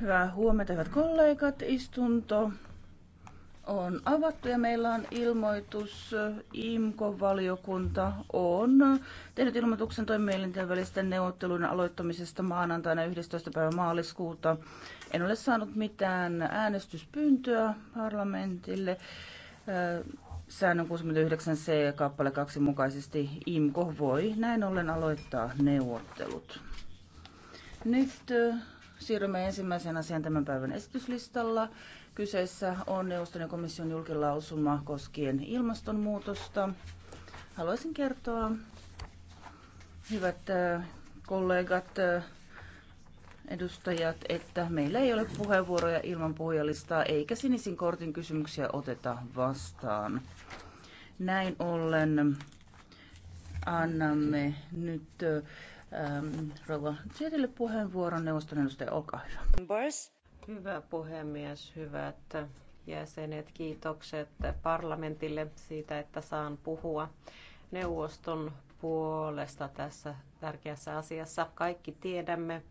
Hyvää huomenta, hyvät kollegat. Istunto on avattu ja meillä on ilmoitus. imco valiokunta on tehnyt ilmoituksen toimielinten välisten neuvottelujen aloittamisesta maanantaina 11. päivä maaliskuuta. En ole saanut mitään äänestyspyyntöä parlamentille. Säännön 69c kappale 2 mukaisesti IMCO voi näin ollen aloittaa neuvottelut. Nyt siirrymme ensimmäisen asian tämän päivän esityslistalla. Kyseessä on neuvoston ja komission julkilausuma koskien ilmastonmuutosta. Haluaisin kertoa, hyvät kollegat, edustajat, että meillä ei ole puheenvuoroja ilman puhujalistaa eikä sinisin kortin kysymyksiä oteta vastaan. Näin ollen annamme nyt ähm, rouva Tietille puheenvuoron. Neuvoston edustaja, olkaa hyvä. Hyvä puhemies, hyvät jäsenet, kiitokset parlamentille siitä, että saan puhua neuvoston puolesta tässä tärkeässä asiassa. Kaikki tiedämme,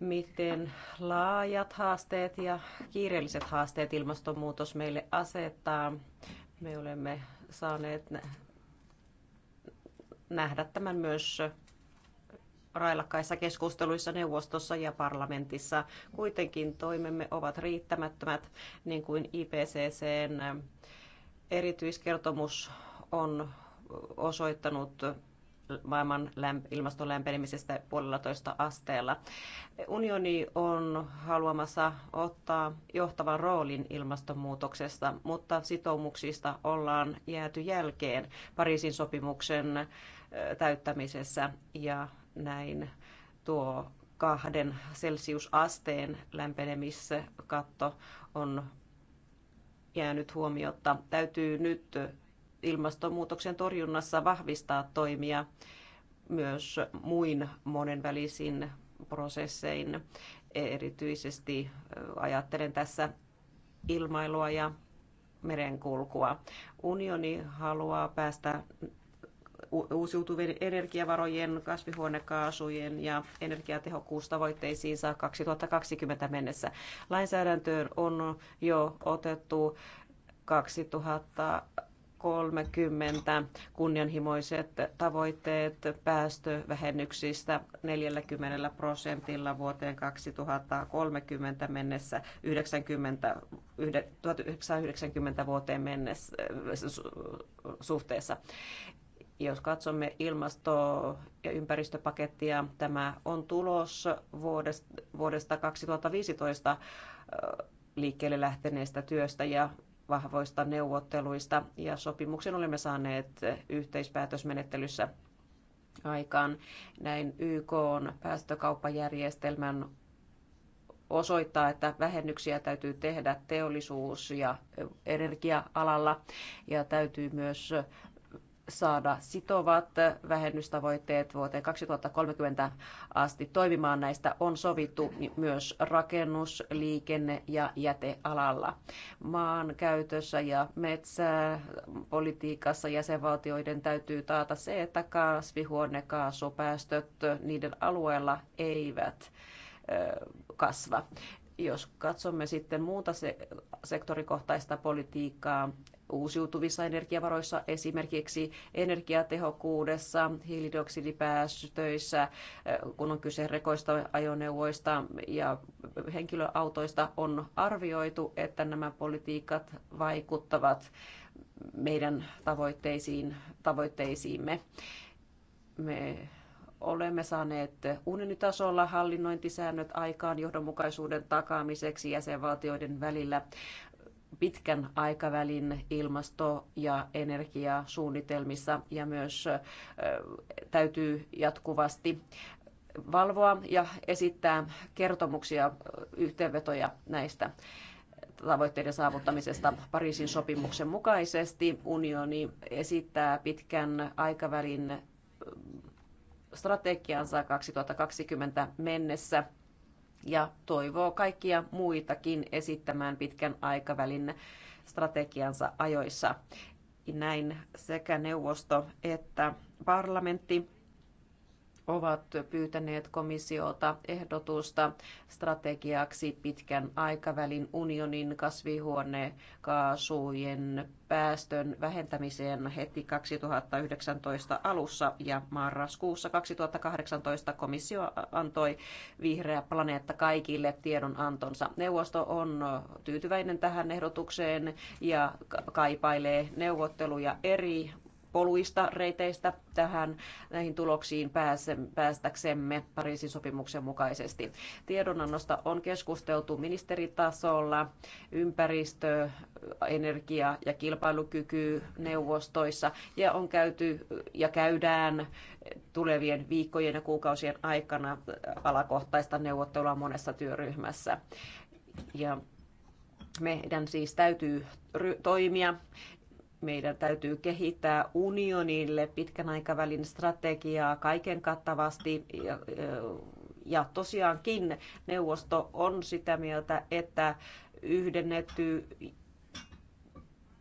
miten laajat haasteet ja kiireelliset haasteet ilmastonmuutos meille asettaa. Me olemme saaneet nähdä tämän myös railakkaissa keskusteluissa neuvostossa ja parlamentissa. Kuitenkin toimemme ovat riittämättömät, niin kuin IPCCn erityiskertomus on osoittanut maailman lämp- ilmaston lämpenemisestä puolellatoista asteella. Unioni on haluamassa ottaa johtavan roolin ilmastonmuutoksesta, mutta sitoumuksista ollaan jääty jälkeen Pariisin sopimuksen täyttämisessä ja näin tuo kahden celsiusasteen lämpenemiskatto on jäänyt huomiotta. Täytyy nyt ilmastonmuutoksen torjunnassa vahvistaa toimia myös muin monenvälisin prosessein. Erityisesti ajattelen tässä ilmailua ja merenkulkua. Unioni haluaa päästä uusiutuvien energiavarojen, kasvihuonekaasujen ja energiatehokkuustavoitteisiinsa 2020 mennessä. Lainsäädäntöön on jo otettu 2030 kunnianhimoiset tavoitteet päästövähennyksistä 40 prosentilla vuoteen 2030 mennessä 90, 1990 vuoteen mennessä suhteessa. Jos katsomme ilmasto- ja ympäristöpakettia, tämä on tulos vuodesta, 2015 liikkeelle lähteneestä työstä ja vahvoista neuvotteluista ja sopimuksen olemme saaneet yhteispäätösmenettelyssä aikaan. Näin YK on päästökauppajärjestelmän osoittaa, että vähennyksiä täytyy tehdä teollisuus- ja energia-alalla ja täytyy myös saada sitovat vähennystavoitteet vuoteen 2030 asti toimimaan. Näistä on sovittu myös rakennus, liikenne ja jätealalla. Maan käytössä ja metsäpolitiikassa jäsenvaltioiden täytyy taata se, että kasvihuonekaasupäästöt niiden alueella eivät kasva jos katsomme sitten muuta se, sektorikohtaista politiikkaa, uusiutuvissa energiavaroissa, esimerkiksi energiatehokkuudessa, hiilidioksidipäästöissä, äh, kun on kyse rekoista, ajoneuvoista ja henkilöautoista, on arvioitu, että nämä politiikat vaikuttavat meidän tavoitteisiin, tavoitteisiimme. Me olemme saaneet unionitasolla hallinnointisäännöt aikaan johdonmukaisuuden takaamiseksi jäsenvaltioiden välillä pitkän aikavälin ilmasto- ja energiasuunnitelmissa ja myös täytyy jatkuvasti valvoa ja esittää kertomuksia, yhteenvetoja näistä tavoitteiden saavuttamisesta Pariisin sopimuksen mukaisesti. Unioni esittää pitkän aikavälin strategiansa 2020 mennessä ja toivoo kaikkia muitakin esittämään pitkän aikavälin strategiansa ajoissa. Näin sekä neuvosto että parlamentti ovat pyytäneet komissiota ehdotusta strategiaksi pitkän aikavälin unionin kasvihuonekaasujen päästön vähentämiseen heti 2019 alussa ja marraskuussa 2018 komissio antoi Vihreä planeetta kaikille tiedonantonsa. Neuvosto on tyytyväinen tähän ehdotukseen ja kaipailee neuvotteluja eri poluista, reiteistä tähän näihin tuloksiin päästäksemme Pariisin sopimuksen mukaisesti. Tiedonannosta on keskusteltu ministeritasolla, ympäristö, energia ja kilpailukyky neuvostoissa ja on käyty ja käydään tulevien viikkojen ja kuukausien aikana alakohtaista neuvottelua monessa työryhmässä. Ja meidän siis täytyy toimia meidän täytyy kehittää unionille pitkän aikavälin strategiaa kaiken kattavasti ja, ja tosiaankin neuvosto on sitä mieltä, että yhdennetty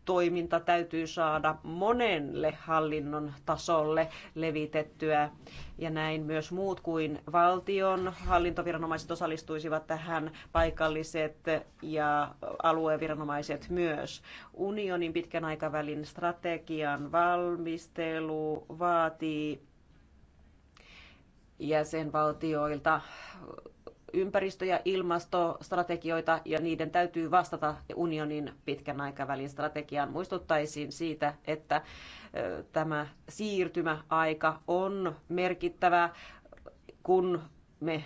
toiminta täytyy saada monelle hallinnon tasolle levitettyä ja näin myös muut kuin valtion hallintoviranomaiset osallistuisivat tähän paikalliset ja alueviranomaiset myös. Unionin pitkän aikavälin strategian valmistelu vaatii jäsenvaltioilta ympäristö- ja ilmastostrategioita ja niiden täytyy vastata unionin pitkän aikavälin strategiaan. Muistuttaisin siitä, että tämä siirtymäaika on merkittävä, kun me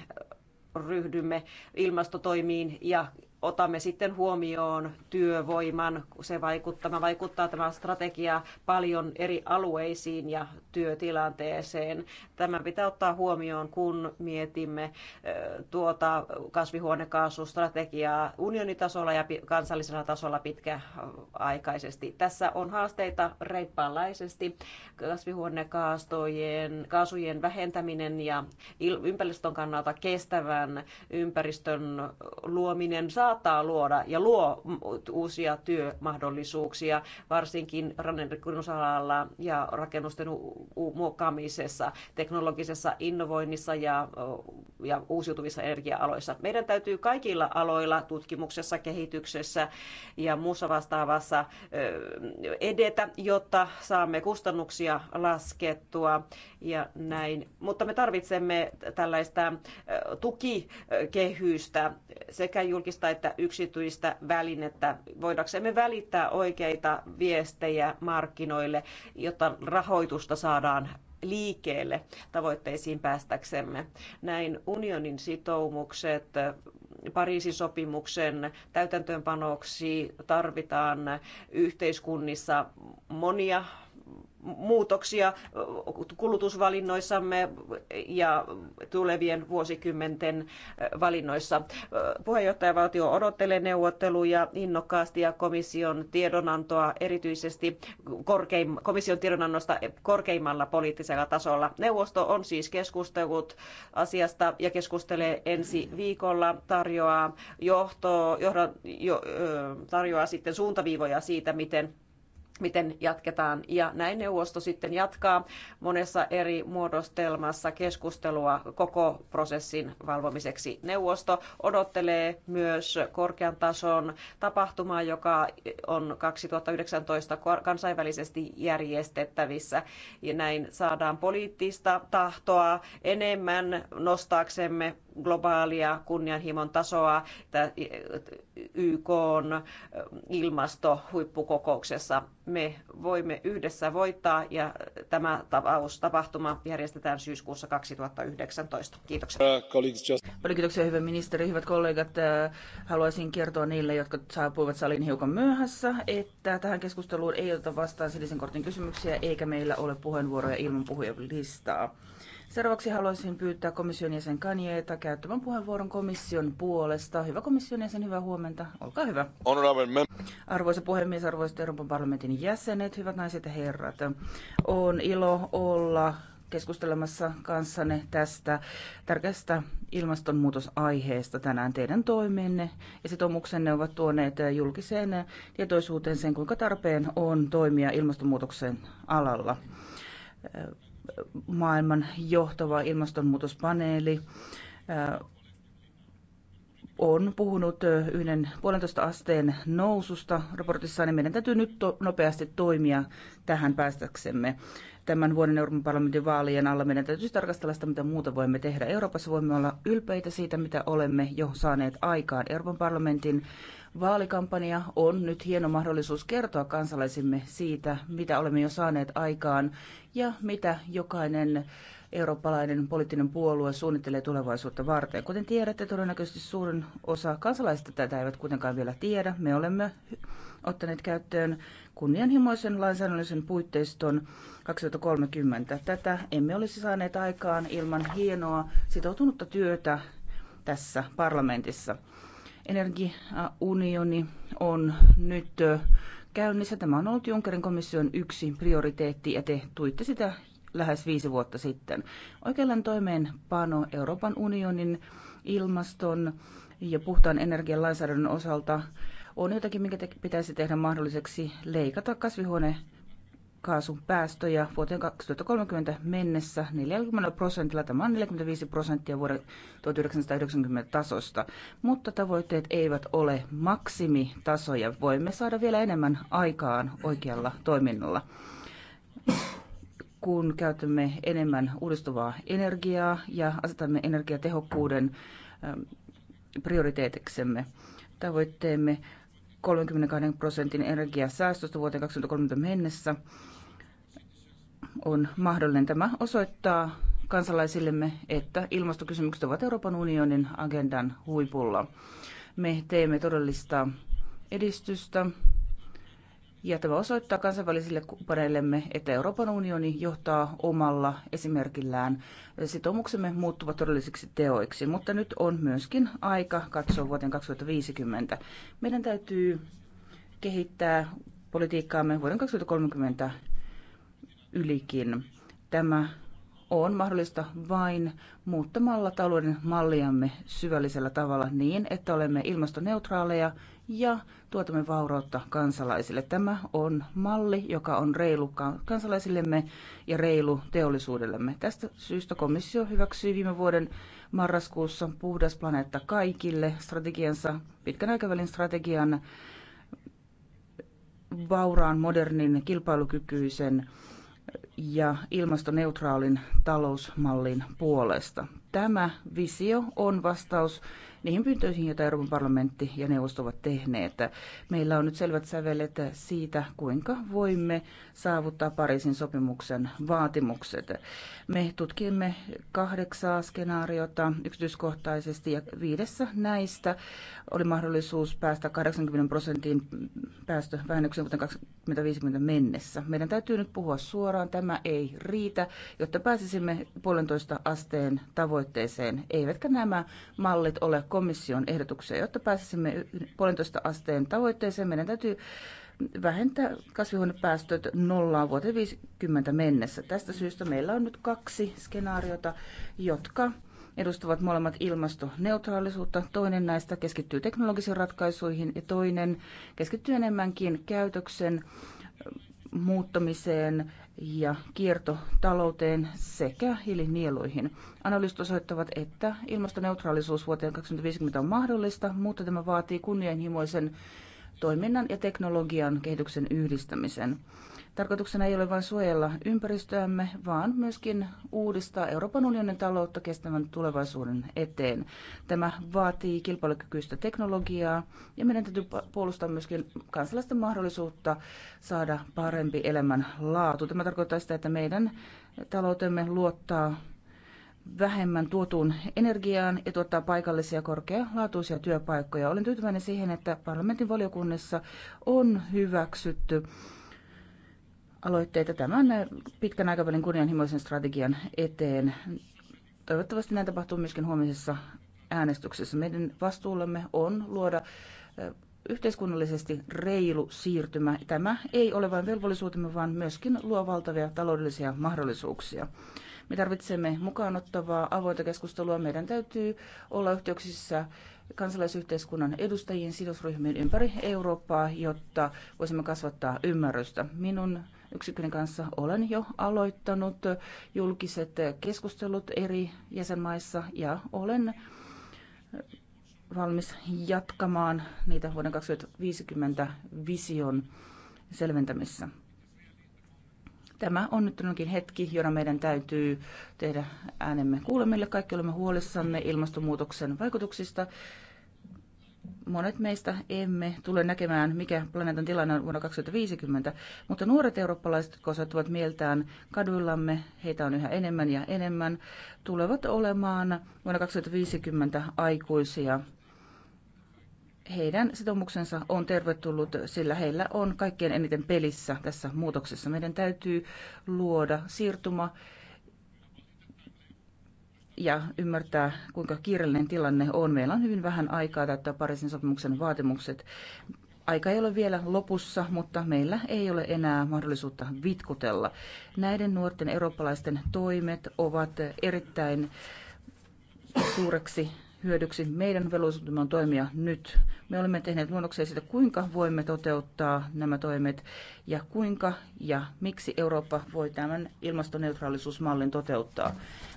ryhdymme ilmastotoimiin ja otamme sitten huomioon työvoiman, se vaikuttaa, vaikuttaa tämä strategia paljon eri alueisiin ja työtilanteeseen. Tämä pitää ottaa huomioon, kun mietimme tuota kasvihuonekaasustrategiaa unionitasolla ja kansallisella tasolla pitkäaikaisesti. Tässä on haasteita reippaanlaisesti. Kasvihuonekaastojen, kaasujen vähentäminen ja ympäristön kannalta kestävän ympäristön luominen saa saattaa luoda ja luo uusia työmahdollisuuksia, varsinkin rakennusalalla ja rakennusten muokkaamisessa, teknologisessa innovoinnissa ja, ja uusiutuvissa energia-aloissa. Meidän täytyy kaikilla aloilla, tutkimuksessa, kehityksessä ja muussa vastaavassa edetä, jotta saamme kustannuksia laskettua ja näin. Mutta me tarvitsemme tällaista tukikehystä sekä julkista että yksityistä välinettä. Voidaksemme välittää oikeita viestejä markkinoille, jotta rahoitusta saadaan liikkeelle tavoitteisiin päästäksemme. Näin unionin sitoumukset Pariisin sopimuksen täytäntöönpanoksi tarvitaan yhteiskunnissa monia muutoksia kulutusvalinnoissamme ja tulevien vuosikymmenten valinnoissa. Puheenjohtajavaltio odottelee neuvotteluja innokkaasti ja komission tiedonantoa erityisesti korkeim, komission tiedonannosta korkeimmalla poliittisella tasolla. Neuvosto on siis keskustellut asiasta ja keskustelee ensi viikolla, tarjoaa, johto, jo, tarjoaa sitten suuntaviivoja siitä, miten miten jatketaan. Ja näin neuvosto sitten jatkaa monessa eri muodostelmassa keskustelua koko prosessin valvomiseksi. Neuvosto odottelee myös korkean tason tapahtumaa, joka on 2019 kansainvälisesti järjestettävissä. Ja näin saadaan poliittista tahtoa enemmän nostaaksemme globaalia kunnianhimon tasoa YK on ilmastohuippukokouksessa. Me voimme yhdessä voittaa ja tämä tapahtuma järjestetään syyskuussa 2019. Kiitoksia. Uh, Paljon kiitoksia hyvä ministeri. Hyvät kollegat, haluaisin kertoa niille, jotka saapuivat saliin hiukan myöhässä, että tähän keskusteluun ei oteta vastaan sinisen kortin kysymyksiä eikä meillä ole puheenvuoroja ilman listaa. Seuraavaksi haluaisin pyytää komission jäsen Kanjeeta käyttämään puheenvuoron komission puolesta. Hyvä komission jäsen, hyvää huomenta. Olkaa hyvä. Arvoisa puhemies, arvoisat Euroopan parlamentin jäsenet, hyvät naiset ja herrat. On ilo olla keskustelemassa kanssanne tästä tärkeästä ilmastonmuutosaiheesta tänään. Teidän toimenne ja sitoumuksenne ovat tuoneet julkiseen tietoisuuteen sen, kuinka tarpeen on toimia ilmastonmuutoksen alalla maailman johtava ilmastonmuutospaneeli äh, on puhunut äh, yhden puolentoista asteen noususta raportissaan, niin meidän täytyy nyt to- nopeasti toimia tähän päästäksemme. Tämän vuoden Euroopan parlamentin vaalien alla meidän täytyy tarkastella sitä, mitä muuta voimme tehdä. Euroopassa voimme olla ylpeitä siitä, mitä olemme jo saaneet aikaan. Euroopan parlamentin Vaalikampanja on nyt hieno mahdollisuus kertoa kansalaisimme siitä, mitä olemme jo saaneet aikaan ja mitä jokainen eurooppalainen poliittinen puolue suunnittelee tulevaisuutta varten. Kuten tiedätte, todennäköisesti suurin osa kansalaisista tätä eivät kuitenkaan vielä tiedä. Me olemme ottaneet käyttöön kunnianhimoisen lainsäädännöllisen puitteiston 2030. Tätä emme olisi saaneet aikaan ilman hienoa sitoutunutta työtä tässä parlamentissa. Energiaunioni on nyt käynnissä. Tämä on ollut Junckerin komission yksi prioriteetti ja te tuitte sitä lähes viisi vuotta sitten. Oikeallan toimeenpano Euroopan unionin ilmaston ja puhtaan energian lainsäädännön osalta on jotakin, mikä te pitäisi tehdä mahdolliseksi leikata kasvihuone kaasun päästöjä vuoteen 2030 mennessä 40 prosentilla. Tämä on 45 prosenttia vuoden 1990 tasosta, mutta tavoitteet eivät ole maksimitasoja. Voimme saada vielä enemmän aikaan oikealla toiminnalla. Kun käytämme enemmän uudistuvaa energiaa ja asetamme energiatehokkuuden prioriteetiksemme, tavoitteemme 32 prosentin energiasäästöstä vuoteen 2030 mennessä on mahdollinen. Tämä osoittaa kansalaisillemme, että ilmastokysymykset ovat Euroopan unionin agendan huipulla. Me teemme todellista edistystä ja tämä osoittaa kansainvälisille kumppaneillemme, että Euroopan unioni johtaa omalla esimerkillään. Sitoumuksemme muuttuvat todellisiksi teoiksi, mutta nyt on myöskin aika katsoa vuoteen 2050. Meidän täytyy kehittää politiikkaamme vuoden 2030 ylikin. Tämä on mahdollista vain muuttamalla talouden malliamme syvällisellä tavalla niin, että olemme ilmastoneutraaleja ja tuotamme vaurautta kansalaisille. Tämä on malli, joka on reilu kansalaisillemme ja reilu teollisuudellemme. Tästä syystä komissio hyväksyi viime vuoden marraskuussa Puhdas planeetta kaikille strategiansa, pitkän aikavälin strategian vauraan, modernin, kilpailukykyisen ja ilmastoneutraalin talousmallin puolesta. Tämä visio on vastaus niihin pyyntöihin, joita Euroopan parlamentti ja neuvosto ovat tehneet. Meillä on nyt selvät sävelet siitä, kuinka voimme saavuttaa Pariisin sopimuksen vaatimukset. Me tutkimme kahdeksaa skenaariota yksityiskohtaisesti ja viidessä näistä oli mahdollisuus päästä 80 prosentin päästövähennykseen vuoteen 2050 mennessä. Meidän täytyy nyt puhua suoraan, tämä ei riitä, jotta pääsisimme puolentoista asteen tavoitteeseen. Eivätkä nämä mallit ole komission ehdotuksia. Jotta pääsisimme puolentoista asteen tavoitteeseen, meidän täytyy vähentää kasvihuonepäästöt nollaan vuoteen 50 mennessä. Tästä syystä meillä on nyt kaksi skenaariota, jotka edustavat molemmat ilmastoneutraalisuutta. Toinen näistä keskittyy teknologisiin ratkaisuihin ja toinen keskittyy enemmänkin käytöksen muuttamiseen ja kiertotalouteen sekä hiilinieluihin. Analyysit osoittavat, että ilmastoneutraalisuus vuoteen 2050 on mahdollista, mutta tämä vaatii kunnianhimoisen toiminnan ja teknologian kehityksen yhdistämisen. Tarkoituksena ei ole vain suojella ympäristöämme, vaan myöskin uudistaa Euroopan unionin taloutta kestävän tulevaisuuden eteen. Tämä vaatii kilpailukykyistä teknologiaa ja meidän täytyy puolustaa myöskin kansalaisten mahdollisuutta saada parempi elämänlaatu. Tämä tarkoittaa sitä, että meidän taloutemme luottaa vähemmän tuotuun energiaan ja tuottaa paikallisia korkealaatuisia työpaikkoja. Olen tyytyväinen siihen, että parlamentin valiokunnassa on hyväksytty aloitteita tämän pitkän aikavälin kunnianhimoisen strategian eteen. Toivottavasti näin tapahtuu myöskin huomisessa äänestyksessä. Meidän vastuullamme on luoda yhteiskunnallisesti reilu siirtymä. Tämä ei ole vain velvollisuutemme, vaan myöskin luo valtavia taloudellisia mahdollisuuksia. Me tarvitsemme mukaanottavaa avointa keskustelua. Meidän täytyy olla yhteyksissä kansalaisyhteiskunnan edustajiin sidosryhmiin ympäri Eurooppaa, jotta voisimme kasvattaa ymmärrystä. Minun yksikön kanssa olen jo aloittanut julkiset keskustelut eri jäsenmaissa ja olen valmis jatkamaan niitä vuoden 2050 vision selventämissä. Tämä on nyt onkin hetki, jona meidän täytyy tehdä äänemme kuulemille. Kaikki olemme huolissamme ilmastonmuutoksen vaikutuksista monet meistä emme tule näkemään, mikä planeetan tilanne on vuonna 2050, mutta nuoret eurooppalaiset, jotka osoittavat mieltään kaduillamme, heitä on yhä enemmän ja enemmän, tulevat olemaan vuonna 2050 aikuisia. Heidän sitoumuksensa on tervetullut, sillä heillä on kaikkien eniten pelissä tässä muutoksessa. Meidän täytyy luoda siirtuma ja ymmärtää, kuinka kiireellinen tilanne on. Meillä on hyvin vähän aikaa täyttää Pariisin sopimuksen vaatimukset. Aika ei ole vielä lopussa, mutta meillä ei ole enää mahdollisuutta vitkutella. Näiden nuorten eurooppalaisten toimet ovat erittäin suureksi hyödyksi. Meidän velvollisuutemme on toimia nyt. Me olemme tehneet luonnoksia siitä, kuinka voimme toteuttaa nämä toimet ja kuinka ja miksi Eurooppa voi tämän ilmastoneutraalisuusmallin toteuttaa.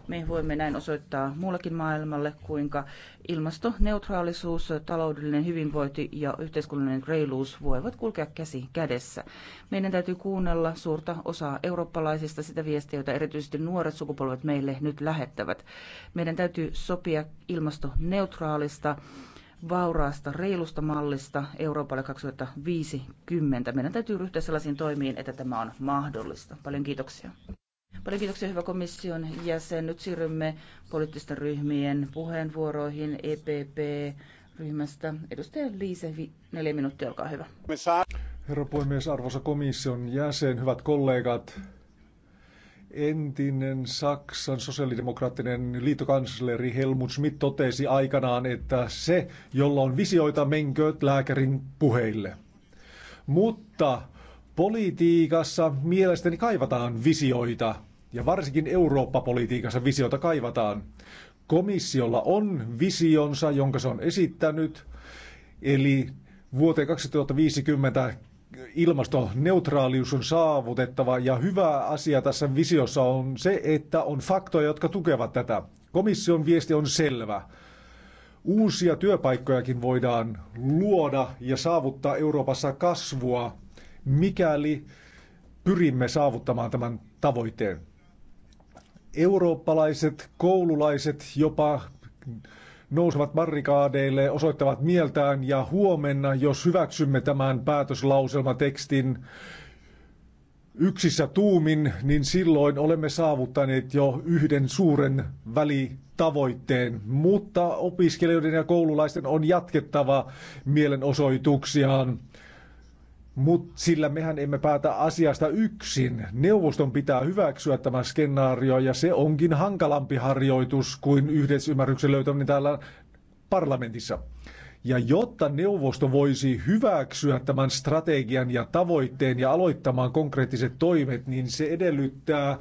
Me voimme näin osoittaa muullakin maailmalle, kuinka ilmastoneutraalisuus, taloudellinen hyvinvointi ja yhteiskunnallinen reiluus voivat kulkea käsi kädessä. Meidän täytyy kuunnella suurta osaa eurooppalaisista sitä viestiä, jota erityisesti nuoret sukupolvet meille nyt lähettävät. Meidän täytyy sopia ilmastoneutraalista vauraasta, reilusta mallista Euroopalle 2050. Meidän täytyy ryhtyä sellaisiin toimiin, että tämä on mahdollista. Paljon kiitoksia. Paljon kiitoksia hyvä komission jäsen. Nyt siirrymme poliittisten ryhmien puheenvuoroihin EPP-ryhmästä. Edustaja Liise, neljä minuuttia, olkaa hyvä. Herra puhemies, arvoisa komission jäsen, hyvät kollegat. Entinen Saksan sosiaalidemokraattinen liittokansleri Helmut Schmidt totesi aikanaan, että se, jolla on visioita, menkööt lääkärin puheille. Mutta politiikassa mielestäni kaivataan visioita. Ja varsinkin Eurooppa-politiikassa visiota kaivataan. Komissiolla on visionsa, jonka se on esittänyt, eli vuoteen 2050 ilmastoneutraalius on saavutettava ja hyvä asia tässä visiossa on se, että on faktoja, jotka tukevat tätä. Komission viesti on selvä. Uusia työpaikkojakin voidaan luoda ja saavuttaa Euroopassa kasvua, mikäli pyrimme saavuttamaan tämän tavoitteen. Eurooppalaiset koululaiset jopa nousevat barrikaadeille, osoittavat mieltään ja huomenna, jos hyväksymme tämän päätöslauselmatekstin yksissä tuumin, niin silloin olemme saavuttaneet jo yhden suuren välitavoitteen. Mutta opiskelijoiden ja koululaisten on jatkettava mielenosoituksiaan mutta sillä mehän emme päätä asiasta yksin. Neuvoston pitää hyväksyä tämä skenaario ja se onkin hankalampi harjoitus kuin yhdessymmärryksen löytäminen täällä parlamentissa. Ja jotta neuvosto voisi hyväksyä tämän strategian ja tavoitteen ja aloittamaan konkreettiset toimet, niin se edellyttää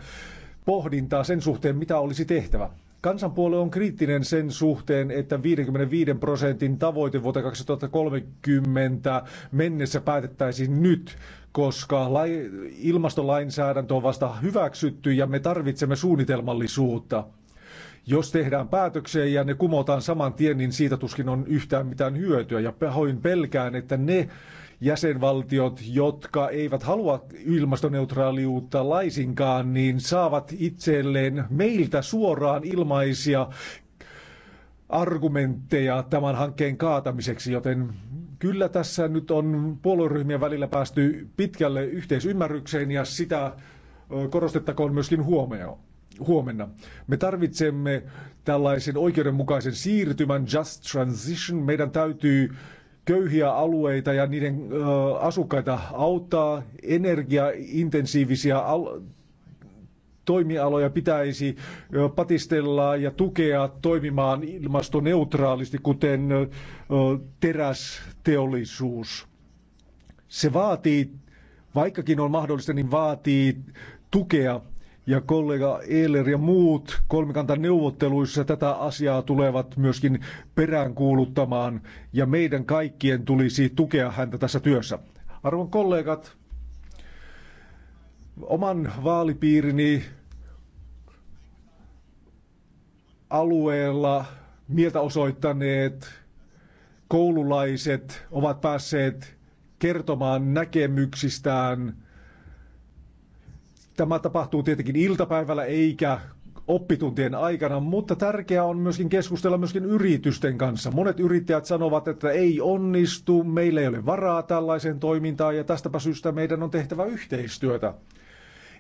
pohdintaa sen suhteen, mitä olisi tehtävä. Kansanpuolue on kriittinen sen suhteen, että 55 prosentin tavoite vuoteen 2030 mennessä päätettäisiin nyt, koska ilmastolainsäädäntö on vasta hyväksytty ja me tarvitsemme suunnitelmallisuutta. Jos tehdään päätöksiä ja ne kumotaan saman tien, niin siitä tuskin on yhtään mitään hyötyä. Ja pahoin pelkään, että ne jäsenvaltiot, jotka eivät halua ilmastoneutraaliutta laisinkaan, niin saavat itselleen meiltä suoraan ilmaisia argumentteja tämän hankkeen kaatamiseksi, joten kyllä tässä nyt on puolueryhmien välillä päästy pitkälle yhteisymmärrykseen ja sitä korostettakoon myöskin huomioon huomenna. Me tarvitsemme tällaisen oikeudenmukaisen siirtymän, just transition. Meidän täytyy köyhiä alueita ja niiden asukkaita auttaa. Energiaintensiivisiä al- toimialoja pitäisi patistella ja tukea toimimaan ilmastoneutraalisti, kuten terästeollisuus. Se vaatii, vaikkakin on mahdollista, niin vaatii tukea ja kollega Eeler ja muut neuvotteluissa tätä asiaa tulevat myöskin peräänkuuluttamaan ja meidän kaikkien tulisi tukea häntä tässä työssä. Arvon kollegat, oman vaalipiirini alueella mieltä osoittaneet koululaiset ovat päässeet kertomaan näkemyksistään Tämä tapahtuu tietenkin iltapäivällä eikä oppituntien aikana, mutta tärkeää on myöskin keskustella myöskin yritysten kanssa. Monet yrittäjät sanovat, että ei onnistu, meillä ei ole varaa tällaiseen toimintaan ja tästäpä syystä meidän on tehtävä yhteistyötä.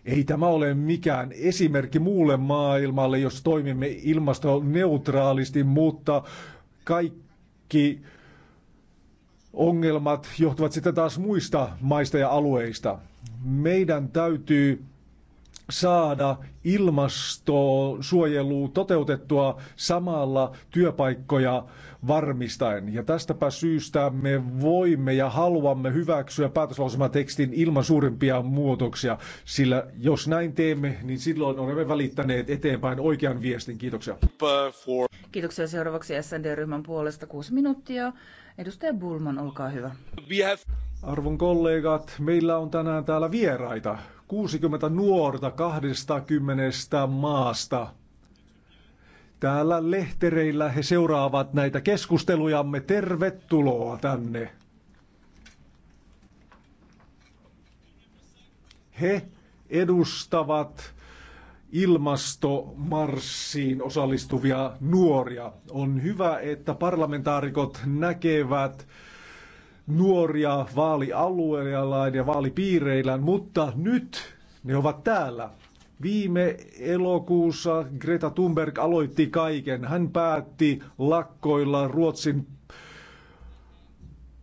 Ei tämä ole mikään esimerkki muulle maailmalle, jos toimimme ilmastoneutraalisti, mutta kaikki ongelmat johtuvat sitten taas muista maista ja alueista. Meidän täytyy saada ilmastosuojelu toteutettua samalla työpaikkoja varmistaen. Ja tästäpä syystä me voimme ja haluamme hyväksyä päätöslausumatekstin ilman suurimpia muutoksia, sillä jos näin teemme, niin silloin olemme välittäneet eteenpäin oikean viestin. Kiitoksia. Kiitoksia seuraavaksi SND-ryhmän puolesta kuusi minuuttia. Edustaja Bulman, olkaa hyvä. Arvon kollegat, meillä on tänään täällä vieraita. 60 nuorta 20 maasta. Täällä lehtereillä he seuraavat näitä keskustelujamme. Tervetuloa tänne. He edustavat ilmastomarssiin osallistuvia nuoria. On hyvä, että parlamentaarikot näkevät nuoria vaalialueilla ja vaalipiireillä, mutta nyt ne ovat täällä. Viime elokuussa Greta Thunberg aloitti kaiken. Hän päätti lakkoilla Ruotsin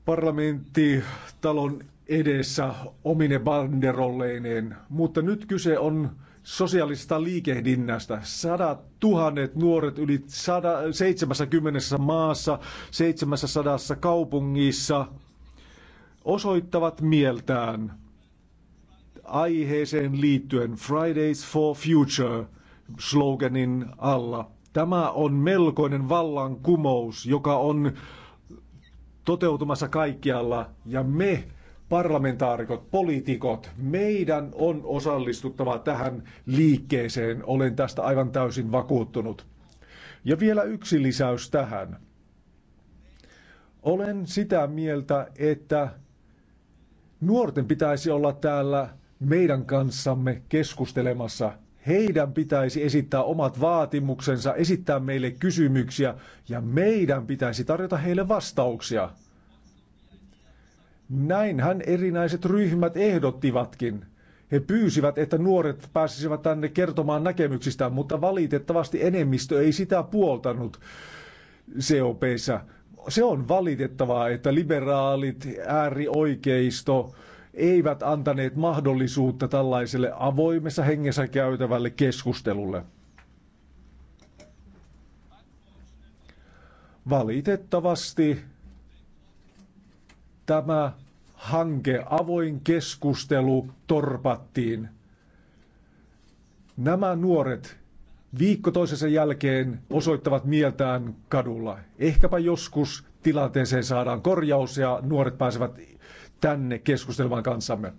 parlamenttitalon edessä omine banderolleineen, mutta nyt kyse on sosiaalista liikehdinnästä. Sadat tuhannet nuoret yli 70 maassa, 700 kaupungissa osoittavat mieltään aiheeseen liittyen Fridays for Future sloganin alla. Tämä on melkoinen vallankumous, joka on toteutumassa kaikkialla ja me parlamentaarikot, poliitikot, meidän on osallistuttava tähän liikkeeseen. Olen tästä aivan täysin vakuuttunut. Ja vielä yksi lisäys tähän. Olen sitä mieltä, että nuorten pitäisi olla täällä meidän kanssamme keskustelemassa. Heidän pitäisi esittää omat vaatimuksensa, esittää meille kysymyksiä ja meidän pitäisi tarjota heille vastauksia. Näinhän erinäiset ryhmät ehdottivatkin. He pyysivät, että nuoret pääsisivät tänne kertomaan näkemyksistään, mutta valitettavasti enemmistö ei sitä puoltanut COPssä. Se on valitettavaa, että liberaalit, äärioikeisto eivät antaneet mahdollisuutta tällaiselle avoimessa hengessä käytävälle keskustelulle. Valitettavasti tämä hanke, avoin keskustelu torpattiin. Nämä nuoret viikko toisensa jälkeen osoittavat mieltään kadulla. Ehkäpä joskus tilanteeseen saadaan korjaus ja nuoret pääsevät tänne keskustelemaan kanssamme.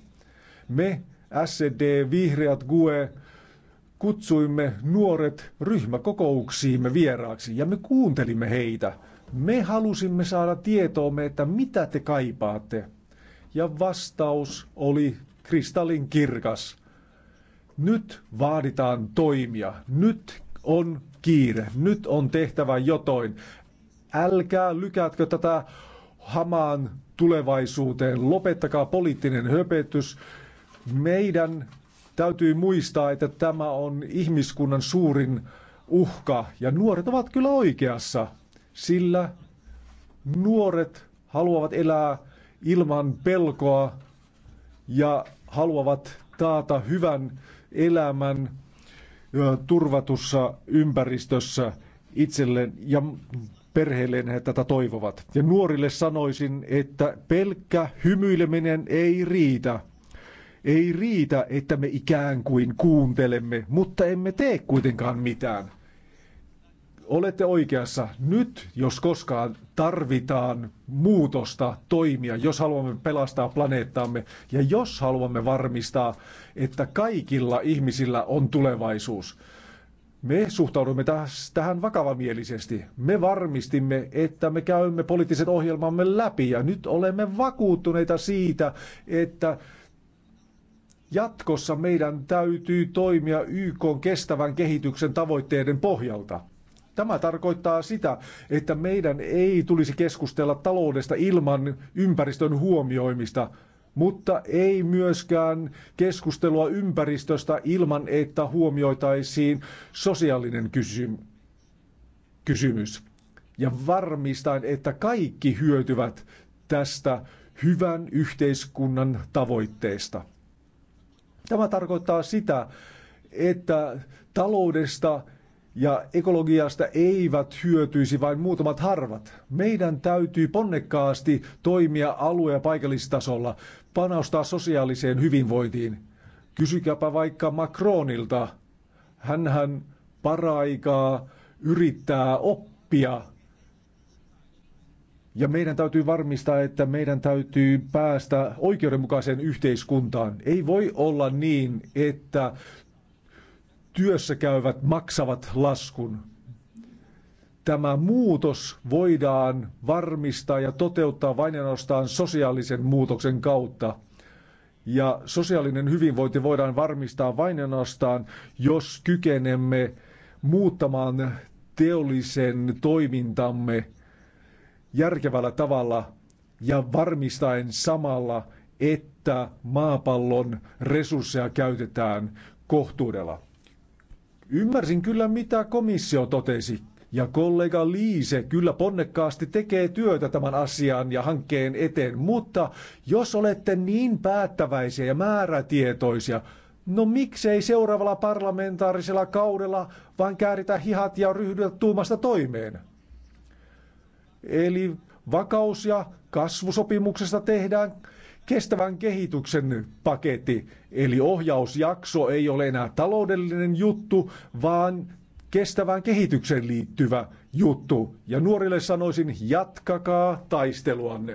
Me, SED, Vihreät, GUE, kutsuimme nuoret ryhmäkokouksiimme vieraaksi ja me kuuntelimme heitä. Me halusimme saada tietoomme, että mitä te kaipaatte. Ja vastaus oli kristallin kirkas. Nyt vaaditaan toimia. Nyt on kiire. Nyt on tehtävä jotain. Älkää lykätkö tätä hamaan tulevaisuuteen. Lopettakaa poliittinen höpetys. Meidän täytyy muistaa, että tämä on ihmiskunnan suurin uhka. Ja nuoret ovat kyllä oikeassa sillä nuoret haluavat elää ilman pelkoa ja haluavat taata hyvän elämän turvatussa ympäristössä itselleen ja perheelleen he tätä toivovat. Ja nuorille sanoisin, että pelkkä hymyileminen ei riitä. Ei riitä, että me ikään kuin kuuntelemme, mutta emme tee kuitenkaan mitään. Olette oikeassa. Nyt, jos koskaan, tarvitaan muutosta, toimia, jos haluamme pelastaa planeettaamme ja jos haluamme varmistaa, että kaikilla ihmisillä on tulevaisuus. Me suhtaudumme tähän vakavamielisesti. Me varmistimme, että me käymme poliittiset ohjelmamme läpi ja nyt olemme vakuuttuneita siitä, että jatkossa meidän täytyy toimia YK kestävän kehityksen tavoitteiden pohjalta. Tämä tarkoittaa sitä, että meidän ei tulisi keskustella taloudesta ilman ympäristön huomioimista, mutta ei myöskään keskustelua ympäristöstä ilman, että huomioitaisiin sosiaalinen kysy- kysymys. Ja varmistaen, että kaikki hyötyvät tästä hyvän yhteiskunnan tavoitteesta. Tämä tarkoittaa sitä, että taloudesta ja ekologiasta eivät hyötyisi vain muutamat harvat. Meidän täytyy ponnekkaasti toimia alue- ja paikallistasolla, panostaa sosiaaliseen hyvinvointiin. Kysykääpä vaikka Macronilta. Hänhän paraikaa yrittää oppia. Ja meidän täytyy varmistaa, että meidän täytyy päästä oikeudenmukaiseen yhteiskuntaan. Ei voi olla niin, että työssä käyvät maksavat laskun. Tämä muutos voidaan varmistaa ja toteuttaa vain ainoastaan sosiaalisen muutoksen kautta. Ja sosiaalinen hyvinvointi voidaan varmistaa vain ainoastaan, jos kykenemme muuttamaan teollisen toimintamme järkevällä tavalla ja varmistaen samalla, että maapallon resursseja käytetään kohtuudella. Ymmärsin kyllä, mitä komissio totesi. Ja kollega Liise kyllä ponnekkaasti tekee työtä tämän asian ja hankkeen eteen, mutta jos olette niin päättäväisiä ja määrätietoisia, no miksei seuraavalla parlamentaarisella kaudella vaan kääritä hihat ja ryhdytä tuumasta toimeen? Eli vakaus- ja kasvusopimuksesta tehdään kestävän kehityksen paketti. Eli ohjausjakso ei ole enää taloudellinen juttu, vaan kestävään kehitykseen liittyvä juttu. Ja nuorille sanoisin, jatkakaa taisteluanne.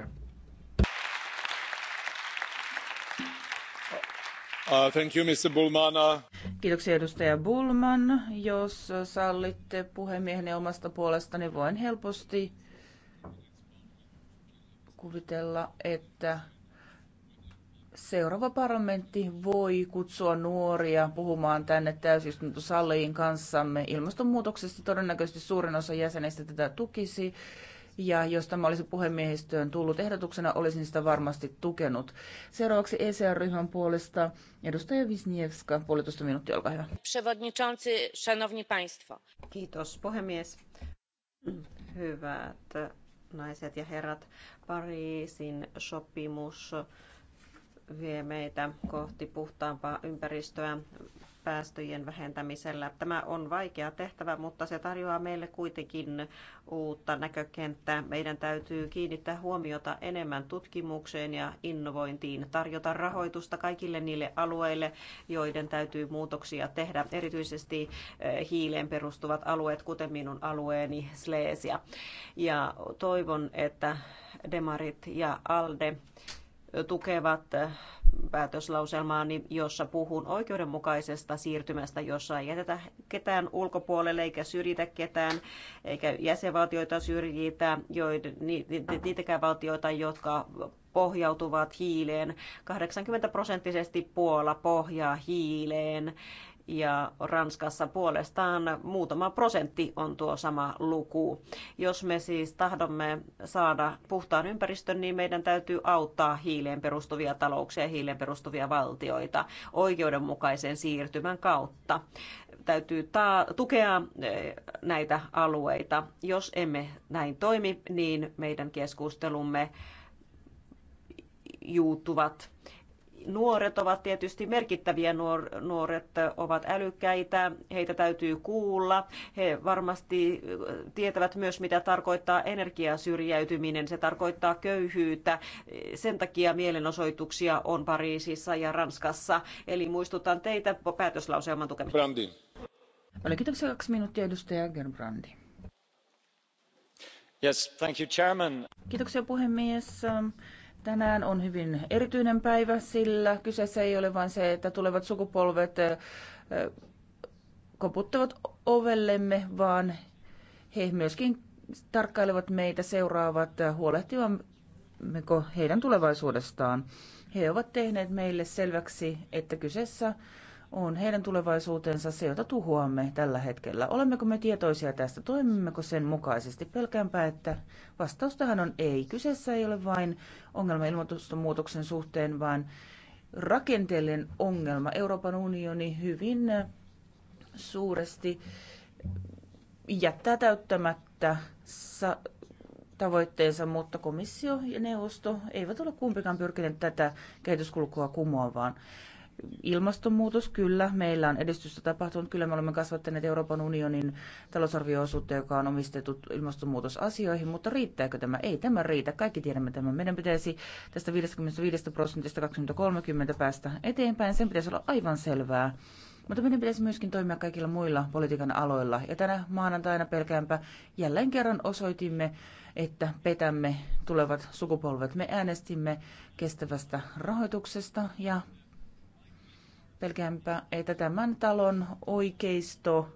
Uh, thank you, Mr. Bulmana. Kiitoksia edustaja Bulman. Jos sallitte puhemiehen omasta puolestani, voin helposti kuvitella, että seuraava parlamentti voi kutsua nuoria puhumaan tänne täysistuntosaliin kanssamme. Ilmastonmuutoksesta todennäköisesti suurin osa jäsenistä tätä tukisi. Ja jos tämä olisi puhemiehistöön tullut ehdotuksena, olisin sitä varmasti tukenut. Seuraavaksi ECR-ryhmän puolesta edustaja Wisniewska, puolitoista minuuttia, olkaa hyvä. Przewodniczący, szanowni państwo. Kiitos puhemies. Hyvät naiset ja herrat, Pariisin sopimus vie meitä kohti puhtaampaa ympäristöä päästöjen vähentämisellä. Tämä on vaikea tehtävä, mutta se tarjoaa meille kuitenkin uutta näkökenttää. Meidän täytyy kiinnittää huomiota enemmän tutkimukseen ja innovointiin, tarjota rahoitusta kaikille niille alueille, joiden täytyy muutoksia tehdä, erityisesti eh, hiileen perustuvat alueet, kuten minun alueeni Sleesia. Ja toivon, että Demarit ja Alde tukevat eh, päätöslauselmaani, jossa puhun oikeudenmukaisesta siirtymästä, jossa ei jätetä ketään ulkopuolelle eikä syrjitä ketään, eikä jäsenvaltioita syrjitä, niitäkään valtioita, jotka pohjautuvat hiileen. 80 prosenttisesti Puola pohjaa hiileen ja Ranskassa puolestaan muutama prosentti on tuo sama luku. Jos me siis tahdomme saada puhtaan ympäristön, niin meidän täytyy auttaa hiileen perustuvia talouksia ja hiileen perustuvia valtioita oikeudenmukaisen siirtymän kautta. Täytyy ta- tukea eh, näitä alueita. Jos emme näin toimi, niin meidän keskustelumme juuttuvat Nuoret ovat tietysti merkittäviä, nuor- nuoret ovat älykkäitä, heitä täytyy kuulla. He varmasti tietävät myös, mitä tarkoittaa energiasyrjäytyminen, se tarkoittaa köyhyyttä. Sen takia mielenosoituksia on Pariisissa ja Ranskassa. Eli muistutan teitä päätöslauselman tukemista. Brandin. Oli kiitoksia. Kaksi minuuttia edustaja Gerbrandi. Yes, thank you, chairman. Kiitoksia puhemies. Tänään on hyvin erityinen päivä, sillä kyseessä ei ole vain se, että tulevat sukupolvet koputtavat ovellemme, vaan he myöskin tarkkailevat meitä, seuraavat, huolehtivammeko heidän tulevaisuudestaan. He ovat tehneet meille selväksi, että kyseessä on heidän tulevaisuutensa se, jota tuhoamme tällä hetkellä. Olemmeko me tietoisia tästä? Toimimmeko sen mukaisesti? Pelkäänpä, että vastaus tähän on ei. Kyseessä ei ole vain ongelma ilmastonmuutoksen suhteen, vaan rakenteellinen ongelma. Euroopan unioni hyvin suuresti jättää täyttämättä tavoitteensa, mutta komissio ja neuvosto eivät ole kumpikaan pyrkineet tätä kehityskulkua kumoavaan. Ilmastonmuutos, kyllä, meillä on edistystä tapahtunut. Kyllä me olemme kasvattaneet Euroopan unionin talousarvioosuutta, joka on omistettu ilmastonmuutosasioihin, mutta riittääkö tämä? Ei tämä riitä. Kaikki tiedämme tämän. Meidän pitäisi tästä 55 prosentista 2030 päästä eteenpäin. Sen pitäisi olla aivan selvää. Mutta meidän pitäisi myöskin toimia kaikilla muilla politiikan aloilla. Ja tänä maanantaina pelkäämpä jälleen kerran osoitimme, että petämme tulevat sukupolvet. Me äänestimme kestävästä rahoituksesta ja Pelkäänpä, että tämän talon oikeisto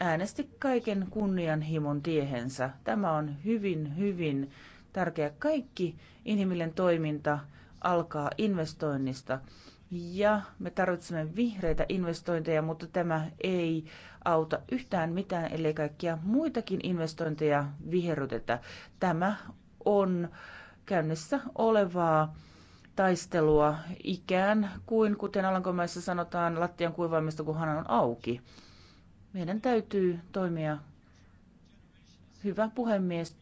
äänesti kaiken kunnianhimon tiehensä. Tämä on hyvin, hyvin tärkeä. Kaikki inhimillinen toiminta alkaa investoinnista. Ja me tarvitsemme vihreitä investointeja, mutta tämä ei auta yhtään mitään, ellei kaikkia muitakin investointeja viherrytetä. Tämä on käynnissä olevaa taistelua ikään kuin, kuten Alankomaissa sanotaan, lattian kuivaamista, kun hana on auki. Meidän täytyy toimia, hyvä puhemies,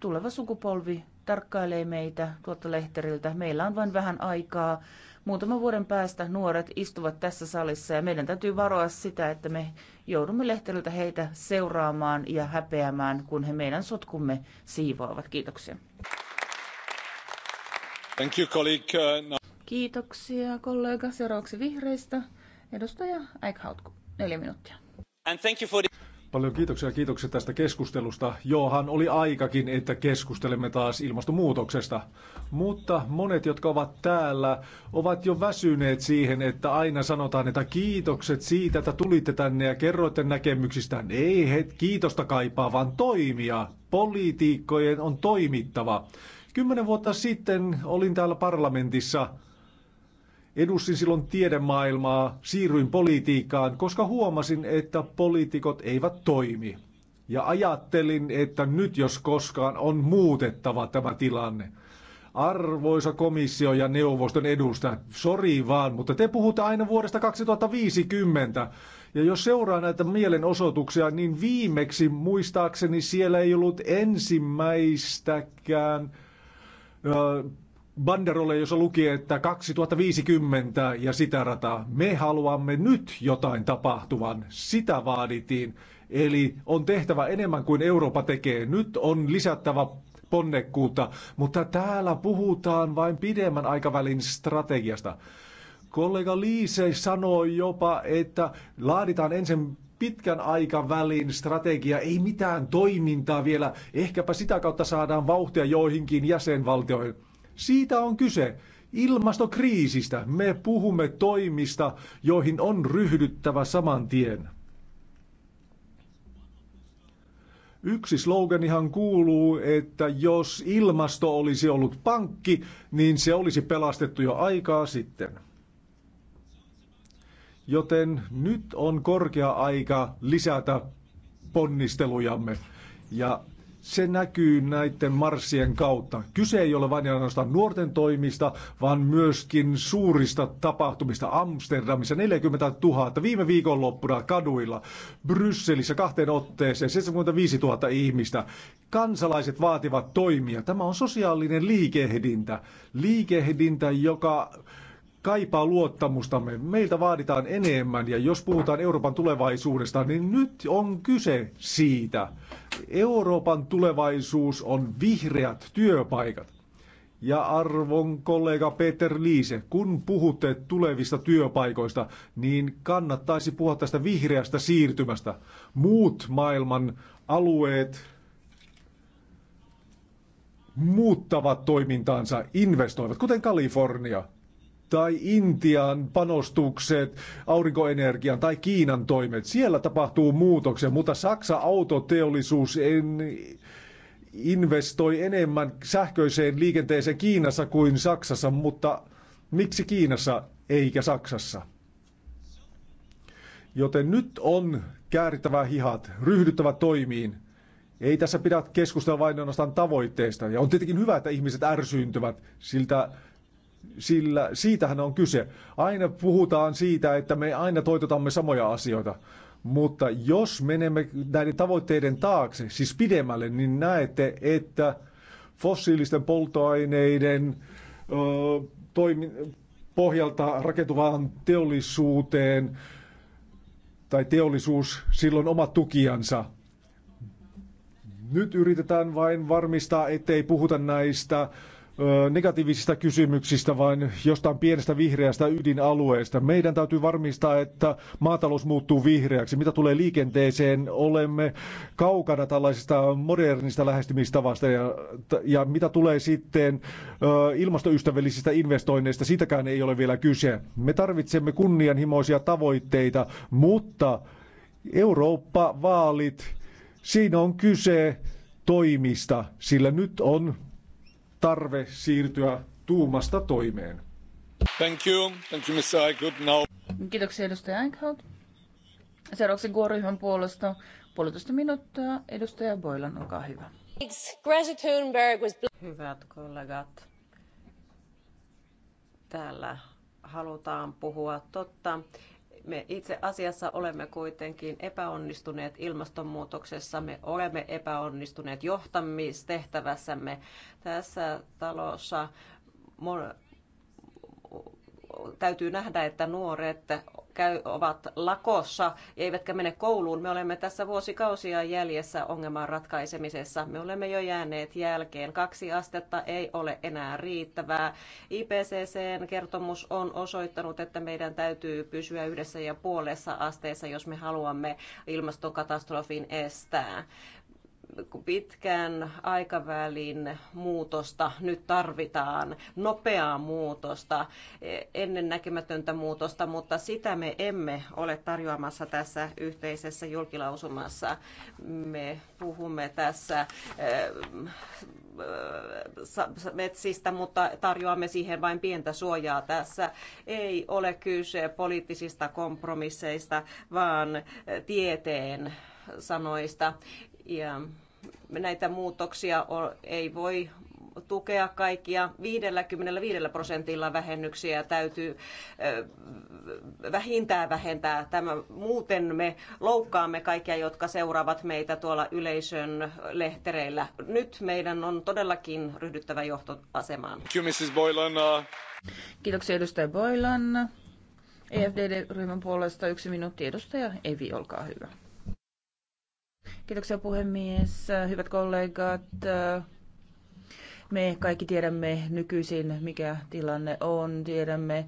tuleva sukupolvi tarkkailee meitä tuolta lehteriltä. Meillä on vain vähän aikaa. Muutaman vuoden päästä nuoret istuvat tässä salissa ja meidän täytyy varoa sitä, että me joudumme lehteriltä heitä seuraamaan ja häpeämään, kun he meidän sotkumme siivoavat. Kiitoksia. Thank you, colleague. No. Kiitoksia kollega. Seuraavaksi vihreistä edustaja Eichhout, neljä minuuttia. And thank you for the... Paljon kiitoksia kiitoksia tästä keskustelusta. Johan oli aikakin, että keskustelemme taas ilmastonmuutoksesta. Mutta monet, jotka ovat täällä, ovat jo väsyneet siihen, että aina sanotaan, että kiitokset siitä, että tulitte tänne ja kerroitte näkemyksistään. Ei he kiitosta kaipaa, vaan toimia. Politiikkojen on toimittava. Kymmenen vuotta sitten olin täällä parlamentissa. Edustin silloin tiedemaailmaa, siirryin politiikkaan, koska huomasin, että poliitikot eivät toimi. Ja ajattelin, että nyt jos koskaan on muutettava tämä tilanne. Arvoisa komissio ja neuvoston edustajat, sori vaan, mutta te puhutte aina vuodesta 2050. Ja jos seuraa näitä mielenosoituksia, niin viimeksi muistaakseni siellä ei ollut ensimmäistäkään banderolle, jossa luki, että 2050 ja sitä rataa. Me haluamme nyt jotain tapahtuvan. Sitä vaadittiin. Eli on tehtävä enemmän kuin Eurooppa tekee. Nyt on lisättävä ponnekkuutta, mutta täällä puhutaan vain pidemmän aikavälin strategiasta. Kollega Liise sanoi jopa, että laaditaan ensin pitkän aikavälin strategia, ei mitään toimintaa vielä. Ehkäpä sitä kautta saadaan vauhtia joihinkin jäsenvaltioihin. Siitä on kyse. Ilmastokriisistä me puhumme toimista, joihin on ryhdyttävä saman tien. Yksi sloganihan kuuluu, että jos ilmasto olisi ollut pankki, niin se olisi pelastettu jo aikaa sitten. Joten nyt on korkea aika lisätä ponnistelujamme. Ja se näkyy näiden marssien kautta. Kyse ei ole vain ainoastaan nuorten toimista, vaan myöskin suurista tapahtumista. Amsterdamissa 40 000, viime viikonloppuna kaduilla, Brysselissä kahteen otteeseen 75 000 ihmistä. Kansalaiset vaativat toimia. Tämä on sosiaalinen liikehdintä. Liikehdintä, joka kaipaa luottamustamme. Meiltä vaaditaan enemmän ja jos puhutaan Euroopan tulevaisuudesta, niin nyt on kyse siitä. Euroopan tulevaisuus on vihreät työpaikat. Ja arvon kollega Peter Liise, kun puhutte tulevista työpaikoista, niin kannattaisi puhua tästä vihreästä siirtymästä. Muut maailman alueet muuttavat toimintaansa, investoivat, kuten Kalifornia tai Intian panostukset aurinkoenergian tai Kiinan toimet. Siellä tapahtuu muutoksia, mutta Saksa autoteollisuus en, investoi enemmän sähköiseen liikenteeseen Kiinassa kuin Saksassa, mutta miksi Kiinassa eikä Saksassa? Joten nyt on käärittävä hihat, ryhdyttävä toimiin. Ei tässä pidä keskustella vain ainoastaan tavoitteista. Ja on tietenkin hyvä, että ihmiset ärsyyntyvät siltä sillä siitähän on kyse. Aina puhutaan siitä, että me aina toitotamme samoja asioita. Mutta jos menemme näiden tavoitteiden taakse, siis pidemmälle, niin näette, että fossiilisten polttoaineiden ö, toimi, pohjalta rakentuvaan teollisuuteen tai teollisuus silloin omat tukijansa. Nyt yritetään vain varmistaa, ettei puhuta näistä negatiivisista kysymyksistä, vaan jostain pienestä vihreästä ydinalueesta. Meidän täytyy varmistaa, että maatalous muuttuu vihreäksi. Mitä tulee liikenteeseen, olemme kaukana tällaisesta modernista lähestymistavasta. Ja, ja mitä tulee sitten ilmastoystävällisistä investoinneista, sitäkään ei ole vielä kyse. Me tarvitsemme kunnianhimoisia tavoitteita, mutta Eurooppa-vaalit, siinä on kyse toimista, sillä nyt on tarve siirtyä tuumasta toimeen. Thank you. Thank you, Mr. Now. Kiitoksia edustaja Eichhout. Seuraavaksi g puolesta puolitoista minuuttia. Edustaja Boylan, olkaa hyvä. Greta Thunberg was... Hyvät kollegat, täällä halutaan puhua totta. Me itse asiassa olemme kuitenkin epäonnistuneet ilmastonmuutoksessa, me olemme epäonnistuneet johtamistehtävässämme tässä talossa täytyy nähdä, että nuoret käy, ovat lakossa eivätkä mene kouluun. Me olemme tässä vuosikausia jäljessä ongelman ratkaisemisessa. Me olemme jo jääneet jälkeen. Kaksi astetta ei ole enää riittävää. IPCCn kertomus on osoittanut, että meidän täytyy pysyä yhdessä ja puolessa asteessa, jos me haluamme ilmastokatastrofin estää pitkän aikavälin muutosta nyt tarvitaan, nopeaa muutosta, ennennäkemätöntä muutosta, mutta sitä me emme ole tarjoamassa tässä yhteisessä julkilausumassa. Me puhumme tässä eh, eh, metsistä, mutta tarjoamme siihen vain pientä suojaa tässä. Ei ole kyse poliittisista kompromisseista, vaan eh, tieteen sanoista. Ja näitä muutoksia ei voi tukea kaikkia. 55 prosentilla vähennyksiä täytyy vähintään vähentää. Tämä, muuten me loukkaamme kaikkia, jotka seuraavat meitä tuolla yleisön lehtereillä. Nyt meidän on todellakin ryhdyttävä johtoasemaan. Kiitoksia edustaja Boylan. EFD-ryhmän puolesta yksi minuutti edustaja Evi, olkaa hyvä. Kiitoksia puhemies. Hyvät kollegat, me kaikki tiedämme nykyisin, mikä tilanne on. Tiedämme,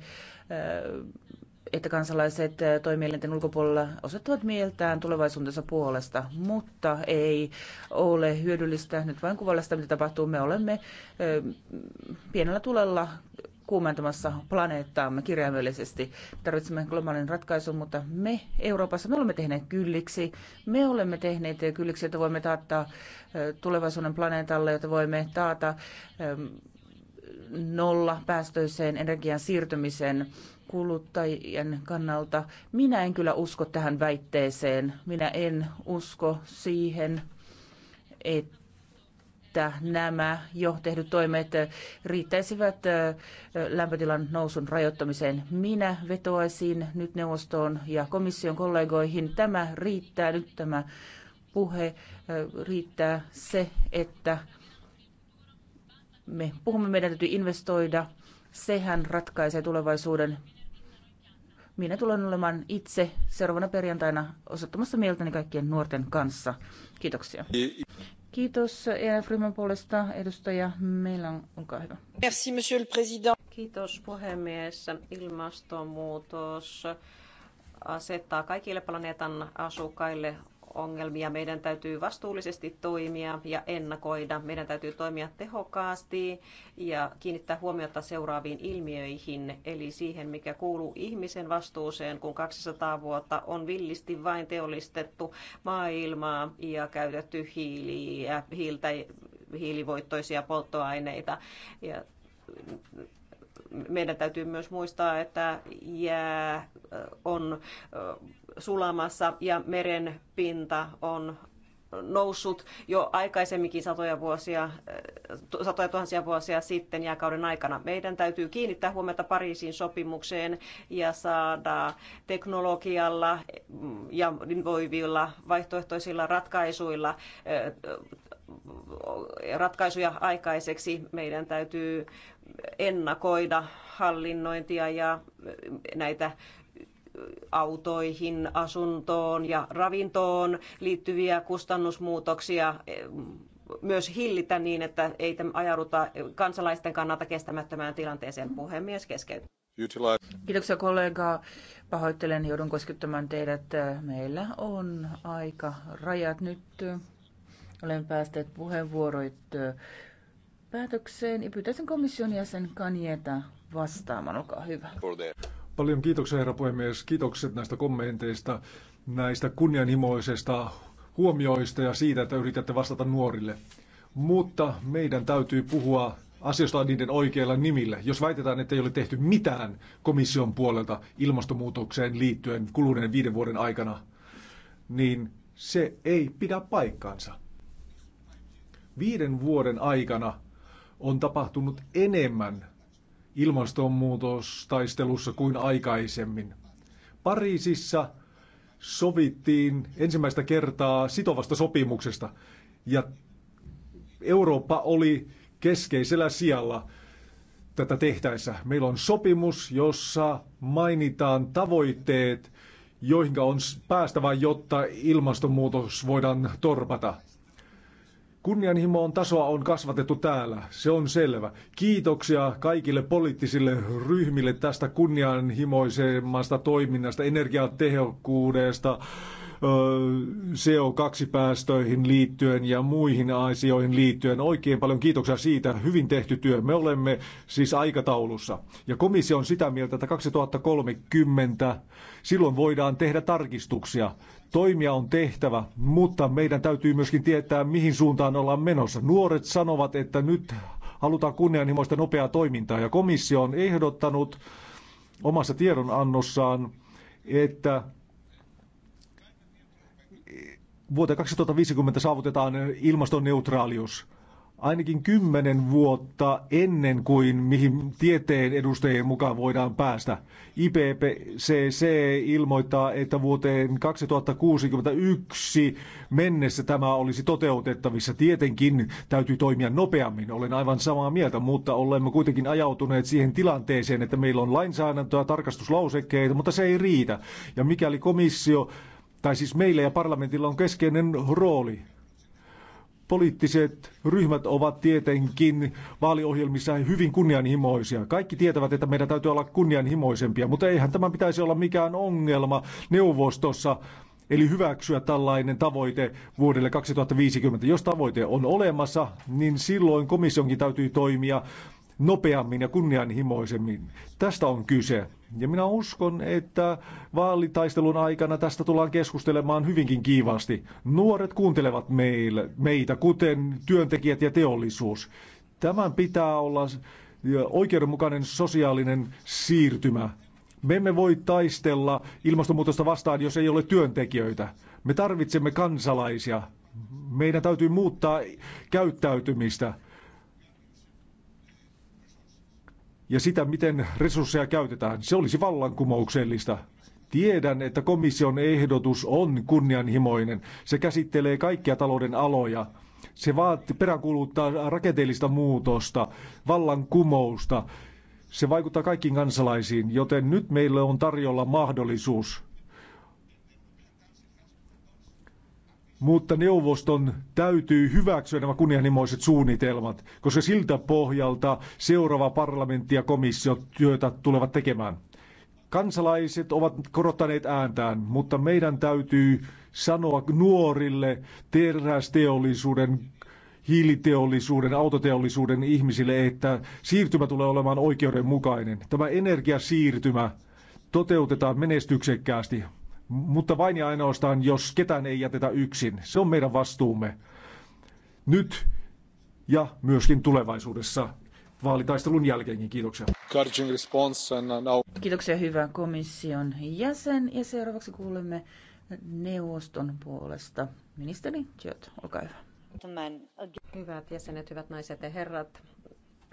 että kansalaiset toimielinten ulkopuolella osoittavat mieltään tulevaisuutensa puolesta, mutta ei ole hyödyllistä nyt vain kuvalla sitä, mitä tapahtuu. Me olemme pienellä tulella kuumentumassa planeettaamme kirjaimellisesti. Tarvitsemme globaalin ratkaisun, mutta me Euroopassa, me olemme tehneet kylliksi. Me olemme tehneet kylliksi, että voimme taata tulevaisuuden planeetalle, jota voimme taata nolla päästöiseen energian siirtymisen kuluttajien kannalta. Minä en kyllä usko tähän väitteeseen. Minä en usko siihen, että että nämä jo tehdyt toimet riittäisivät lämpötilan nousun rajoittamiseen. Minä vetoaisin nyt neuvostoon ja komission kollegoihin. Tämä riittää, nyt tämä puhe riittää se, että me puhumme, meidän täytyy investoida. Sehän ratkaisee tulevaisuuden. Minä tulen olemaan itse seuraavana perjantaina osoittamassa mieltäni kaikkien nuorten kanssa. Kiitoksia. Kiitos EF-ryhmän puolesta edustaja Meilan, olkaa hyvä. Merci, monsieur le président. Kiitos puhemies. Ilmastonmuutos asettaa kaikille planeetan asukkaille ongelmia. Meidän täytyy vastuullisesti toimia ja ennakoida. Meidän täytyy toimia tehokkaasti ja kiinnittää huomiota seuraaviin ilmiöihin, eli siihen, mikä kuuluu ihmisen vastuuseen, kun 200 vuotta on villisti vain teollistettu maailmaa ja käytetty hiiliä, hiiltä, hiilivoittoisia polttoaineita. Ja meidän täytyy myös muistaa, että jää on sulamassa ja meren pinta on noussut jo aikaisemminkin satoja, vuosia, eh, satoja tuhansia vuosia sitten jääkauden aikana. Meidän täytyy kiinnittää huomiota Pariisin sopimukseen ja saada teknologialla mm, ja voivilla vaihtoehtoisilla ratkaisuilla eh, ratkaisuja aikaiseksi. Meidän täytyy ennakoida hallinnointia ja näitä autoihin, asuntoon ja ravintoon liittyviä kustannusmuutoksia e, myös hillitä niin, että ei ajauduta kansalaisten kannalta kestämättömään tilanteeseen. Puhemies keskeyttää. Kiitoksia kollega. Pahoittelen, joudun koskettamaan teidät. Meillä on aika rajat nyt. Olen päästänyt puheenvuoroit päätökseen ja pyytäisin komission jäsen Kanieta vastaamaan. Olkaa hyvä. Paljon kiitoksia, herra puhemies. Kiitokset näistä kommenteista, näistä kunnianhimoisista huomioista ja siitä, että yritätte vastata nuorille. Mutta meidän täytyy puhua asioista niiden oikeilla nimillä. Jos väitetään, että ei ole tehty mitään komission puolelta ilmastonmuutokseen liittyen kuluneen viiden vuoden aikana, niin se ei pidä paikkaansa. Viiden vuoden aikana on tapahtunut enemmän ilmastonmuutostaistelussa kuin aikaisemmin. Pariisissa sovittiin ensimmäistä kertaa sitovasta sopimuksesta ja Eurooppa oli keskeisellä sijalla tätä tehtäessä. Meillä on sopimus, jossa mainitaan tavoitteet, joihin on päästävä, jotta ilmastonmuutos voidaan torpata. Kunnianhimoon tasoa on kasvatettu täällä, se on selvä. Kiitoksia kaikille poliittisille ryhmille tästä kunnianhimoisemmasta toiminnasta, energiatehokkuudesta, CO2-päästöihin liittyen ja muihin asioihin liittyen. Oikein paljon kiitoksia siitä. Hyvin tehty työ. Me olemme siis aikataulussa. Ja komissio on sitä mieltä, että 2030 silloin voidaan tehdä tarkistuksia. Toimia on tehtävä, mutta meidän täytyy myöskin tietää, mihin suuntaan ollaan menossa. Nuoret sanovat, että nyt halutaan kunnianhimoista nopeaa toimintaa. Ja komissio on ehdottanut omassa tiedonannossaan, että vuoteen 2050 saavutetaan ilmastoneutraalius ainakin kymmenen vuotta ennen kuin mihin tieteen edustajien mukaan voidaan päästä. IPCC ilmoittaa, että vuoteen 2061 mennessä tämä olisi toteutettavissa. Tietenkin täytyy toimia nopeammin, olen aivan samaa mieltä, mutta olemme kuitenkin ajautuneet siihen tilanteeseen, että meillä on lainsäädäntöä, tarkastuslausekkeita, mutta se ei riitä. Ja mikäli komissio tai siis meillä ja parlamentilla on keskeinen rooli. Poliittiset ryhmät ovat tietenkin vaaliohjelmissa hyvin kunnianhimoisia. Kaikki tietävät, että meidän täytyy olla kunnianhimoisempia, mutta eihän tämä pitäisi olla mikään ongelma neuvostossa, eli hyväksyä tällainen tavoite vuodelle 2050. Jos tavoite on olemassa, niin silloin komissionkin täytyy toimia nopeammin ja kunnianhimoisemmin. Tästä on kyse. Ja minä uskon, että vaalitaistelun aikana tästä tullaan keskustelemaan hyvinkin kiivasti. Nuoret kuuntelevat meille, meitä, kuten työntekijät ja teollisuus. Tämän pitää olla oikeudenmukainen sosiaalinen siirtymä. Me emme voi taistella ilmastonmuutosta vastaan, jos ei ole työntekijöitä. Me tarvitsemme kansalaisia. Meidän täytyy muuttaa käyttäytymistä. ja sitä, miten resursseja käytetään. Se olisi vallankumouksellista. Tiedän, että komission ehdotus on kunnianhimoinen. Se käsittelee kaikkia talouden aloja. Se vaatii peräkuuluttaa rakenteellista muutosta, vallankumousta. Se vaikuttaa kaikkiin kansalaisiin, joten nyt meillä on tarjolla mahdollisuus. mutta neuvoston täytyy hyväksyä nämä kunnianhimoiset suunnitelmat, koska siltä pohjalta seuraava parlamentti ja komissio työtä tulevat tekemään. Kansalaiset ovat korottaneet ääntään, mutta meidän täytyy sanoa nuorille terästeollisuuden hiiliteollisuuden, autoteollisuuden ihmisille, että siirtymä tulee olemaan oikeudenmukainen. Tämä energiasiirtymä toteutetaan menestyksekkäästi mutta vain ja ainoastaan, jos ketään ei jätetä yksin. Se on meidän vastuumme nyt ja myöskin tulevaisuudessa vaalitaistelun jälkeenkin. Kiitoksia. Kiitoksia hyvä komission jäsen. Ja seuraavaksi kuulemme neuvoston puolesta. Ministeri Jot, olkaa hyvä. Hyvät jäsenet, hyvät naiset ja herrat,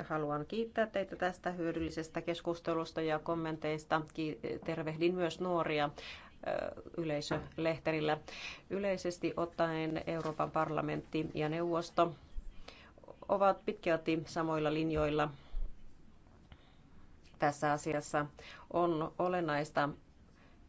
haluan kiittää teitä tästä hyödyllisestä keskustelusta ja kommenteista. Tervehdin myös nuoria yleisölehterillä. Yleisesti ottaen Euroopan parlamentti ja neuvosto ovat pitkälti samoilla linjoilla tässä asiassa. On olennaista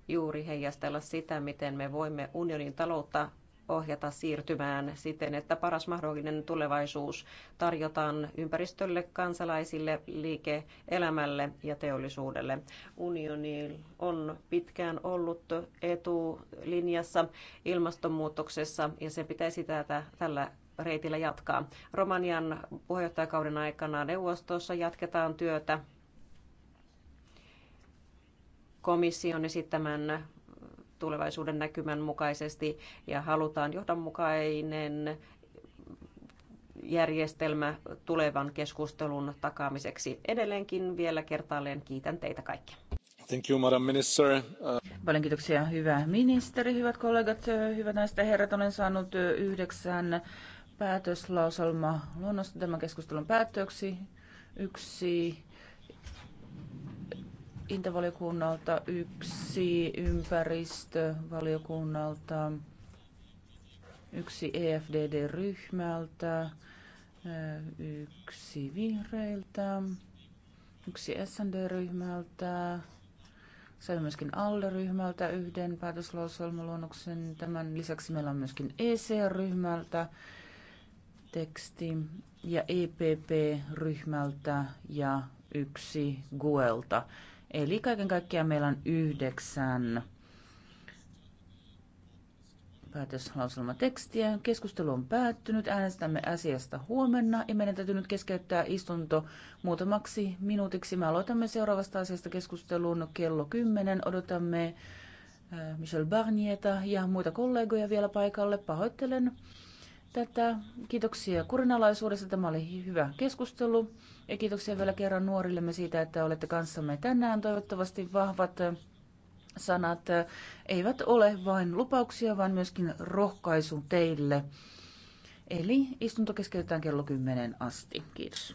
juuri heijastella sitä, miten me voimme unionin taloutta ohjata siirtymään siten, että paras mahdollinen tulevaisuus tarjotaan ympäristölle, kansalaisille, liike-elämälle ja teollisuudelle. Unioni on pitkään ollut etulinjassa ilmastonmuutoksessa ja se pitäisi tätä, tällä reitillä jatkaa. Romanian puheenjohtajakauden aikana neuvostossa jatketaan työtä komission esittämän tulevaisuuden näkymän mukaisesti ja halutaan johdonmukainen järjestelmä tulevan keskustelun takaamiseksi. Edelleenkin vielä kertaalleen kiitän teitä kaikkia. Thank you, Madam Minister. Uh, Paljon kiitoksia, hyvä ministeri, hyvät kollegat, hyvät näistä herrat. Olen saanut yhdeksän päätöslauselma luonnosta tämän keskustelun päätöksi. Yksi Intavaliokunnalta yksi, ympäristövaliokunnalta yksi EFDD-ryhmältä, yksi vihreiltä, yksi SND-ryhmältä, Saimme myöskin ALDE-ryhmältä yhden päätöslauselmaluonnoksen. Tämän lisäksi meillä on myöskin EC-ryhmältä teksti ja EPP-ryhmältä ja yksi GUELta. Eli kaiken kaikkiaan meillä on yhdeksän päätöslauselmatekstiä. Keskustelu on päättynyt. Äänestämme asiasta huomenna ja meidän täytyy nyt keskeyttää istunto muutamaksi minuutiksi. Me aloitamme seuraavasta asiasta keskustelun kello 10. Odotamme äh, Michel Barnieta ja muita kollegoja vielä paikalle. Pahoittelen tätä. Kiitoksia kurinalaisuudesta. Tämä oli hyvä keskustelu. Ja kiitoksia vielä kerran nuorillemme siitä, että olette kanssamme tänään. Toivottavasti vahvat sanat eivät ole vain lupauksia, vaan myöskin rohkaisu teille. Eli istunto keskeytetään kello 10 asti. Kiitos.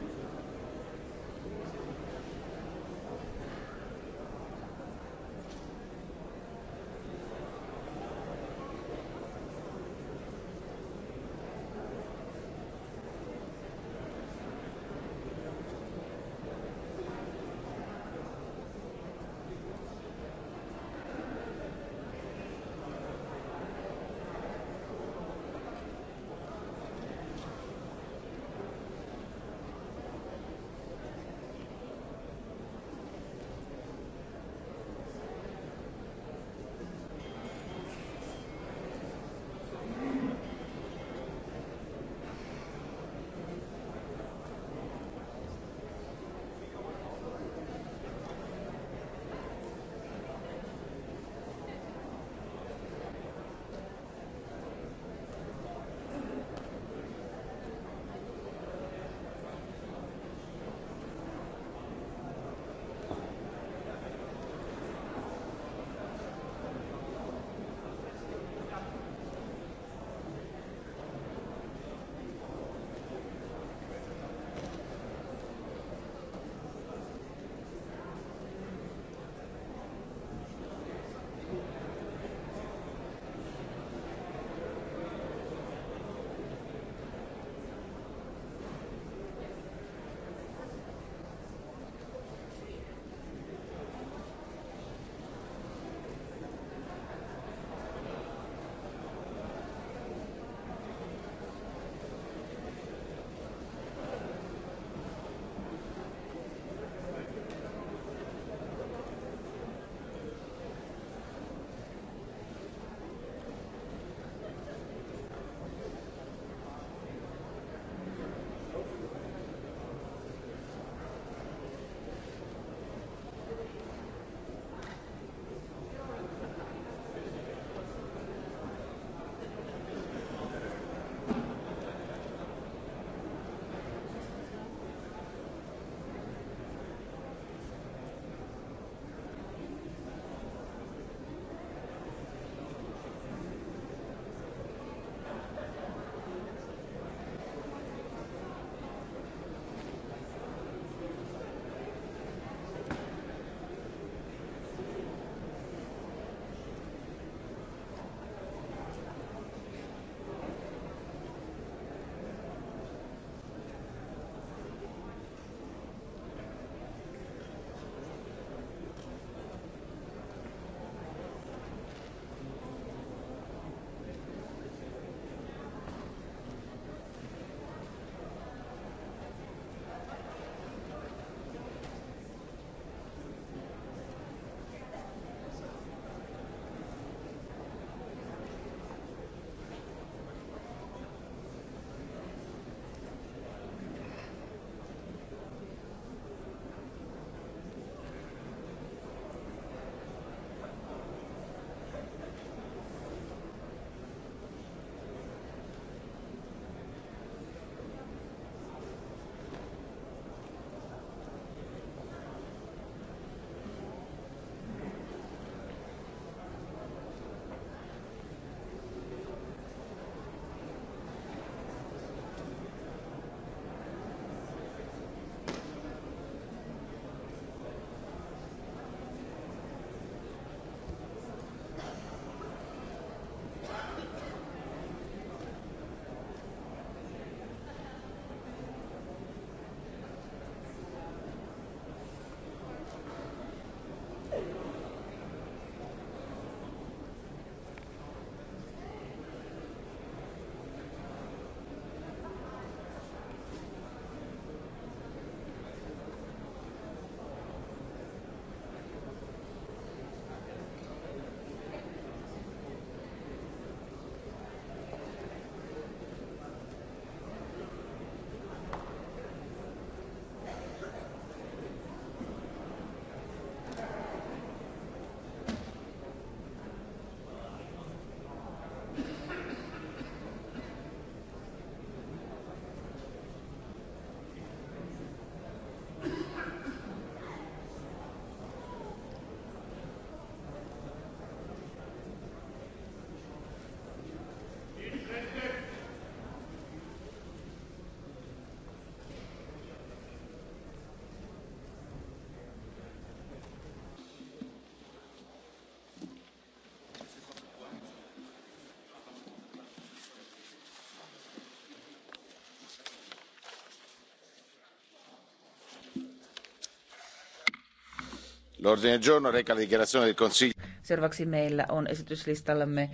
Seuraavaksi meillä on esityslistallamme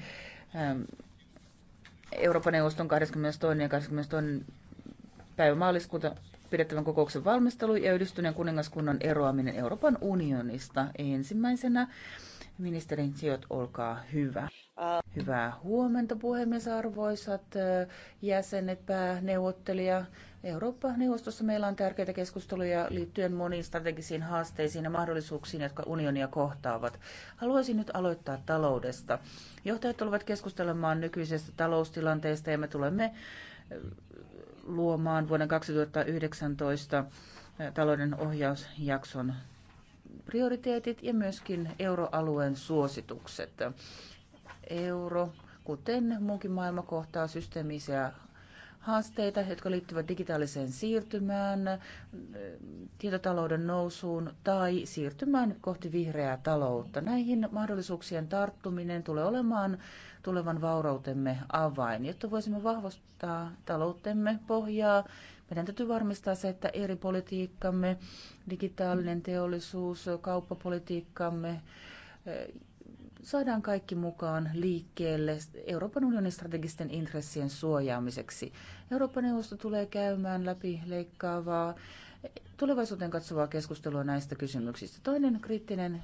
ähm, Euroopan neuvoston 22. ja 22. päivä maaliskuuta pidettävän kokouksen valmistelu ja yhdistyneen kuningaskunnan eroaminen Euroopan unionista. Ensimmäisenä ministerin sijoit, olkaa hyvä. Hyvää huomenta puhemies, arvoisat äh, jäsenet, pääneuvottelija, Eurooppa-neuvostossa meillä on tärkeitä keskusteluja liittyen moniin strategisiin haasteisiin ja mahdollisuuksiin, jotka unionia kohtaavat. Haluaisin nyt aloittaa taloudesta. Johtajat tulevat keskustelemaan nykyisestä taloustilanteesta ja me tulemme eh, luomaan vuoden 2019 eh, talouden ohjausjakson prioriteetit ja myöskin euroalueen suositukset. Euro, kuten muukin maailma kohtaa systeemisiä haasteita, jotka liittyvät digitaaliseen siirtymään, tietotalouden nousuun tai siirtymään kohti vihreää taloutta. Näihin mahdollisuuksien tarttuminen tulee olemaan tulevan vaurautemme avain. Jotta voisimme vahvistaa taloutemme pohjaa, meidän täytyy varmistaa se, että eri politiikkamme, digitaalinen teollisuus, kauppapolitiikkamme saadaan kaikki mukaan liikkeelle Euroopan unionin strategisten intressien suojaamiseksi. Euroopan neuvosto tulee käymään läpi leikkaavaa tulevaisuuteen katsovaa keskustelua näistä kysymyksistä. Toinen kriittinen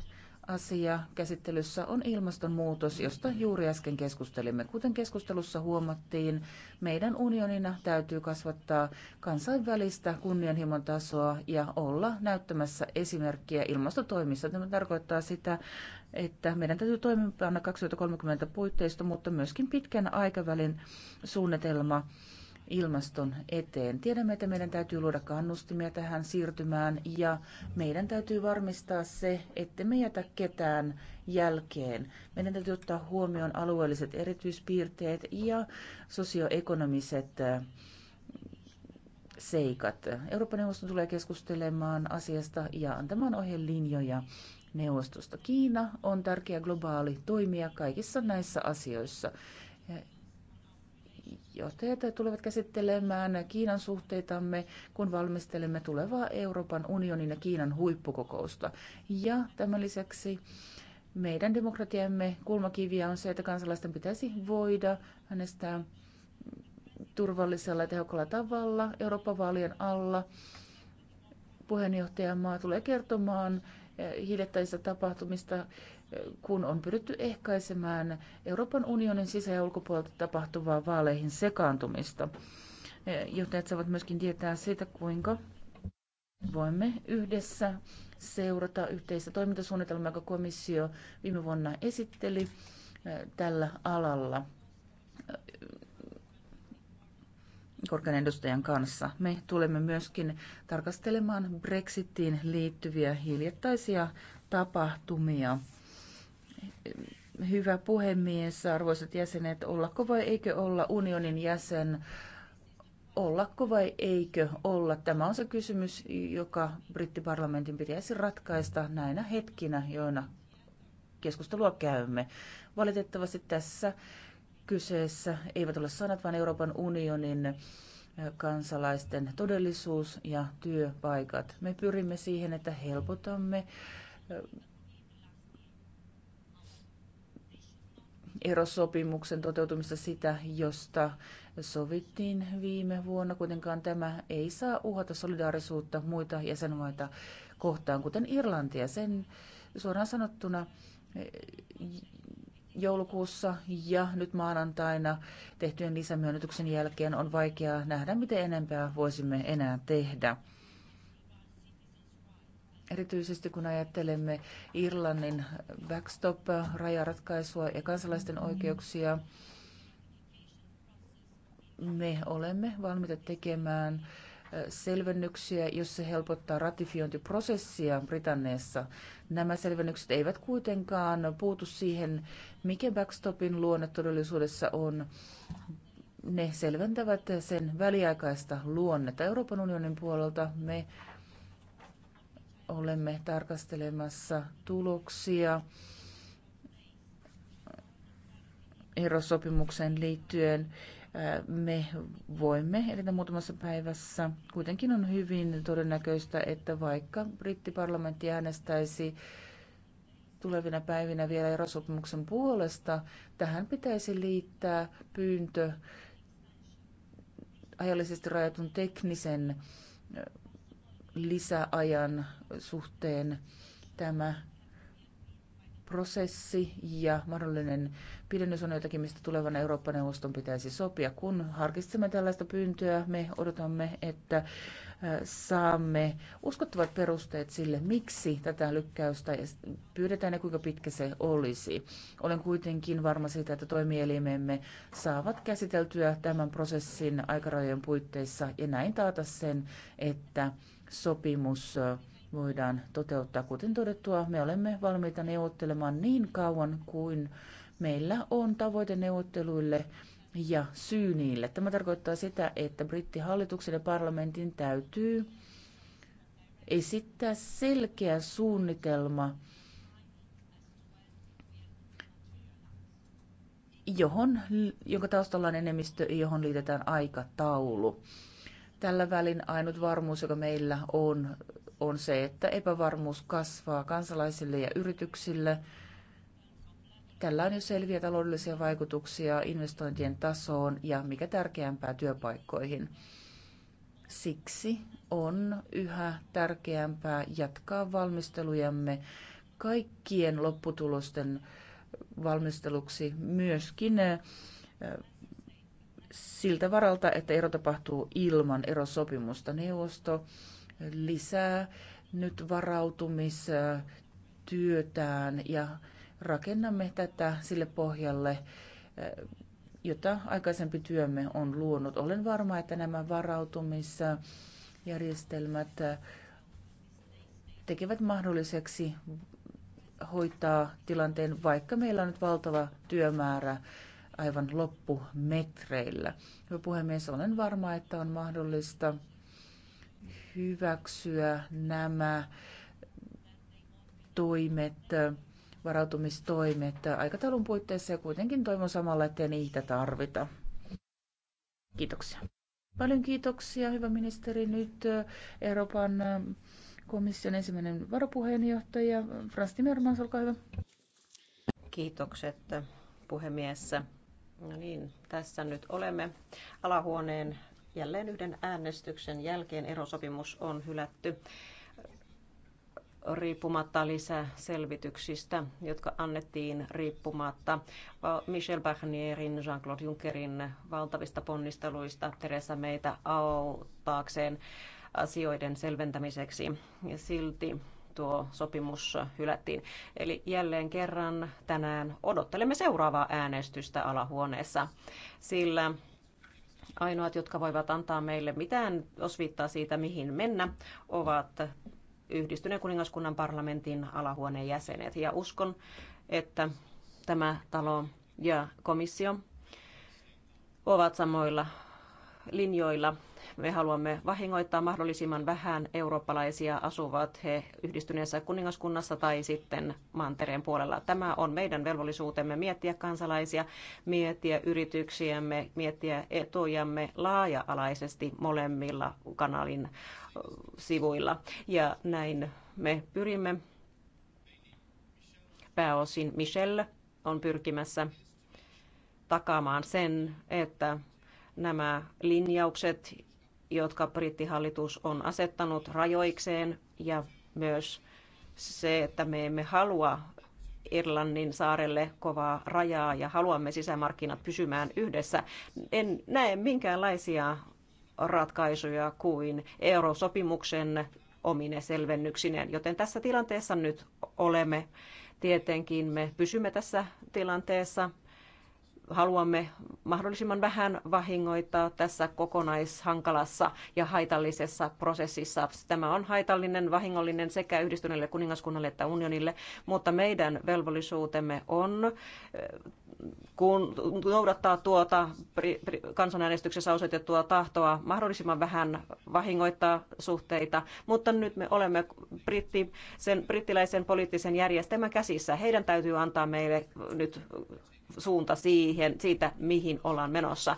asia käsittelyssä on ilmastonmuutos, josta juuri äsken keskustelimme. Kuten keskustelussa huomattiin, meidän unionina täytyy kasvattaa kansainvälistä kunnianhimon tasoa ja olla näyttämässä esimerkkiä ilmastotoimissa. Tämä tarkoittaa sitä, että meidän täytyy toimia 2030 puitteista, mutta myöskin pitkän aikavälin suunnitelma ilmaston eteen. Tiedämme, että meidän täytyy luoda kannustimia tähän siirtymään ja meidän täytyy varmistaa se, että me jätä ketään jälkeen. Meidän täytyy ottaa huomioon alueelliset erityispiirteet ja sosioekonomiset äh, seikat. Euroopan neuvosto tulee keskustelemaan asiasta ja antamaan ohjelinjoja neuvostosta. Kiina on tärkeä globaali toimija kaikissa näissä asioissa johtajat tulevat käsittelemään Kiinan suhteitamme, kun valmistelemme tulevaa Euroopan unionin ja Kiinan huippukokousta. Ja tämän lisäksi meidän demokratiamme kulmakiviä on se, että kansalaisten pitäisi voida äänestää turvallisella ja tehokkaalla tavalla Euroopan vaalien alla. Puheenjohtajamaa tulee kertomaan eh, hiljattaisista tapahtumista kun on pyritty ehkäisemään Euroopan unionin sisä- ja ulkopuolelta tapahtuvaa vaaleihin sekaantumista. Johtajat saavat myöskin tietää siitä, kuinka voimme yhdessä seurata yhteistä toimintasuunnitelmaa, joka komissio viime vuonna esitteli tällä alalla korkean edustajan kanssa. Me tulemme myöskin tarkastelemaan Brexitiin liittyviä hiljattaisia tapahtumia. Hyvä puhemies, arvoisat jäsenet, ollako vai eikö olla unionin jäsen? Ollako vai eikö olla? Tämä on se kysymys, joka brittiparlamentin pitäisi ratkaista näinä hetkinä, joina keskustelua käymme. Valitettavasti tässä kyseessä eivät ole sanat, vaan Euroopan unionin eh, kansalaisten todellisuus ja työpaikat. Me pyrimme siihen, että helpotamme eh, erosopimuksen toteutumista sitä, josta sovittiin viime vuonna. Kuitenkaan tämä ei saa uhata solidaarisuutta muita jäsenmaita kohtaan, kuten Irlantia. Sen suoraan sanottuna eh, joulukuussa ja nyt maanantaina tehtyjen lisämyönnytyksen jälkeen on vaikeaa nähdä, miten enempää voisimme enää tehdä erityisesti kun ajattelemme Irlannin backstop-rajaratkaisua ja kansalaisten mm-hmm. oikeuksia, me olemme valmiita tekemään selvennyksiä, jos se helpottaa ratifiointiprosessia Britanniassa. Nämä selvennykset eivät kuitenkaan puutu siihen, mikä backstopin luonne todellisuudessa on. Ne selventävät sen väliaikaista luonnetta. Euroopan unionin puolelta me olemme tarkastelemassa tuloksia erosopimukseen liittyen. Me voimme edetä muutamassa päivässä. Kuitenkin on hyvin todennäköistä, että vaikka brittiparlamentti äänestäisi tulevina päivinä vielä erosopimuksen puolesta, tähän pitäisi liittää pyyntö ajallisesti rajatun teknisen lisäajan suhteen tämä prosessi ja mahdollinen pidennys on jotakin, mistä tulevana Eurooppa-neuvoston pitäisi sopia. Kun harkitsemme tällaista pyyntöä, me odotamme, että äh, saamme uskottavat perusteet sille, miksi tätä lykkäystä pyydetään ja kuinka pitkä se olisi. Olen kuitenkin varma siitä, että toimielimemme saavat käsiteltyä tämän prosessin aikarajojen puitteissa ja näin taata sen, että sopimus voidaan toteuttaa. Kuten todettua, me olemme valmiita neuvottelemaan niin kauan kuin meillä on tavoite neuvotteluille ja syy niille. Tämä tarkoittaa sitä, että brittihallituksen ja parlamentin täytyy esittää selkeä suunnitelma, johon, jonka taustalla on enemmistö, johon liitetään aikataulu. Tällä välin ainut varmuus, joka meillä on, on se, että epävarmuus kasvaa kansalaisille ja yrityksille. Tällä on jo selviä taloudellisia vaikutuksia investointien tasoon ja mikä tärkeämpää työpaikkoihin. Siksi on yhä tärkeämpää jatkaa valmistelujamme kaikkien lopputulosten valmisteluksi myöskin siltä varalta, että ero tapahtuu ilman erosopimusta. Neuvosto lisää nyt varautumistyötään ja rakennamme tätä sille pohjalle, jota aikaisempi työmme on luonut. Olen varma, että nämä varautumisjärjestelmät tekevät mahdolliseksi hoitaa tilanteen, vaikka meillä on nyt valtava työmäärä aivan loppumetreillä. Hyvä puhemies, olen varma, että on mahdollista hyväksyä nämä toimet, varautumistoimet aikataulun puitteissa ja kuitenkin toivon samalla, ettei niitä tarvita. Kiitoksia. Paljon kiitoksia, hyvä ministeri. Nyt Euroopan komission ensimmäinen varapuheenjohtaja Frans Timmermans, olkaa hyvä. Kiitokset puhemies. No niin, tässä nyt olemme alahuoneen jälleen yhden äänestyksen jälkeen erosopimus on hylätty riippumatta lisäselvityksistä, jotka annettiin riippumatta Michel Barnierin, Jean-Claude Junckerin valtavista ponnisteluista Teresa meitä auttaakseen asioiden selventämiseksi. Silti tuo sopimus hylättiin. Eli jälleen kerran tänään odottelemme seuraavaa äänestystä alahuoneessa, sillä ainoat, jotka voivat antaa meille mitään osviittaa siitä, mihin mennä, ovat yhdistyneen kuningaskunnan parlamentin alahuoneen jäsenet. Ja uskon, että tämä talo ja komissio ovat samoilla linjoilla me haluamme vahingoittaa mahdollisimman vähän eurooppalaisia, asuvat he yhdistyneessä kuningaskunnassa tai sitten mantereen puolella. Tämä on meidän velvollisuutemme miettiä kansalaisia, miettiä yrityksiämme, miettiä etujamme laaja-alaisesti molemmilla kanalin sivuilla. Ja näin me pyrimme. Pääosin Michelle on pyrkimässä takaamaan sen, että nämä linjaukset jotka brittihallitus on asettanut rajoikseen ja myös se, että me emme halua Irlannin saarelle kovaa rajaa ja haluamme sisämarkkinat pysymään yhdessä. En näe minkäänlaisia ratkaisuja kuin eurosopimuksen omine selvennyksineen, joten tässä tilanteessa nyt olemme. Tietenkin me pysymme tässä tilanteessa haluamme mahdollisimman vähän vahingoittaa tässä kokonaishankalassa ja haitallisessa prosessissa. Tämä on haitallinen, vahingollinen sekä yhdistyneelle kuningaskunnalle että unionille, mutta meidän velvollisuutemme on eh, kun noudattaa tuota kansanäänestyksessä osoitettua tahtoa mahdollisimman vähän vahingoittaa suhteita, mutta nyt me olemme britti, sen brittiläisen poliittisen järjestelmän käsissä. Heidän täytyy antaa meille nyt suunta siihen, siitä, mihin ollaan menossa.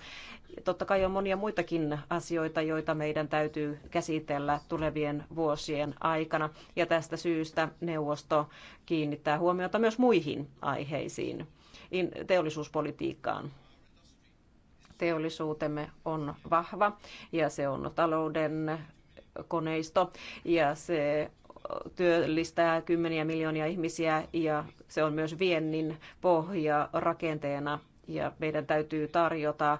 Totta kai on monia muitakin asioita, joita meidän täytyy käsitellä tulevien vuosien aikana, ja tästä syystä neuvosto kiinnittää huomiota myös muihin aiheisiin, teollisuuspolitiikkaan teollisuutemme on vahva ja se on talouden koneisto ja se työllistää kymmeniä miljoonia ihmisiä ja se on myös viennin pohja rakenteena ja meidän täytyy tarjota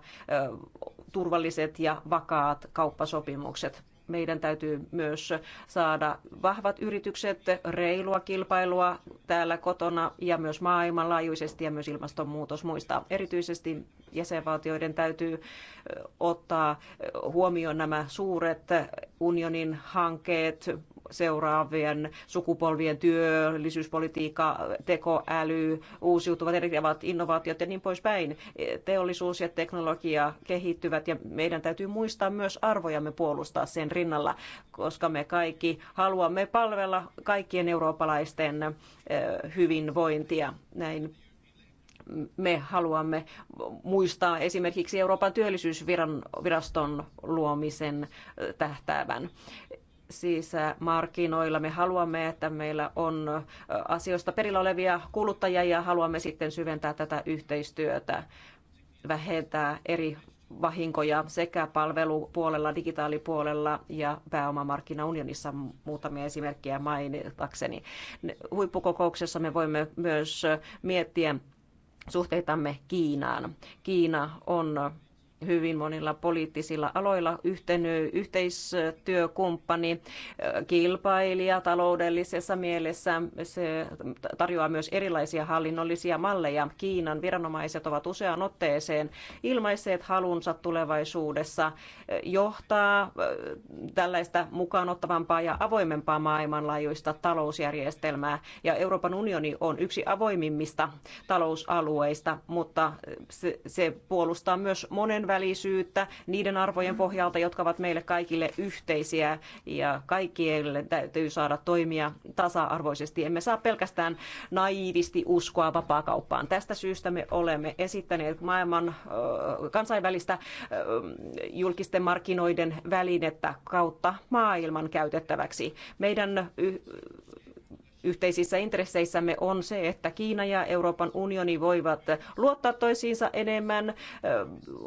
turvalliset ja vakaat kauppasopimukset. Meidän täytyy myös saada vahvat yritykset, reilua kilpailua täällä kotona ja myös maailmanlaajuisesti ja myös ilmastonmuutos muistaa. Erityisesti jäsenvaltioiden täytyy ottaa huomioon nämä suuret unionin hankkeet, seuraavien sukupolvien työllisyyspolitiikka, tekoäly, uusiutuvat erilaiset innovaatiot ja niin poispäin. Teollisuus ja teknologia kehittyvät ja meidän täytyy muistaa myös arvojamme puolustaa sen rinnalla, koska me kaikki haluamme palvella kaikkien eurooppalaisten hyvinvointia. Näin me haluamme muistaa esimerkiksi Euroopan työllisyysviraston luomisen tähtäävän siis äh, markkinoilla Me haluamme, että meillä on äh, asioista perillä olevia kuluttajia ja haluamme sitten syventää tätä yhteistyötä, vähentää eri vahinkoja sekä palvelupuolella, digitaalipuolella ja pääomamarkkinaunionissa muutamia esimerkkejä mainitakseni. Huippukokouksessa me voimme myös miettiä suhteitamme Kiinaan. Kiina on hyvin monilla poliittisilla aloilla yhten, yhteistyökumppani, kilpailija taloudellisessa mielessä. Se tarjoaa myös erilaisia hallinnollisia malleja. Kiinan viranomaiset ovat useaan otteeseen ilmaisseet halunsa tulevaisuudessa johtaa äh, tällaista mukaanottavampaa ja avoimempaa maailmanlaajuista talousjärjestelmää. Ja Euroopan unioni on yksi avoimimmista talousalueista, mutta se, se puolustaa myös monen kansainvälisyyttä niiden arvojen pohjalta, jotka ovat meille kaikille yhteisiä ja kaikille täytyy saada toimia tasa-arvoisesti. Emme saa pelkästään naivisti uskoa vapaakauppaan. Tästä syystä me olemme esittäneet maailman kansainvälistä julkisten markkinoiden välinettä kautta maailman käytettäväksi. Meidän yhteisissä intresseissämme on se, että Kiina ja Euroopan unioni voivat luottaa toisiinsa enemmän,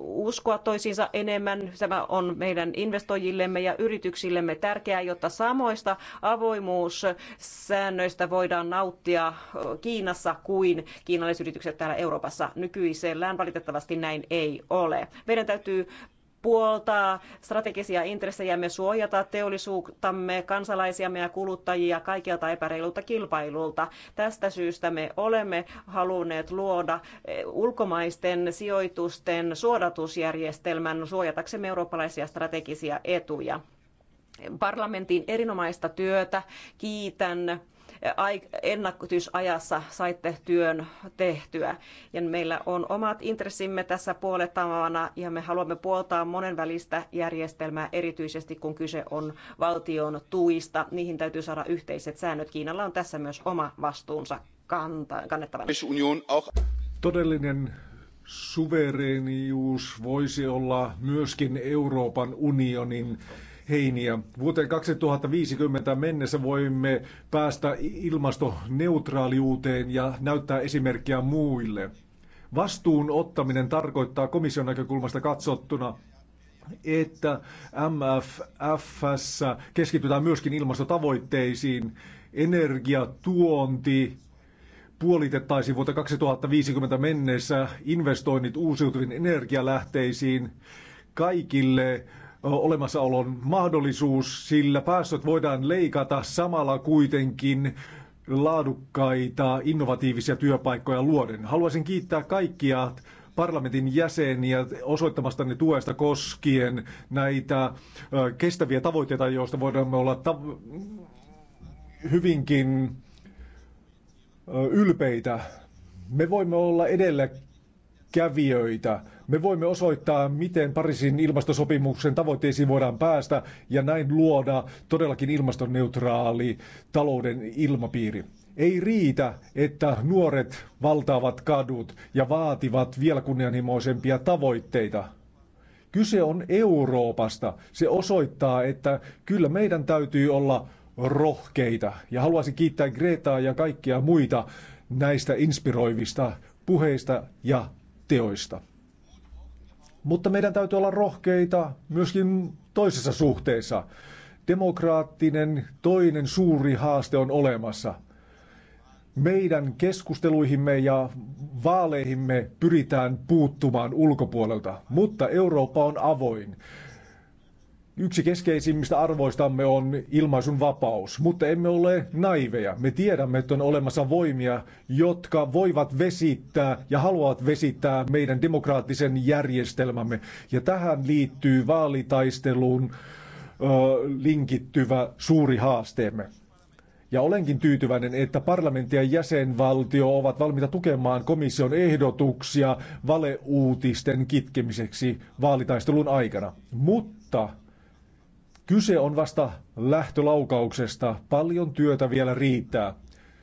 uskoa toisiinsa enemmän. Tämä on meidän investoijillemme ja yrityksillemme tärkeää, jotta samoista avoimuussäännöistä voidaan nauttia Kiinassa kuin kiinalaisyritykset täällä Euroopassa nykyisellään. Valitettavasti näin ei ole. Meidän täytyy puoltaa strategisia intressejämme suojata teollisuuttamme, kansalaisiamme ja kuluttajia kaikilta epäreilulta kilpailulta. Tästä syystä me olemme halunneet luoda eh, ulkomaisten sijoitusten suodatusjärjestelmän suojataksemme eurooppalaisia strategisia etuja. Parlamentin erinomaista työtä kiitän ennakkotysajassa saitte työn tehtyä. Ja meillä on omat intressimme tässä puolettavana ja me haluamme puoltaa monenvälistä järjestelmää erityisesti kun kyse on valtion tuista. Niihin täytyy saada yhteiset säännöt. Kiinalla on tässä myös oma vastuunsa kannettavana. Todellinen suvereenius voisi olla myöskin Euroopan unionin heiniä. Vuoteen 2050 mennessä voimme päästä ilmastoneutraaliuuteen ja näyttää esimerkkiä muille. Vastuun ottaminen tarkoittaa komission näkökulmasta katsottuna että MFFssä keskitytään myöskin ilmastotavoitteisiin. Energiatuonti puolitettaisiin vuoteen 2050 mennessä, investoinnit uusiutuviin energialähteisiin, kaikille olemassaolon mahdollisuus, sillä päästöt voidaan leikata samalla kuitenkin laadukkaita, innovatiivisia työpaikkoja luoden. Haluaisin kiittää kaikkia parlamentin jäseniä osoittamastanne tuesta koskien näitä kestäviä tavoitteita, joista voidaan olla hyvinkin ylpeitä. Me voimme olla edellä kävijöitä. Me voimme osoittaa, miten Pariisin ilmastosopimuksen tavoitteisiin voidaan päästä ja näin luoda todellakin ilmastoneutraali talouden ilmapiiri. Ei riitä, että nuoret valtaavat kadut ja vaativat vielä kunnianhimoisempia tavoitteita. Kyse on Euroopasta. Se osoittaa, että kyllä meidän täytyy olla rohkeita. Ja haluaisin kiittää Gretaa ja kaikkia muita näistä inspiroivista puheista ja teoista. Mutta meidän täytyy olla rohkeita myöskin toisessa suhteessa. Demokraattinen toinen suuri haaste on olemassa. Meidän keskusteluihimme ja vaaleihimme pyritään puuttumaan ulkopuolelta, mutta Eurooppa on avoin. Yksi keskeisimmistä arvoistamme on ilmaisun vapaus, mutta emme ole naiveja. Me tiedämme, että on olemassa voimia, jotka voivat vesittää ja haluavat vesittää meidän demokraattisen järjestelmämme. Ja tähän liittyy vaalitaisteluun ö, linkittyvä suuri haasteemme. Ja olenkin tyytyväinen, että parlamentti ja jäsenvaltio ovat valmiita tukemaan komission ehdotuksia valeuutisten kitkemiseksi vaalitaistelun aikana. Mutta Kyse on vasta lähtölaukauksesta. Paljon työtä vielä riittää,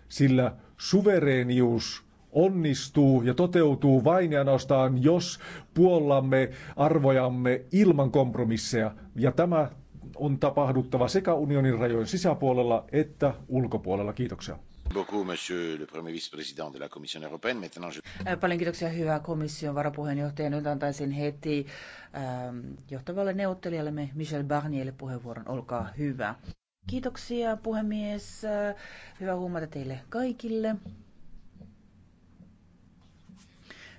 sillä suvereenius onnistuu ja toteutuu vain ja nostaan, jos puollamme arvojamme ilman kompromisseja. Ja tämä on tapahduttava sekä unionin rajojen sisäpuolella että ulkopuolella. Kiitoksia. Paljon kiitoksia hyvää komission varapuheenjohtaja. Nyt antaisin heti ähm, johtavalle neuvottelijallemme Michel Barnierille puheenvuoron. Olkaa hyvä. Kiitoksia puhemies. Hyvää huomata teille kaikille.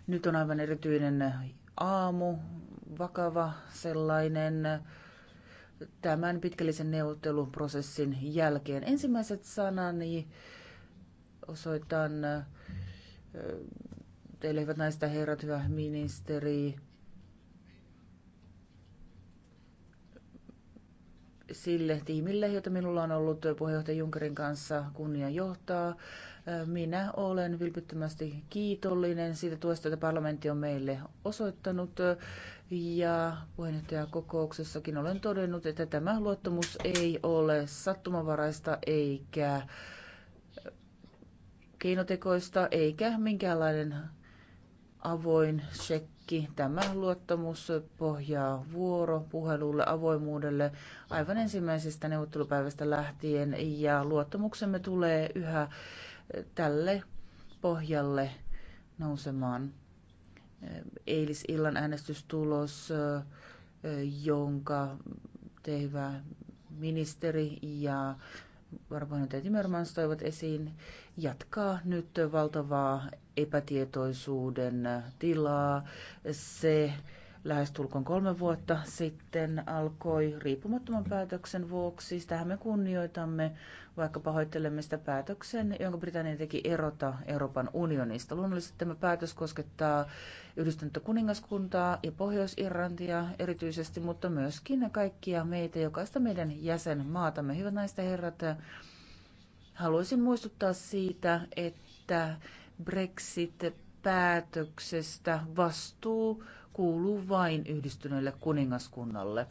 Nyt on aivan erityinen aamu, vakava sellainen tämän pitkällisen neuvotteluprosessin jälkeen. Ensimmäiset sanani osoitan teille, hyvät naiset ja herrat, hyvä ministeri, sille tiimille, jota minulla on ollut puheenjohtaja Junkerin kanssa kunnia johtaa. Minä olen vilpittömästi kiitollinen siitä tuesta, jota parlamentti on meille osoittanut. Ja puheenjohtajakokouksessakin olen todennut, että tämä luottamus ei ole sattumanvaraista eikä keinotekoista eikä minkäänlainen avoin shekki. Tämä luottamus pohjaa vuoropuhelulle, avoimuudelle aivan ensimmäisestä neuvottelupäivästä lähtien ja luottamuksemme tulee yhä tälle pohjalle nousemaan. Eilisillan äänestystulos, jonka te ministeri ja varapuheenjohtaja Timmermans toivat esiin, jatkaa nyt valtavaa epätietoisuuden tilaa. Se lähestulkoon kolme vuotta sitten alkoi riippumattoman päätöksen vuoksi. Sitähän me kunnioitamme, vaikka pahoittelemme sitä päätöksen, jonka Britannia teki erota Euroopan unionista. Luonnollisesti tämä päätös koskettaa yhdistynyttä kuningaskuntaa ja Pohjois-Irlantia erityisesti, mutta myöskin kaikkia meitä, jokaista meidän jäsenmaatamme. Hyvät naiset ja herrat, Haluaisin muistuttaa siitä, että Brexit-päätöksestä vastuu kuuluu vain yhdistyneelle kuningaskunnalle.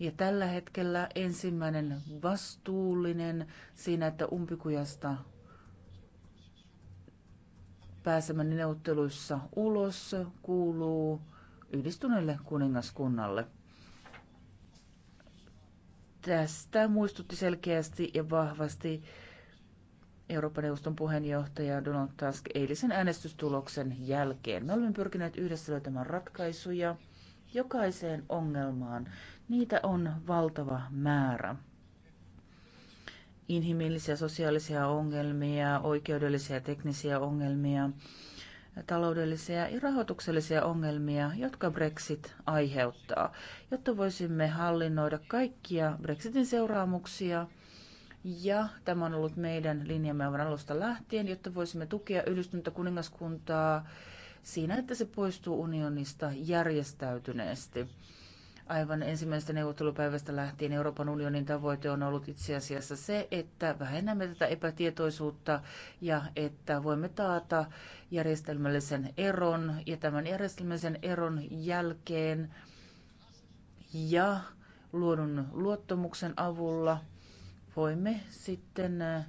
Ja tällä hetkellä ensimmäinen vastuullinen siinä, että umpikujasta pääsemäni neuvotteluissa ulos, kuuluu yhdistyneelle kuningaskunnalle. Tästä muistutti selkeästi ja vahvasti Euroopan neuvoston puheenjohtaja Donald Tusk eilisen äänestystuloksen jälkeen. Me olemme pyrkineet yhdessä löytämään ratkaisuja jokaiseen ongelmaan. Niitä on valtava määrä. Inhimillisiä, sosiaalisia ongelmia, oikeudellisia ja teknisiä ongelmia, taloudellisia ja rahoituksellisia ongelmia, jotka Brexit aiheuttaa, jotta voisimme hallinnoida kaikkia Brexitin seuraamuksia. Ja tämä on ollut meidän linjamme aivan alusta lähtien, jotta voisimme tukea yhdistyntä kuningaskuntaa siinä, että se poistuu unionista järjestäytyneesti. Aivan ensimmäisestä neuvottelupäivästä lähtien Euroopan unionin tavoite on ollut itse asiassa se, että vähennämme tätä epätietoisuutta ja että voimme taata järjestelmällisen eron ja tämän järjestelmällisen eron jälkeen ja luodun luottamuksen avulla voimme sitten äh,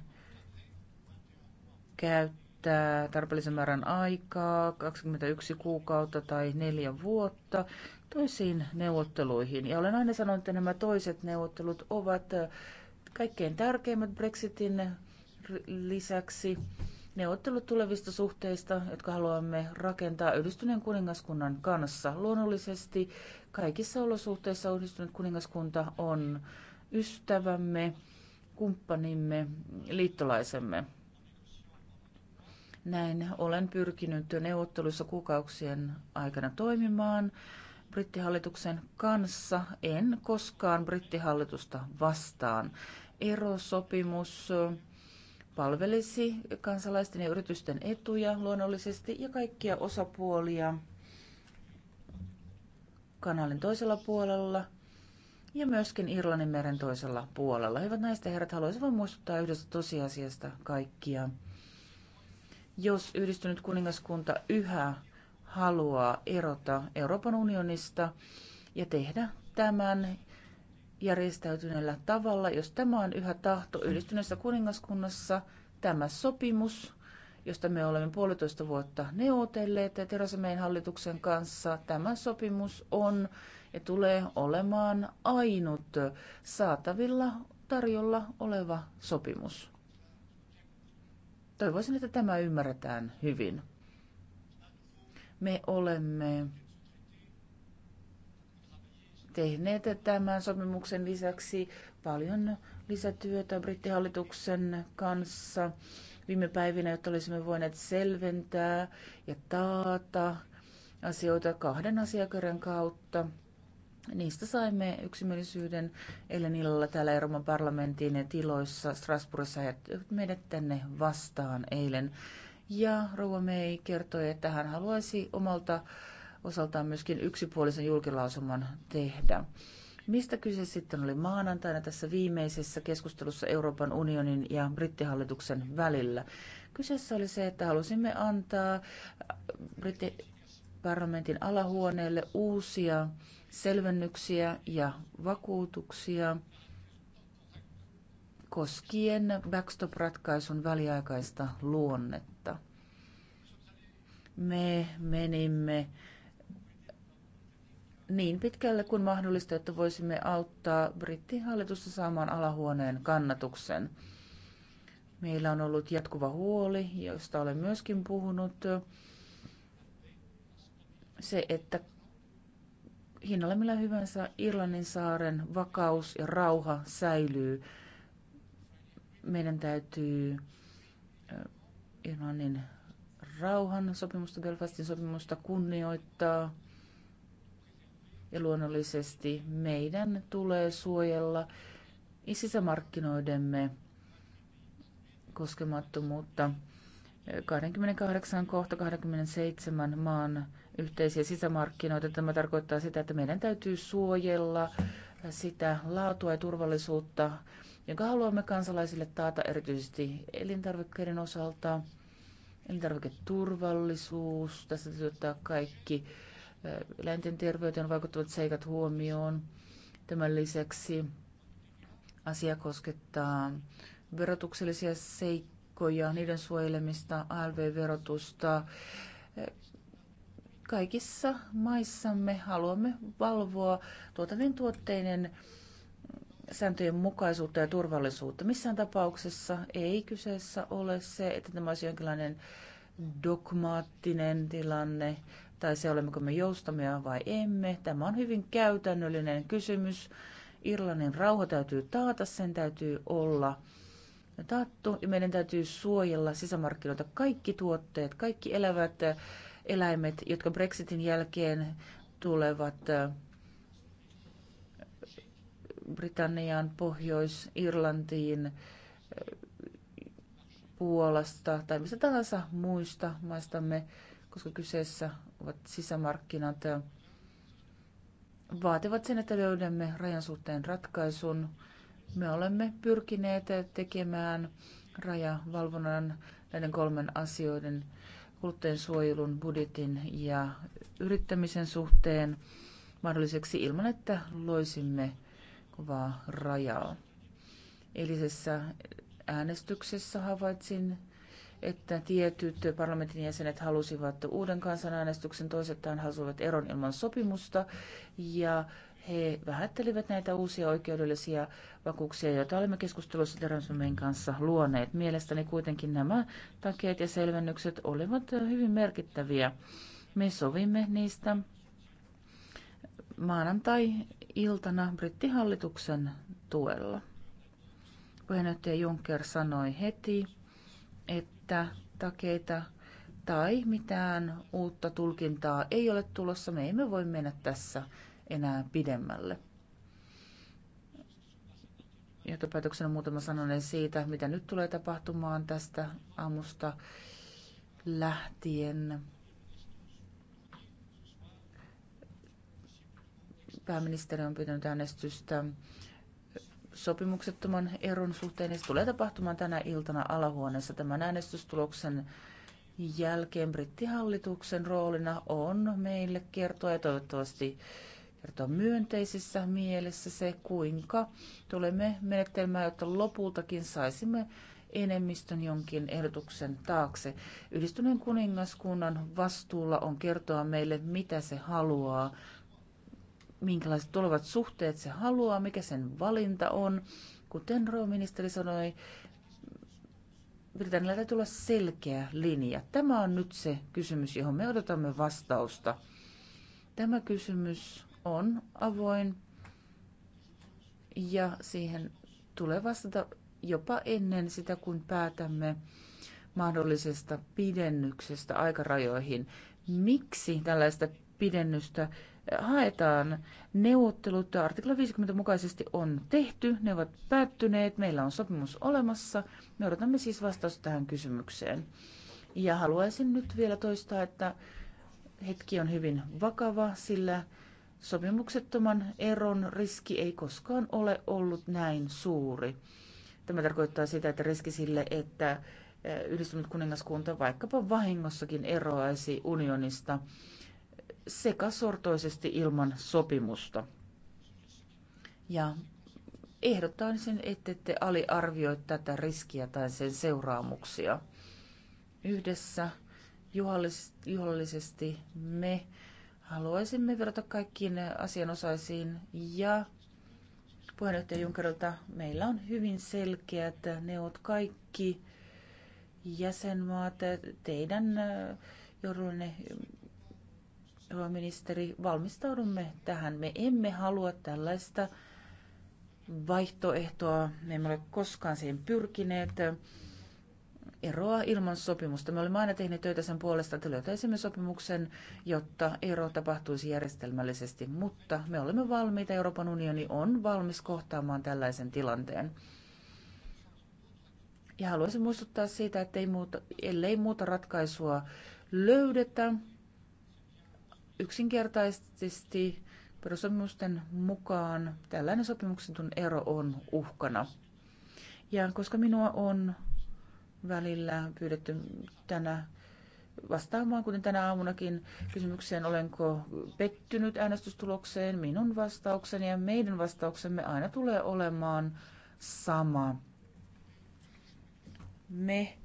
käyttää tarpeellisen määrän aikaa, 21 kuukautta tai neljä vuotta, toisiin neuvotteluihin. Ja olen aina sanonut, että nämä toiset neuvottelut ovat kaikkein tärkeimmät Brexitin lisäksi neuvottelut tulevista suhteista, jotka haluamme rakentaa yhdistyneen kuningaskunnan kanssa. Luonnollisesti kaikissa olosuhteissa yhdistynyt kuningaskunta on ystävämme, kumppanimme, liittolaisemme. Näin olen pyrkinyt neuvotteluissa kuukauksien aikana toimimaan brittihallituksen kanssa. En koskaan brittihallitusta vastaan. Erosopimus palvelisi kansalaisten ja yritysten etuja luonnollisesti ja kaikkia osapuolia kanalin toisella puolella ja myöskin Irlannin meren toisella puolella. Hyvät naiset ja herrat, haluaisin vain muistuttaa yhdestä tosiasiasta kaikkia. Jos yhdistynyt kuningaskunta yhä haluaa erota Euroopan unionista ja tehdä tämän järjestäytyneellä tavalla, jos tämä on yhä tahto yhdistyneessä kuningaskunnassa, tämä sopimus, josta me olemme puolitoista vuotta neuvotelleet Teresameen hallituksen kanssa, tämä sopimus on ja tulee olemaan ainut saatavilla tarjolla oleva sopimus. Toivoisin, että tämä ymmärretään hyvin. Me olemme tehneet tämän sopimuksen lisäksi paljon lisätyötä brittihallituksen kanssa viime päivinä, jotta olisimme voineet selventää ja taata asioita kahden asiakirjan kautta. Niistä saimme yksimielisyyden eilen illalla täällä Euroopan parlamentin tiloissa Strasbourgissa. ja meidät tänne vastaan eilen. Ja Rouva May kertoi, että hän haluaisi omalta osaltaan myöskin yksipuolisen julkilausuman tehdä. Mistä kyse sitten oli maanantaina tässä viimeisessä keskustelussa Euroopan unionin ja brittihallituksen välillä? Kyseessä oli se, että halusimme antaa brittiparlamentin alahuoneelle uusia selvennyksiä ja vakuutuksia koskien backstop-ratkaisun väliaikaista luonnetta. Me menimme niin pitkälle kuin mahdollista, että voisimme auttaa brittihallitusta saamaan alahuoneen kannatuksen. Meillä on ollut jatkuva huoli, josta olen myöskin puhunut. Se, että hinnalla millä hyvänsä Irlannin saaren vakaus ja rauha säilyy meidän täytyy Irlannin rauhan sopimusta, Belfastin sopimusta kunnioittaa. Ja luonnollisesti meidän tulee suojella sisämarkkinoidemme koskemattomuutta. 28 kohta 27 maan yhteisiä sisämarkkinoita. Tämä tarkoittaa sitä, että meidän täytyy suojella sitä laatua ja turvallisuutta, jonka haluamme kansalaisille taata erityisesti elintarvikkeiden osalta. Elintarviketurvallisuus, tässä täytyy ottaa kaikki eläinten terveyteen vaikuttavat seikat huomioon. Tämän lisäksi asia koskettaa verotuksellisia seikkoja, niiden suojelemista, ALV-verotusta. Kaikissa maissamme haluamme valvoa tuotavien tuotteiden sääntöjen mukaisuutta ja turvallisuutta. Missään tapauksessa ei kyseessä ole se, että tämä olisi jonkinlainen dogmaattinen tilanne, tai se olemmeko me joustamia vai emme. Tämä on hyvin käytännöllinen kysymys. Irlannin rauha täytyy taata, sen täytyy olla taattu, ja meidän täytyy suojella sisämarkkinoita kaikki tuotteet, kaikki elävät eläimet, jotka Brexitin jälkeen tulevat Britanniaan, Pohjois-Irlantiin, Puolasta tai mistä tahansa muista maistamme, koska kyseessä ovat sisämarkkinat, vaativat sen, että löydämme rajan suhteen ratkaisun. Me olemme pyrkineet tekemään rajavalvonnan näiden kolmen asioiden suojelun budjetin ja yrittämisen suhteen mahdolliseksi ilman, että loisimme kovaa rajaa. Eilisessä äänestyksessä havaitsin, että tietyt parlamentin jäsenet halusivat uuden kansanäänestyksen, toiset halusivat eron ilman sopimusta ja he vähättelivät näitä uusia oikeudellisia vakuuksia, joita olemme keskustelussa Terransumien kanssa luoneet. Mielestäni kuitenkin nämä takeet ja selvennykset olivat hyvin merkittäviä. Me sovimme niistä maanantai iltana brittihallituksen tuella. Puheenjohtaja Juncker sanoi heti, että takeita tai mitään uutta tulkintaa ei ole tulossa. Me emme voi mennä tässä enää pidemmälle. Johtopäätöksenä muutama sananen siitä, mitä nyt tulee tapahtumaan tästä aamusta lähtien. Pääministeri on pyytänyt äänestystä sopimuksettoman eron suhteen, ja se tulee tapahtumaan tänä iltana alahuoneessa. Tämän äänestystuloksen jälkeen brittihallituksen roolina on meille kertoa ja toivottavasti kertoa myönteisessä mielessä se, kuinka tulemme menettelemään, jotta lopultakin saisimme enemmistön jonkin ehdotuksen taakse. Yhdistyneen kuningaskunnan vastuulla on kertoa meille, mitä se haluaa minkälaiset tulevat suhteet se haluaa, mikä sen valinta on. Kuten rouministeri sanoi, Britannialla täytyy olla selkeä linja. Tämä on nyt se kysymys, johon me odotamme vastausta. Tämä kysymys on avoin ja siihen tulee vastata jopa ennen sitä, kun päätämme mahdollisesta pidennyksestä aikarajoihin. Miksi tällaista pidennystä haetaan. Neuvottelut artikla 50 mukaisesti on tehty, ne ovat päättyneet, meillä on sopimus olemassa. Me odotamme siis vastausta tähän kysymykseen. Ja haluaisin nyt vielä toistaa, että hetki on hyvin vakava, sillä sopimuksettoman eron riski ei koskaan ole ollut näin suuri. Tämä tarkoittaa sitä, että riski sille, että eh, yhdistynyt kuningaskunta vaikkapa vahingossakin eroaisi unionista, sekasortoisesti ilman sopimusta. Ja ehdottaisin, ettette aliarvioi tätä riskiä tai sen seuraamuksia. Yhdessä juhallisesti me haluaisimme verrata kaikkiin asianosaisiin ja puheenjohtaja Junkerilta meillä on hyvin selkeät ovat kaikki jäsenmaat teidän johdollinen Hyvä ministeri, valmistaudumme tähän. Me emme halua tällaista vaihtoehtoa. Me emme ole koskaan siihen pyrkineet. Eroa ilman sopimusta. Me olemme aina tehneet töitä sen puolesta, että löytäisimme sopimuksen, jotta ero tapahtuisi järjestelmällisesti, mutta me olemme valmiita. Euroopan unioni on valmis kohtaamaan tällaisen tilanteen. Ja haluaisin muistuttaa siitä, että ei muuta, ellei muuta ratkaisua löydetä, yksinkertaisesti perussopimusten mukaan tällainen sopimuksetun ero on uhkana. Ja koska minua on välillä pyydetty tänä vastaamaan, kuten tänä aamunakin, kysymykseen, olenko pettynyt äänestystulokseen, minun vastaukseni ja meidän vastauksemme aina tulee olemaan sama. Me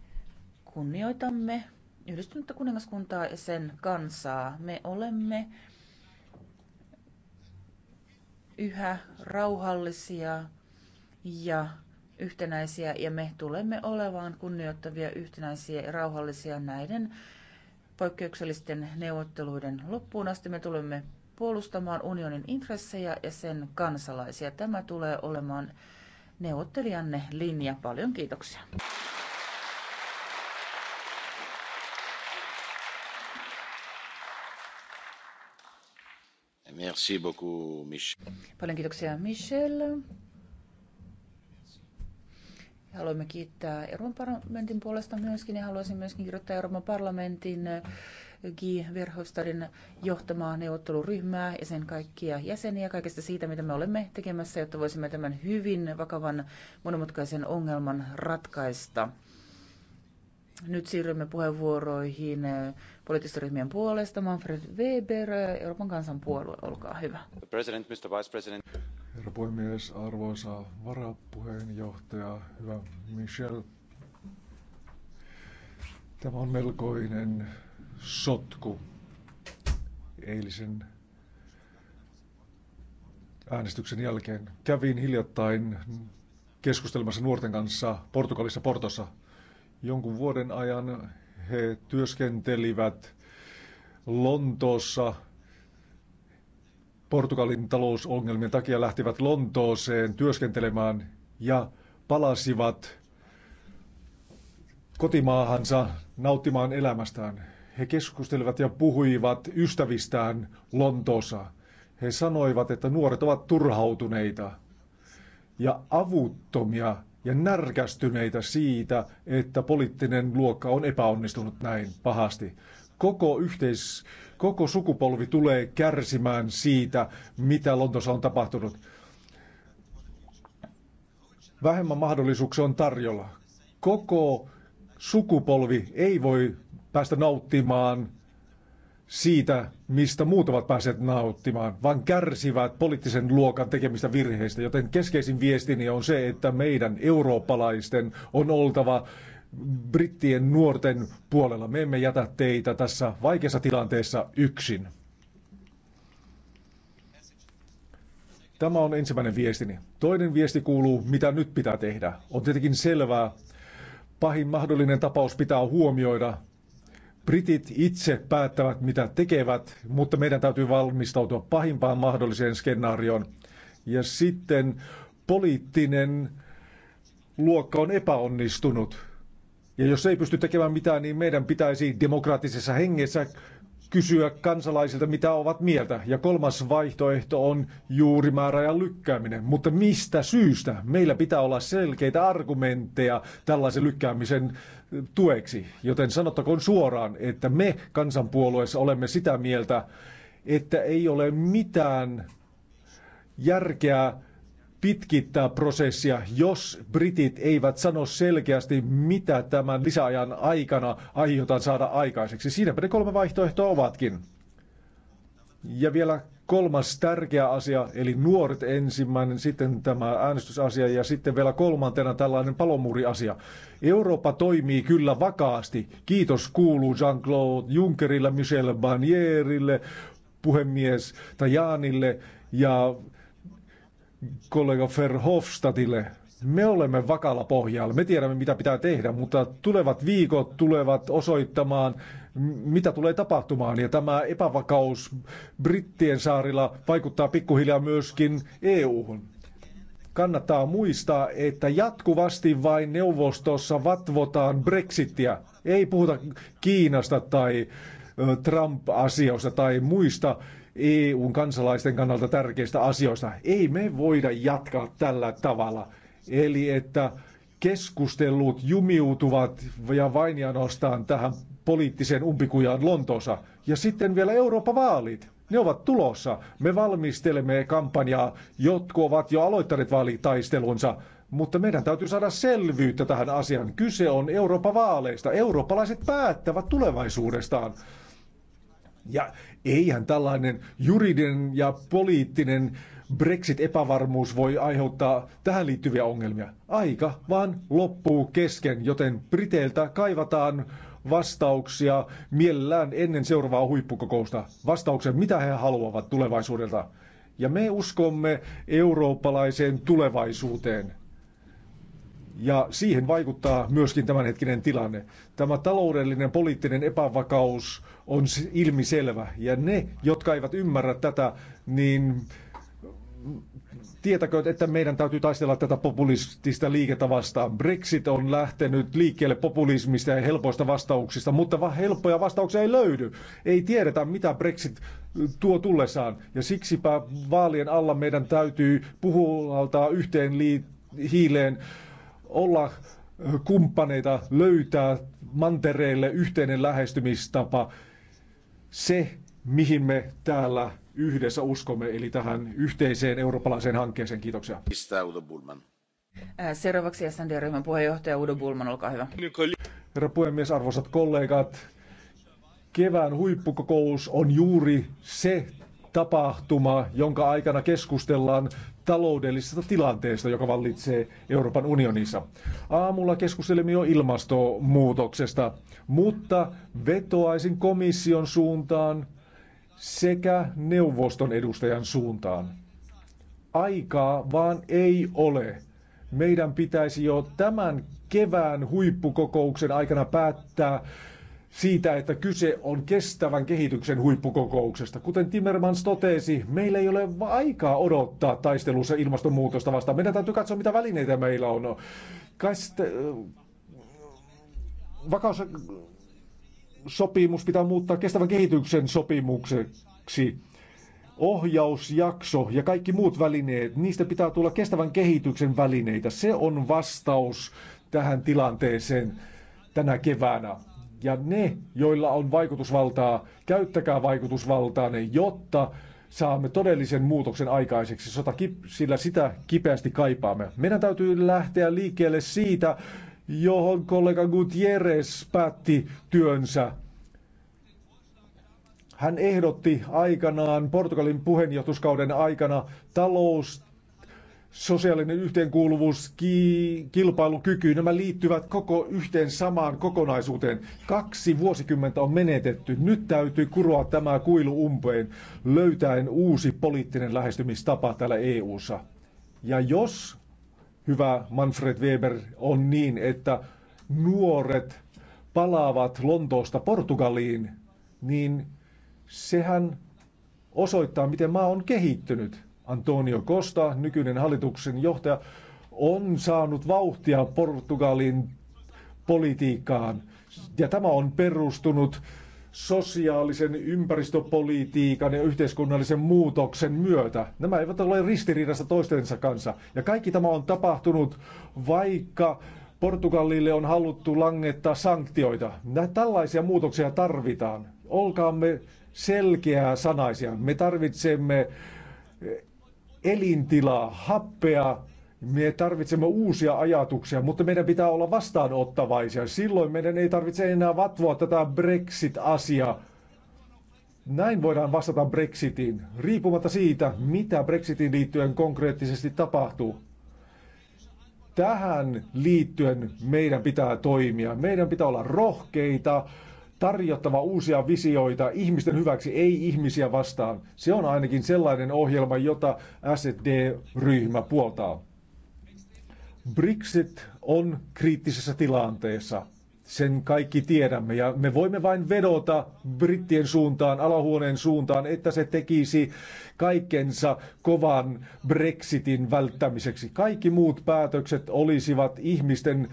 kunnioitamme yhdistynyttä kuningaskuntaa ja sen kansaa. Me olemme yhä rauhallisia ja yhtenäisiä ja me tulemme olemaan kunnioittavia, yhtenäisiä ja rauhallisia näiden poikkeuksellisten neuvotteluiden loppuun asti. Me tulemme puolustamaan unionin intressejä ja sen kansalaisia. Tämä tulee olemaan neuvottelijanne linja. Paljon kiitoksia. Merci beaucoup, Michel. Paljon kiitoksia, Michel. Haluamme kiittää Euroopan parlamentin puolesta myöskin ja haluaisin myöskin kirjoittaa Euroopan parlamentin eh, Guy Verhofstadin johtamaa neuvotteluryhmää ja sen kaikkia jäseniä kaikesta siitä, mitä me olemme tekemässä, jotta voisimme tämän hyvin vakavan monimutkaisen ongelman ratkaista. Nyt siirrymme puheenvuoroihin eh, poliittisten ryhmien puolesta. Manfred Weber, eh, Euroopan kansanpuolue, olkaa hyvä. President, Mr. Vice President. Herra puhemies, arvoisa varapuheenjohtaja, hyvä Michel. Tämä on melkoinen sotku eilisen äänestyksen jälkeen. Kävin hiljattain keskustelemassa nuorten kanssa Portugalissa Portossa Jonkun vuoden ajan he työskentelivät Lontoossa Portugalin talousongelmien takia lähtivät Lontooseen työskentelemään ja palasivat kotimaahansa nauttimaan elämästään. He keskustelivat ja puhuivat ystävistään Lontoossa. He sanoivat, että nuoret ovat turhautuneita ja avuttomia ja närkästyneitä siitä, että poliittinen luokka on epäonnistunut näin pahasti. Koko yhteis, koko sukupolvi tulee kärsimään siitä, mitä Lontossa on tapahtunut. Vähemmän mahdollisuuksia on tarjolla. Koko sukupolvi ei voi päästä nauttimaan siitä, mistä muut ovat päässeet nauttimaan, vaan kärsivät poliittisen luokan tekemistä virheistä. Joten keskeisin viestini on se, että meidän eurooppalaisten on oltava brittien nuorten puolella. Me emme jätä teitä tässä vaikeassa tilanteessa yksin. Tämä on ensimmäinen viestini. Toinen viesti kuuluu, mitä nyt pitää tehdä. On tietenkin selvää, pahin mahdollinen tapaus pitää huomioida, Britit itse päättävät, mitä tekevät, mutta meidän täytyy valmistautua pahimpaan mahdolliseen skenaarioon. Ja sitten poliittinen luokka on epäonnistunut. Ja jos ei pysty tekemään mitään, niin meidän pitäisi demokraattisessa hengessä kysyä kansalaisilta, mitä ovat mieltä. Ja kolmas vaihtoehto on juurimääräajan lykkääminen. Mutta mistä syystä? Meillä pitää olla selkeitä argumentteja tällaisen lykkäämisen tueksi. Joten sanottakoon suoraan, että me kansanpuolueessa olemme sitä mieltä, että ei ole mitään järkeä pitkittää prosessia, jos britit eivät sano selkeästi, mitä tämän lisäajan aikana aiotaan saada aikaiseksi. Siinäpä ne kolme vaihtoehtoa ovatkin. Ja vielä kolmas tärkeä asia, eli nuoret ensimmäinen, sitten tämä äänestysasia ja sitten vielä kolmantena tällainen palomuuriasia. Eurooppa toimii kyllä vakaasti. Kiitos kuuluu Jean-Claude Junckerille, Michel Barnierille, puhemies Tajanille ja kollega Verhofstadille. Me olemme vakalla pohjalla, me tiedämme mitä pitää tehdä, mutta tulevat viikot tulevat osoittamaan, mitä tulee tapahtumaan. Ja tämä epävakaus Brittien saarilla vaikuttaa pikkuhiljaa myöskin EU-hun. Kannattaa muistaa, että jatkuvasti vain neuvostossa vatvotaan Brexittiä. Ei puhuta Kiinasta tai Trump-asioista tai muista eu kansalaisten kannalta tärkeistä asioista. Ei me voida jatkaa tällä tavalla. Eli että keskustelut jumiutuvat ja vain ja nostaan tähän poliittiseen umpikujaan Lontoossa. Ja sitten vielä Eurooppa-vaalit. Ne ovat tulossa. Me valmistelemme kampanjaa. jotka ovat jo aloittaneet vaalitaistelunsa. Mutta meidän täytyy saada selvyyttä tähän asiaan. Kyse on Euroopan vaaleista. Eurooppalaiset päättävät tulevaisuudestaan. Ja Eihän tällainen juridinen ja poliittinen Brexit-epävarmuus voi aiheuttaa tähän liittyviä ongelmia. Aika vaan loppuu kesken, joten Briteiltä kaivataan vastauksia mielellään ennen seuraavaa huippukokousta. Vastauksia, mitä he haluavat tulevaisuudelta. Ja me uskomme eurooppalaiseen tulevaisuuteen. Ja siihen vaikuttaa myöskin tämänhetkinen tilanne. Tämä taloudellinen poliittinen epävakaus on ilmiselvä. Ja ne, jotka eivät ymmärrä tätä, niin tietäkö, että meidän täytyy taistella tätä populistista liikettä vastaan. Brexit on lähtenyt liikkeelle populismista ja helpoista vastauksista, mutta vaan helppoja vastauksia ei löydy. Ei tiedetä, mitä Brexit tuo tullessaan. Ja siksipä vaalien alla meidän täytyy puhua yhteen liit- hiileen olla kumppaneita, löytää mantereille yhteinen lähestymistapa. Se, mihin me täällä yhdessä uskomme, eli tähän yhteiseen eurooppalaiseen hankkeeseen. Kiitoksia. Seuraavaksi SND-ryhmän puheenjohtaja Udo Bulman, olkaa hyvä. Herra puhemies, arvoisat kollegat, kevään huippukokous on juuri se tapahtuma, jonka aikana keskustellaan taloudellisesta tilanteesta, joka vallitsee Euroopan unionissa. Aamulla keskustelemme jo ilmastonmuutoksesta, mutta vetoaisin komission suuntaan sekä neuvoston edustajan suuntaan. Aikaa vaan ei ole. Meidän pitäisi jo tämän kevään huippukokouksen aikana päättää siitä, että kyse on kestävän kehityksen huippukokouksesta. Kuten Timmermans totesi, meillä ei ole aikaa odottaa taistelussa ilmastonmuutosta vastaan. Meidän täytyy katsoa, mitä välineitä meillä on. Kaiste, äh, vakaus, sopimus pitää muuttaa kestävän kehityksen sopimukseksi. Ohjausjakso ja kaikki muut välineet, niistä pitää tulla kestävän kehityksen välineitä. Se on vastaus tähän tilanteeseen tänä keväänä. Ja ne, joilla on vaikutusvaltaa, käyttäkää vaikutusvaltaa, ne, jotta saamme todellisen muutoksen aikaiseksi, sota, sillä sitä kipeästi kaipaamme. Meidän täytyy lähteä liikkeelle siitä, johon kollega Gutierrez päätti työnsä. Hän ehdotti aikanaan Portugalin puheenjohtuskauden aikana talous sosiaalinen yhteenkuuluvuus, ki- kilpailukyky, nämä liittyvät koko yhteen samaan kokonaisuuteen. Kaksi vuosikymmentä on menetetty. Nyt täytyy kuroa tämä kuilu umpeen, löytäen uusi poliittinen lähestymistapa täällä EU:ssa. Ja jos, hyvä Manfred Weber, on niin, että nuoret palaavat Lontoosta Portugaliin, niin sehän osoittaa, miten maa on kehittynyt Antonio Costa, nykyinen hallituksen johtaja, on saanut vauhtia Portugalin politiikkaan. Ja tämä on perustunut sosiaalisen ympäristöpolitiikan ja yhteiskunnallisen muutoksen myötä. Nämä eivät ole ristiriidassa toistensa kanssa. Ja kaikki tämä on tapahtunut, vaikka Portugalille on haluttu langettaa sanktioita. Nämä tällaisia muutoksia tarvitaan. Olkaamme selkeää sanaisia. Me tarvitsemme elintilaa, happea. Me tarvitsemme uusia ajatuksia, mutta meidän pitää olla vastaanottavaisia. Silloin meidän ei tarvitse enää vatvoa tätä Brexit-asiaa. Näin voidaan vastata Brexitiin, riippumatta siitä, mitä Brexitiin liittyen konkreettisesti tapahtuu. Tähän liittyen meidän pitää toimia. Meidän pitää olla rohkeita, tarjottava uusia visioita ihmisten hyväksi, ei ihmisiä vastaan. Se on ainakin sellainen ohjelma, jota SD-ryhmä puoltaa. Brexit on kriittisessä tilanteessa. Sen kaikki tiedämme ja me voimme vain vedota brittien suuntaan, alahuoneen suuntaan, että se tekisi kaikkensa kovan Brexitin välttämiseksi. Kaikki muut päätökset olisivat ihmisten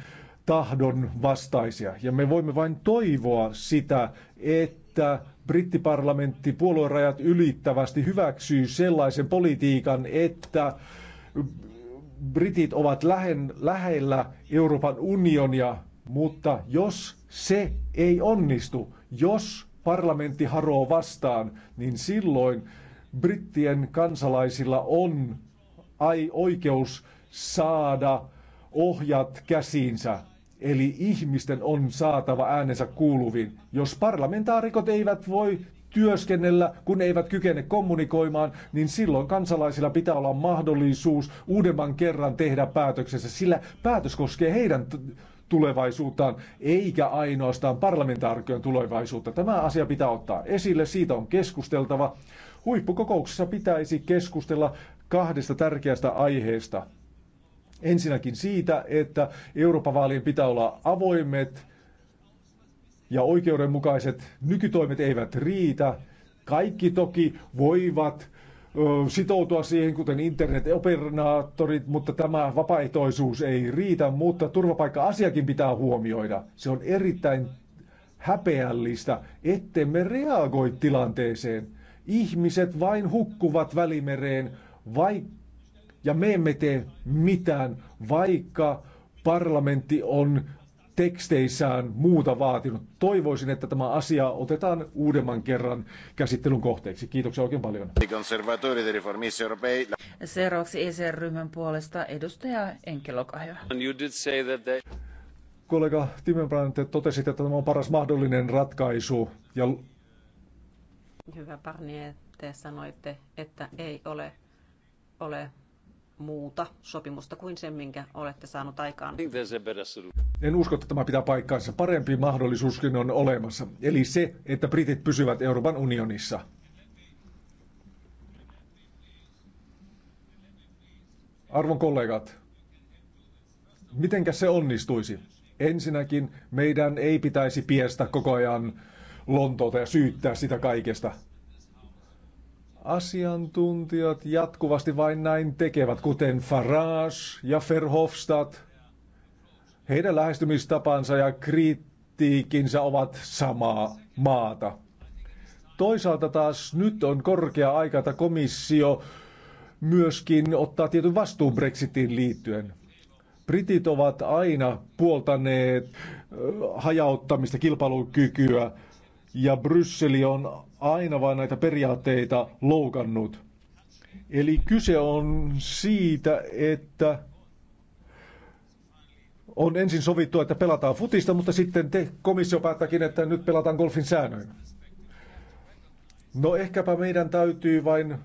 tahdon vastaisia. Ja me voimme vain toivoa sitä, että brittiparlamentti puoluerajat ylittävästi hyväksyy sellaisen politiikan, että britit ovat lähen, lähellä Euroopan unionia, mutta jos se ei onnistu, jos parlamentti haroo vastaan, niin silloin brittien kansalaisilla on ai oikeus saada ohjat käsiinsä. Eli ihmisten on saatava äänensä kuuluviin. Jos parlamentaarikot eivät voi työskennellä, kun eivät kykene kommunikoimaan, niin silloin kansalaisilla pitää olla mahdollisuus uudemman kerran tehdä päätöksensä, sillä päätös koskee heidän tulevaisuuttaan, eikä ainoastaan parlamentaarikkojen tulevaisuutta. Tämä asia pitää ottaa esille, siitä on keskusteltava. Huippukokouksessa pitäisi keskustella kahdesta tärkeästä aiheesta – Ensinnäkin siitä, että Euroopan vaalien pitää olla avoimet ja oikeudenmukaiset. Nykytoimet eivät riitä. Kaikki toki voivat sitoutua siihen, kuten internetoperaattorit, mutta tämä vapaaehtoisuus ei riitä, mutta turvapaikka-asiakin pitää huomioida. Se on erittäin häpeällistä, me reagoi tilanteeseen. Ihmiset vain hukkuvat välimereen, vaikka ja me emme tee mitään, vaikka parlamentti on teksteissään muuta vaatinut. Toivoisin, että tämä asia otetaan uudemman kerran käsittelyn kohteeksi. Kiitoksia oikein paljon. Seuraavaksi ECR-ryhmän puolesta edustaja Enkel, they... Kollega Timmerbrand, te totesitte, että tämä on paras mahdollinen ratkaisu. Ja... Hyvä Parnie, te sanoitte, että ei ole, ole muuta sopimusta kuin sen, minkä olette saanut aikaan. En usko, että tämä pitää paikkaansa. Parempi mahdollisuuskin on olemassa. Eli se, että britit pysyvät Euroopan unionissa. Arvon kollegat, mitenkä se onnistuisi? Ensinnäkin meidän ei pitäisi piestä koko ajan Lontoota ja syyttää sitä kaikesta. Asiantuntijat jatkuvasti vain näin tekevät, kuten Farage ja Verhofstadt. Heidän lähestymistapansa ja kritiikkinsä ovat samaa maata. Toisaalta taas nyt on korkea aika, että komissio myöskin ottaa tietyn vastuun Brexitiin liittyen. Britit ovat aina puoltaneet hajauttamista, kilpailukykyä, ja Brysseli on aina vain näitä periaatteita loukannut. Eli kyse on siitä, että on ensin sovittu, että pelataan futista, mutta sitten te, komissio päättääkin, että nyt pelataan golfin säännöin. No ehkäpä meidän täytyy vain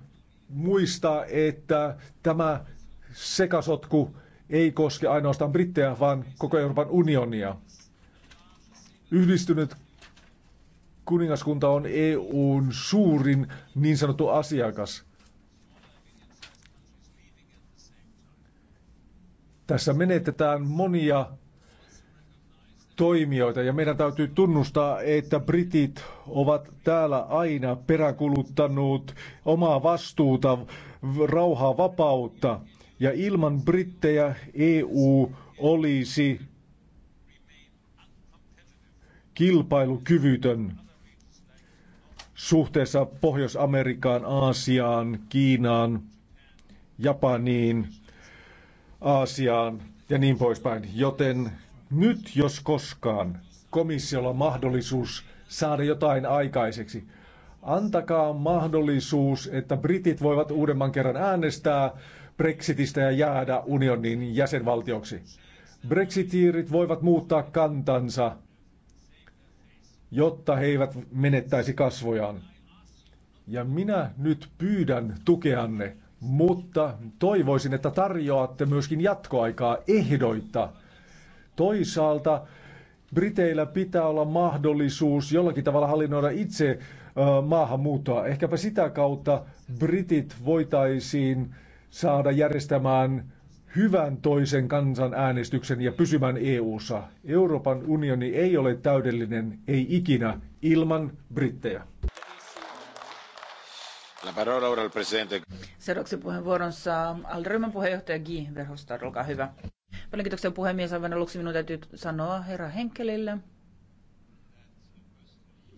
muistaa, että tämä sekasotku ei koske ainoastaan brittejä, vaan koko Euroopan unionia. Yhdistynyt kuningaskunta on EUn suurin niin sanottu asiakas. Tässä menetetään monia toimijoita ja meidän täytyy tunnustaa, että britit ovat täällä aina peräkuluttanut omaa vastuuta, rauhaa, vapautta. Ja ilman brittejä EU olisi kilpailukyvytön suhteessa Pohjois-Amerikaan, Aasiaan, Kiinaan, Japaniin, Aasiaan ja niin poispäin. Joten nyt jos koskaan komissiolla on mahdollisuus saada jotain aikaiseksi. Antakaa mahdollisuus, että britit voivat uudemman kerran äänestää Brexitistä ja jäädä unionin jäsenvaltioksi. Brexitiirit voivat muuttaa kantansa jotta he eivät menettäisi kasvojaan. Ja minä nyt pyydän tukeanne, mutta toivoisin, että tarjoatte myöskin jatkoaikaa ehdoitta. Toisaalta Briteillä pitää olla mahdollisuus jollakin tavalla hallinnoida itse maahanmuuttoa. Ehkäpä sitä kautta Britit voitaisiin saada järjestämään hyvän toisen kansan äänestyksen ja pysymään EU:ssa. Euroopan unioni ei ole täydellinen, ei ikinä, ilman brittejä. Seuraavaksi puheenvuoron Alderyman puheenjohtaja Guy Verhofstadt, olkaa hyvä. Paljon kiitoksia puhemies. Aivan aluksi minun täytyy sanoa herra Henkelille,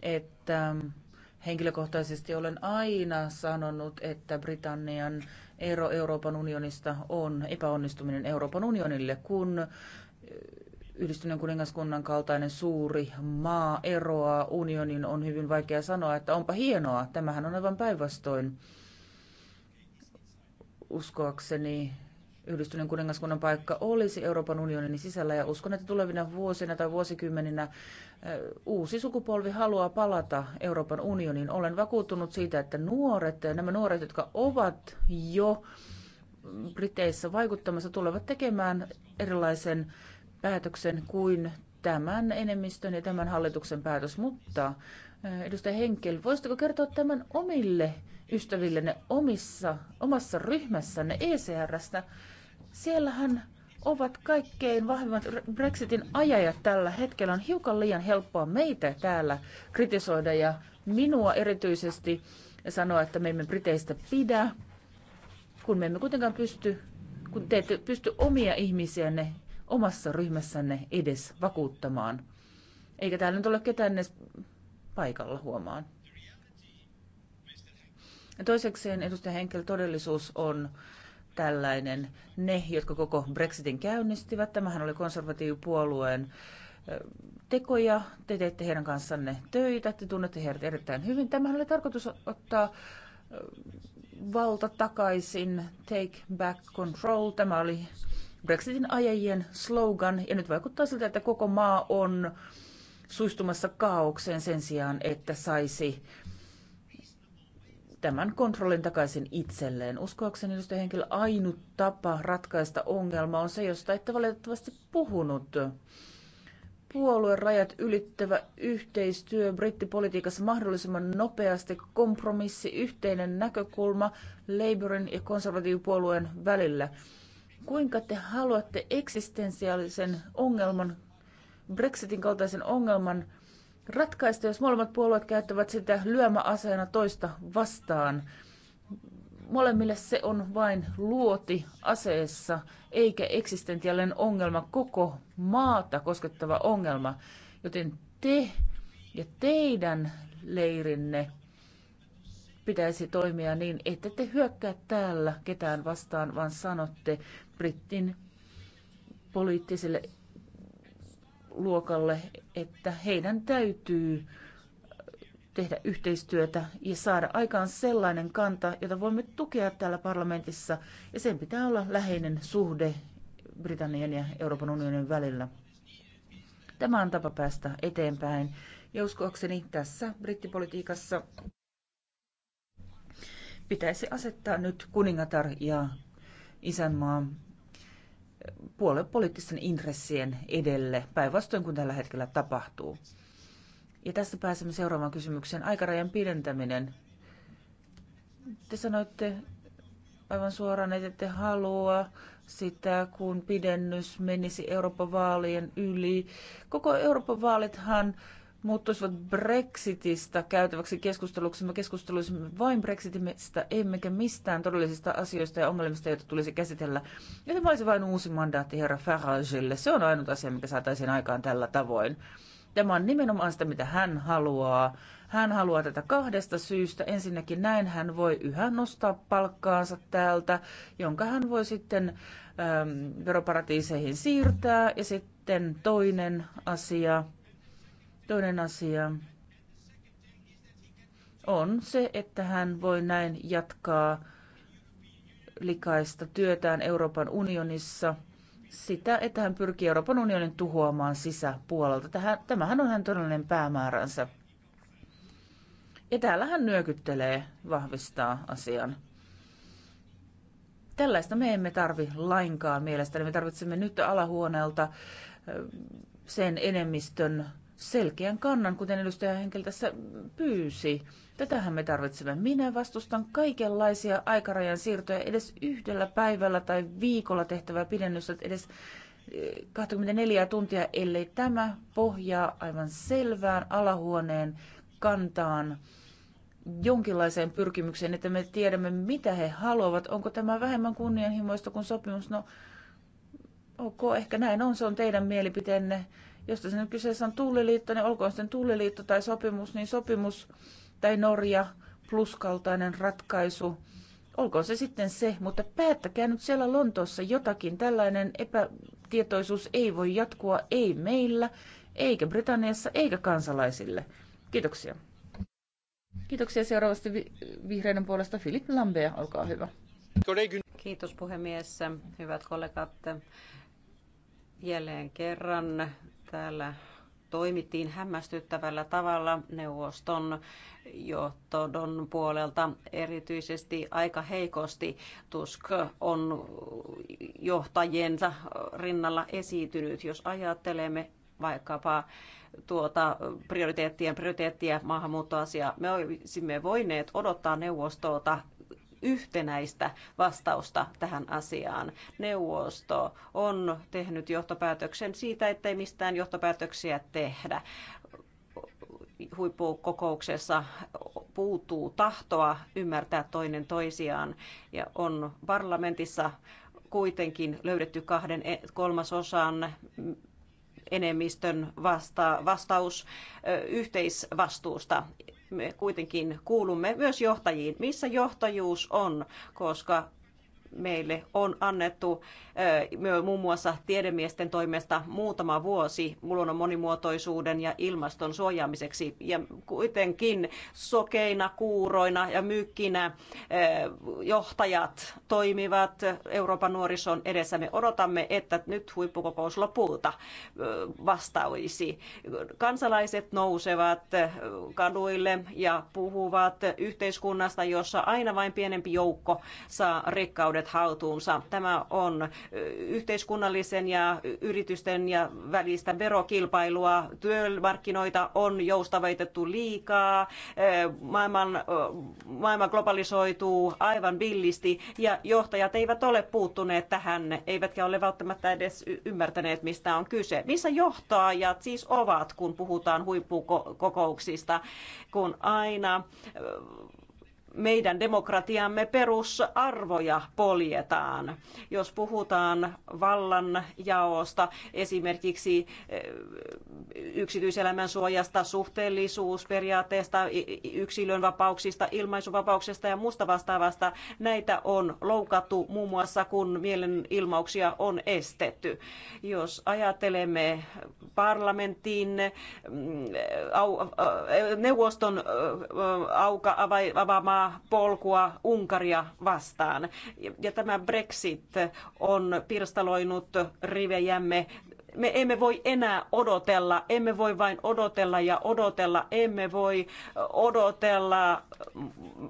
että henkilökohtaisesti olen aina sanonut, että Britannian ero Euroopan unionista on epäonnistuminen Euroopan unionille, kun yhdistyneen kuningaskunnan kaltainen suuri maa eroaa unionin, on hyvin vaikea sanoa, että onpa hienoa. Tämähän on aivan päinvastoin uskoakseni yhdistyneen kuningaskunnan paikka olisi Euroopan unionin sisällä ja uskon, että tulevina vuosina tai vuosikymmeninä uusi sukupolvi haluaa palata Euroopan unioniin. Olen vakuuttunut siitä, että nuoret, nämä nuoret, jotka ovat jo Briteissä vaikuttamassa, tulevat tekemään erilaisen päätöksen kuin tämän enemmistön ja tämän hallituksen päätös, mutta edustaja Henkel, voisitteko kertoa tämän omille ystävillenne omissa, omassa ryhmässänne ECRstä, Siellähän ovat kaikkein vahvimmat Brexitin ajajat tällä hetkellä. On hiukan liian helppoa meitä täällä kritisoida ja minua erityisesti sanoa, että me emme Briteistä pidä, kun me emme kuitenkaan pysty, kun te ette pysty omia ihmisiänne omassa ryhmässänne edes vakuuttamaan. Eikä täällä nyt ole ketään edes paikalla huomaan. Ja toisekseen, edustaja Henkel, todellisuus on tällainen. Ne, jotka koko Brexitin käynnistivät, tämähän oli konservatiivipuolueen tekoja, te teette heidän kanssanne töitä, te tunnette heidät erittäin hyvin. Tämähän oli tarkoitus ottaa valta takaisin, take back control. Tämä oli Brexitin ajajien slogan, ja nyt vaikuttaa siltä, että koko maa on suistumassa kaaukseen sen sijaan, että saisi tämän kontrollin takaisin itselleen. Uskoakseni edustaja henkilö ainut tapa ratkaista ongelma on se, josta ette valitettavasti puhunut. Puolueen rajat ylittävä yhteistyö brittipolitiikassa mahdollisimman nopeasti, kompromissi, yhteinen näkökulma Labourin ja konservatiivipuolueen välillä. Kuinka te haluatte eksistensiaalisen ongelman, Brexitin kaltaisen ongelman, ratkaista, jos molemmat puolueet käyttävät sitä lyömäaseena toista vastaan. Molemmille se on vain luoti aseessa, eikä eksistentiaalinen ongelma, koko maata koskettava ongelma. Joten te ja teidän leirinne pitäisi toimia niin, että te hyökkää täällä ketään vastaan, vaan sanotte Brittin poliittiselle luokalle, että heidän täytyy tehdä yhteistyötä ja saada aikaan sellainen kanta, jota voimme tukea täällä parlamentissa. Ja sen pitää olla läheinen suhde Britannian ja Euroopan unionin välillä. Tämä on tapa päästä eteenpäin. Ja uskoakseni tässä brittipolitiikassa pitäisi asettaa nyt kuningatar ja isänmaa puoluepoliittisten intressien edelle, päinvastoin kuin tällä hetkellä tapahtuu. Ja tästä pääsemme seuraavaan kysymykseen. Aikarajan pidentäminen. Te sanoitte aivan suoraan, että te halua sitä, kun pidennys menisi Euroopan vaalien yli. Koko Euroopan vaalithan muuttuisivat Brexitistä käytäväksi keskusteluksi. Me keskusteluisimme vain Brexitistä, emmekä mistään todellisista asioista ja ongelmista, joita tulisi käsitellä. Joten olisi vain uusi mandaatti herra Faragelle. Se on ainut asia, mikä saataisiin aikaan tällä tavoin. Tämä on nimenomaan sitä, mitä hän haluaa. Hän haluaa tätä kahdesta syystä. Ensinnäkin näin hän voi yhä nostaa palkkaansa täältä, jonka hän voi sitten äm, veroparatiiseihin siirtää. Ja sitten toinen asia, Toinen asia on se, että hän voi näin jatkaa likaista työtään Euroopan unionissa sitä, että hän pyrkii Euroopan unionin tuhoamaan sisäpuolelta. Tämähän on hän todellinen päämääränsä. Ja täällä hän nyökyttelee, vahvistaa asian. Tällaista me emme tarvi lainkaan mielestäni. Me tarvitsemme nyt alahuoneelta sen enemmistön selkeän kannan, kuten edustaja Henkel tässä pyysi. Tätähän me tarvitsemme. Minä vastustan kaikenlaisia aikarajan siirtoja, edes yhdellä päivällä tai viikolla tehtävää pidennystä, edes 24 eh, tuntia, ellei tämä pohjaa aivan selvään alahuoneen kantaan jonkinlaiseen pyrkimykseen, että me tiedämme, mitä he haluavat. Onko tämä vähemmän kunnianhimoista kuin sopimus? No, ok, ehkä näin on, se on teidän mielipiteenne. Jos tässä nyt kyseessä on tulliliitto, niin olkoon sitten tulliliitto tai sopimus, niin sopimus tai Norja pluskaltainen ratkaisu. Olkoon se sitten se, mutta päättäkää nyt siellä Lontoossa jotakin. Tällainen epätietoisuus ei voi jatkua, ei meillä, eikä Britanniassa, eikä kansalaisille. Kiitoksia. Kiitoksia seuraavasti vi- vihreiden puolesta Filip Lambea, olkaa hyvä. Kiitos puhemies, hyvät kollegat. Jälleen kerran Täällä toimittiin hämmästyttävällä tavalla neuvoston johtodon puolelta erityisesti aika heikosti. Tusk on johtajiensa rinnalla esiintynyt, jos ajattelemme vaikkapa tuota prioriteettien prioriteettia maahanmuuttoasia. Me olisimme voineet odottaa neuvostolta yhtenäistä vastausta tähän asiaan. Neuvosto on tehnyt johtopäätöksen siitä, ettei mistään johtopäätöksiä tehdä huippukokouksessa puuttuu tahtoa ymmärtää toinen toisiaan ja on parlamentissa kuitenkin löydetty kahden kolmasosan enemmistön vasta- vastaus yhteisvastuusta me kuitenkin kuulumme myös johtajiin. Missä johtajuus on, koska meille on annettu muun muassa tiedemiesten toimesta muutama vuosi luonnon monimuotoisuuden ja ilmaston suojaamiseksi. Ja kuitenkin sokeina, kuuroina ja mykkinä johtajat toimivat Euroopan nuorison edessä. Me odotamme, että nyt huippukokous lopulta vastaisi. Kansalaiset nousevat kaduille ja puhuvat yhteiskunnasta, jossa aina vain pienempi joukko saa rikkauden oikeudet haltuunsa. Tämä on yhteiskunnallisen ja yritysten ja välistä verokilpailua. Työmarkkinoita on joustavoitettu liikaa, maailman, maailma globalisoituu aivan villisti ja johtajat eivät ole puuttuneet tähän, eivätkä ole välttämättä edes ymmärtäneet, mistä on kyse. Missä johtajat siis ovat, kun puhutaan huippukokouksista, kun aina meidän demokratiamme perusarvoja poljetaan. Jos puhutaan vallanjaosta, esimerkiksi eh, yksityiselämän suojasta, suhteellisuusperiaatteesta, yksilön vapauksista, ilmaisuvapauksesta ja muusta vastaavasta, näitä on loukattu muun muassa, kun mielenilmauksia on estetty. Jos ajattelemme parlamenttiin, mm, neuvoston avaamaa samaa polkua Unkaria vastaan. Ja tämä Brexit on pirstaloinut rivejämme me emme voi enää odotella, emme voi vain odotella ja odotella, emme voi odotella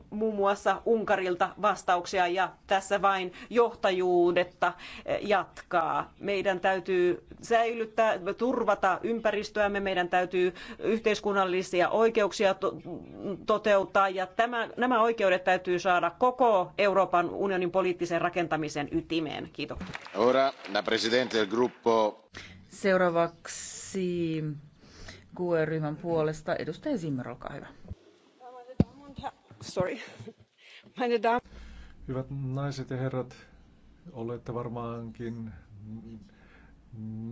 muun muassa Unkarilta vastauksia ja tässä vain johtajuudetta jatkaa. Meidän täytyy säilyttää, turvata ympäristöämme, meidän täytyy yhteiskunnallisia oikeuksia toteuttaa ja tämä, nämä oikeudet täytyy saada koko Euroopan unionin poliittisen rakentamisen ytimeen. Kiitos. Ora, la presidente del gruppo Seuraavaksi QE-ryhmän puolesta edustaja Zimmer, olkaa hyvä. Hyvät naiset ja herrat, olette varmaankin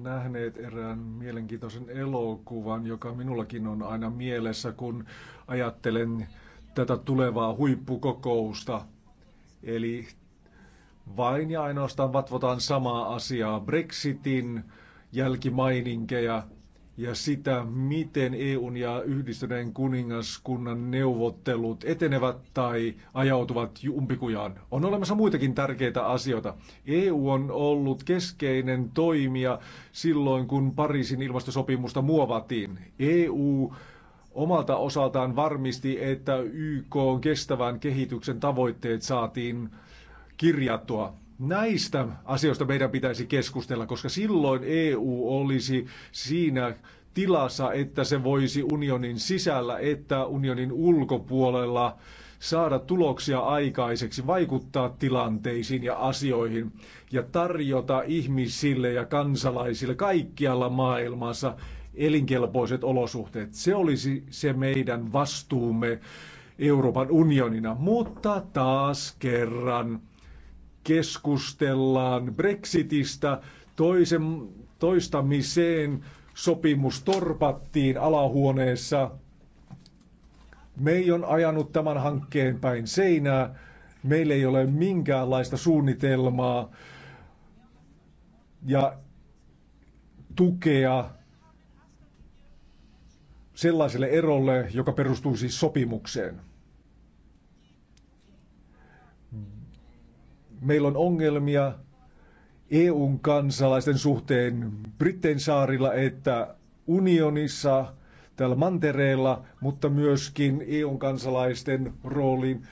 nähneet erään mielenkiintoisen elokuvan, joka minullakin on aina mielessä, kun ajattelen tätä tulevaa huippukokousta. Eli vain ja ainoastaan vatvotaan samaa asiaa, Brexitin, jälkimaininkeja ja sitä, miten EUn ja yhdistyneen kuningaskunnan neuvottelut etenevät tai ajautuvat umpikujaan. On olemassa muitakin tärkeitä asioita. EU on ollut keskeinen toimija silloin, kun Pariisin ilmastosopimusta muovattiin. EU omalta osaltaan varmisti, että YK on kestävän kehityksen tavoitteet saatiin kirjattua. Näistä asioista meidän pitäisi keskustella, koska silloin EU olisi siinä tilassa, että se voisi unionin sisällä että unionin ulkopuolella saada tuloksia aikaiseksi, vaikuttaa tilanteisiin ja asioihin ja tarjota ihmisille ja kansalaisille kaikkialla maailmassa elinkelpoiset olosuhteet. Se olisi se meidän vastuumme Euroopan unionina, mutta taas kerran keskustellaan Brexitistä, toisen, toistamiseen sopimus torpattiin alahuoneessa. Mei on ajanut tämän hankkeen päin seinää. Meillä ei ole minkäänlaista suunnitelmaa ja tukea sellaiselle erolle, joka perustuu siis sopimukseen. meillä on ongelmia EUn kansalaisten suhteen Britteen saarilla että unionissa täällä mantereella, mutta myöskin EUn kansalaisten rooliin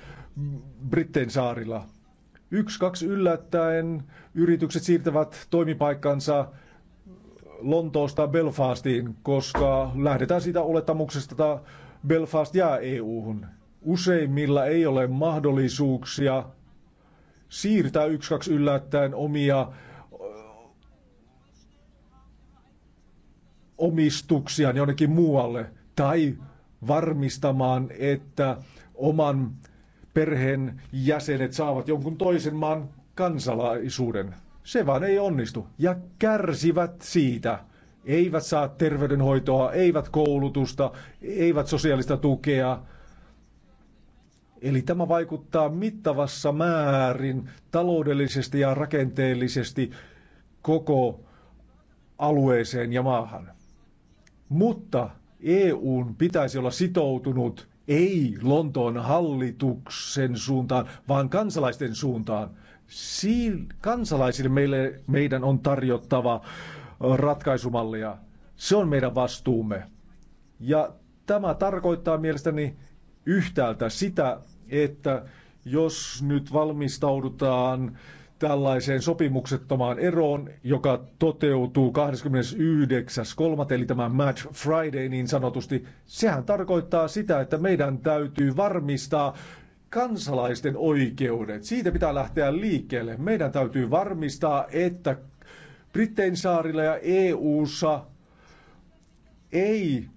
Britteen saarilla. Yksi, kaksi yllättäen yritykset siirtävät toimipaikkansa Lontoosta Belfastiin, koska lähdetään siitä olettamuksesta, että Belfast jää EU-hun. Useimmilla ei ole mahdollisuuksia siirtää yksi kaksi yllättäen omia omistuksiaan jonnekin muualle tai varmistamaan, että oman perheen jäsenet saavat jonkun toisen maan kansalaisuuden. Se vaan ei onnistu ja kärsivät siitä. Eivät saa terveydenhoitoa, eivät koulutusta, eivät sosiaalista tukea, Eli tämä vaikuttaa mittavassa määrin taloudellisesti ja rakenteellisesti koko alueeseen ja maahan. Mutta EUn pitäisi olla sitoutunut ei Lontoon hallituksen suuntaan, vaan kansalaisten suuntaan. Siin kansalaisille meille, meidän on tarjottava ratkaisumallia. Se on meidän vastuumme. Ja tämä tarkoittaa mielestäni yhtäältä sitä, että jos nyt valmistaudutaan tällaiseen sopimuksettomaan eroon, joka toteutuu 29.3. eli tämä Match Friday niin sanotusti, sehän tarkoittaa sitä, että meidän täytyy varmistaa kansalaisten oikeudet. Siitä pitää lähteä liikkeelle. Meidän täytyy varmistaa, että Brittein saarilla ja EU:ssa ei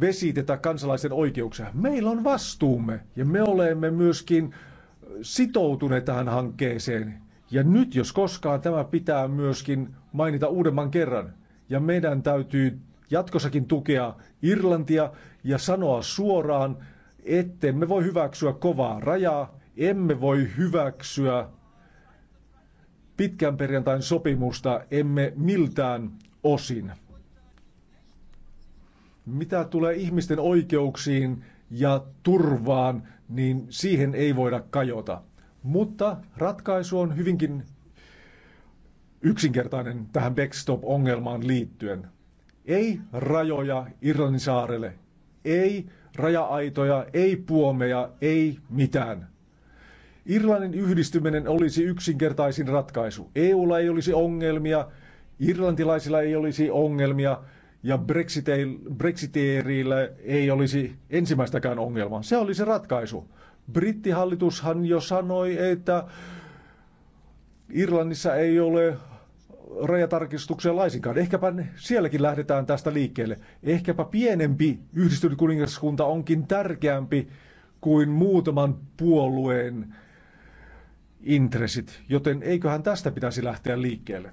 vesitetä kansalaisten oikeuksia. Meillä on vastuumme ja me olemme myöskin sitoutuneet tähän hankkeeseen. Ja nyt jos koskaan tämä pitää myöskin mainita uudemman kerran. Ja meidän täytyy jatkossakin tukea Irlantia ja sanoa suoraan, ettemme voi hyväksyä kovaa rajaa, emme voi hyväksyä pitkän perjantain sopimusta, emme miltään osin. Mitä tulee ihmisten oikeuksiin ja turvaan, niin siihen ei voida kajota. Mutta ratkaisu on hyvinkin yksinkertainen tähän backstop-ongelmaan liittyen. Ei rajoja Irlannin saarelle, ei raja-aitoja, ei puomeja, ei mitään. Irlannin yhdistyminen olisi yksinkertaisin ratkaisu. EUlla ei olisi ongelmia, irlantilaisilla ei olisi ongelmia – ja Brexiteerillä ei olisi ensimmäistäkään ongelmaa. Se olisi ratkaisu. Brittihallitushan jo sanoi, että Irlannissa ei ole rajatarkistuksia laisinkaan. Ehkäpä sielläkin lähdetään tästä liikkeelle. Ehkäpä pienempi yhdistynyt kuningaskunta onkin tärkeämpi kuin muutaman puolueen intressit, joten eiköhän tästä pitäisi lähteä liikkeelle.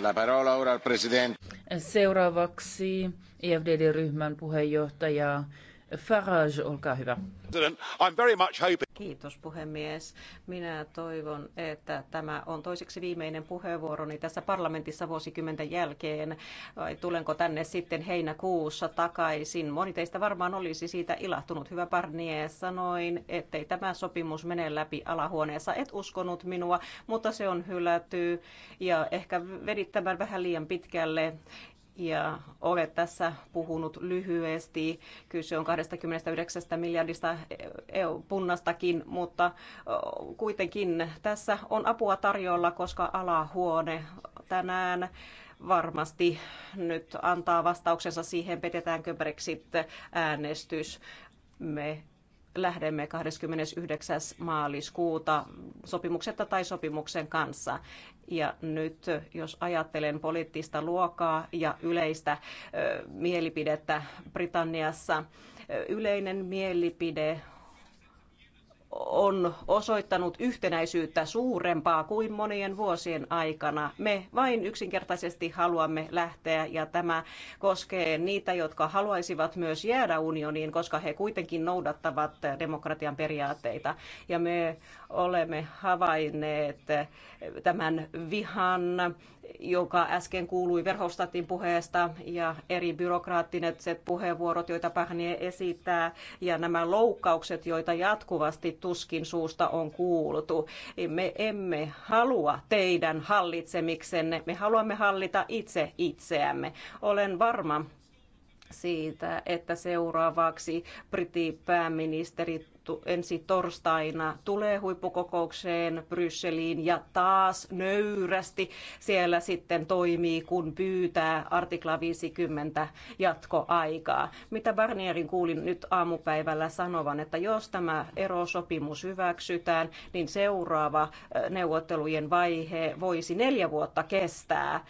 La parola ora al presidente. Seuraavaksi EFDD-ryhmän puheenjohtaja Farage, olkaa hyvä. Kiitos puhemies. Minä toivon, että tämä on toiseksi viimeinen puheenvuoroni tässä parlamentissa vuosikymmenten jälkeen. Vai tulenko tänne sitten heinäkuussa takaisin? Moni teistä varmaan olisi siitä ilahtunut. Hyvä Barnier, sanoin, ettei tämä sopimus mene läpi alahuoneessa. Et uskonut minua, mutta se on hylätty ja ehkä vedit tämän vähän liian pitkälle ja olet tässä puhunut lyhyesti. Kyse on 29 miljardista eh, punnastakin, mutta kuitenkin tässä on apua tarjolla, koska alahuone tänään varmasti nyt antaa vastauksensa siihen, petetäänkö Brexit-äänestys. Me lähdemme 29. maaliskuuta sopimuksetta tai sopimuksen kanssa. Ja nyt jos ajattelen poliittista luokaa ja yleistä ö, mielipidettä Britanniassa, yleinen mielipide on osoittanut yhtenäisyyttä suurempaa kuin monien vuosien aikana. Me vain yksinkertaisesti haluamme lähteä ja tämä koskee niitä, jotka haluaisivat myös jäädä unioniin, koska he kuitenkin noudattavat demokratian periaatteita. Ja me olemme havainneet tämän vihan, joka äsken kuului Verhofstadtin puheesta ja eri byrokraattiset puheenvuorot, joita Pahnie esittää ja nämä loukkaukset, joita jatkuvasti tuskin suusta on kuultu. Me emme halua teidän hallitsemiksenne, me haluamme hallita itse itseämme. Olen varma siitä, että seuraavaksi pääministeri ensi torstaina tulee huippukokoukseen Brysseliin ja taas nöyrästi siellä sitten toimii, kun pyytää artikla 50 jatkoaikaa. Mitä Barnierin kuulin nyt aamupäivällä sanovan, että jos tämä erosopimus hyväksytään, niin seuraava neuvottelujen vaihe voisi neljä vuotta kestää.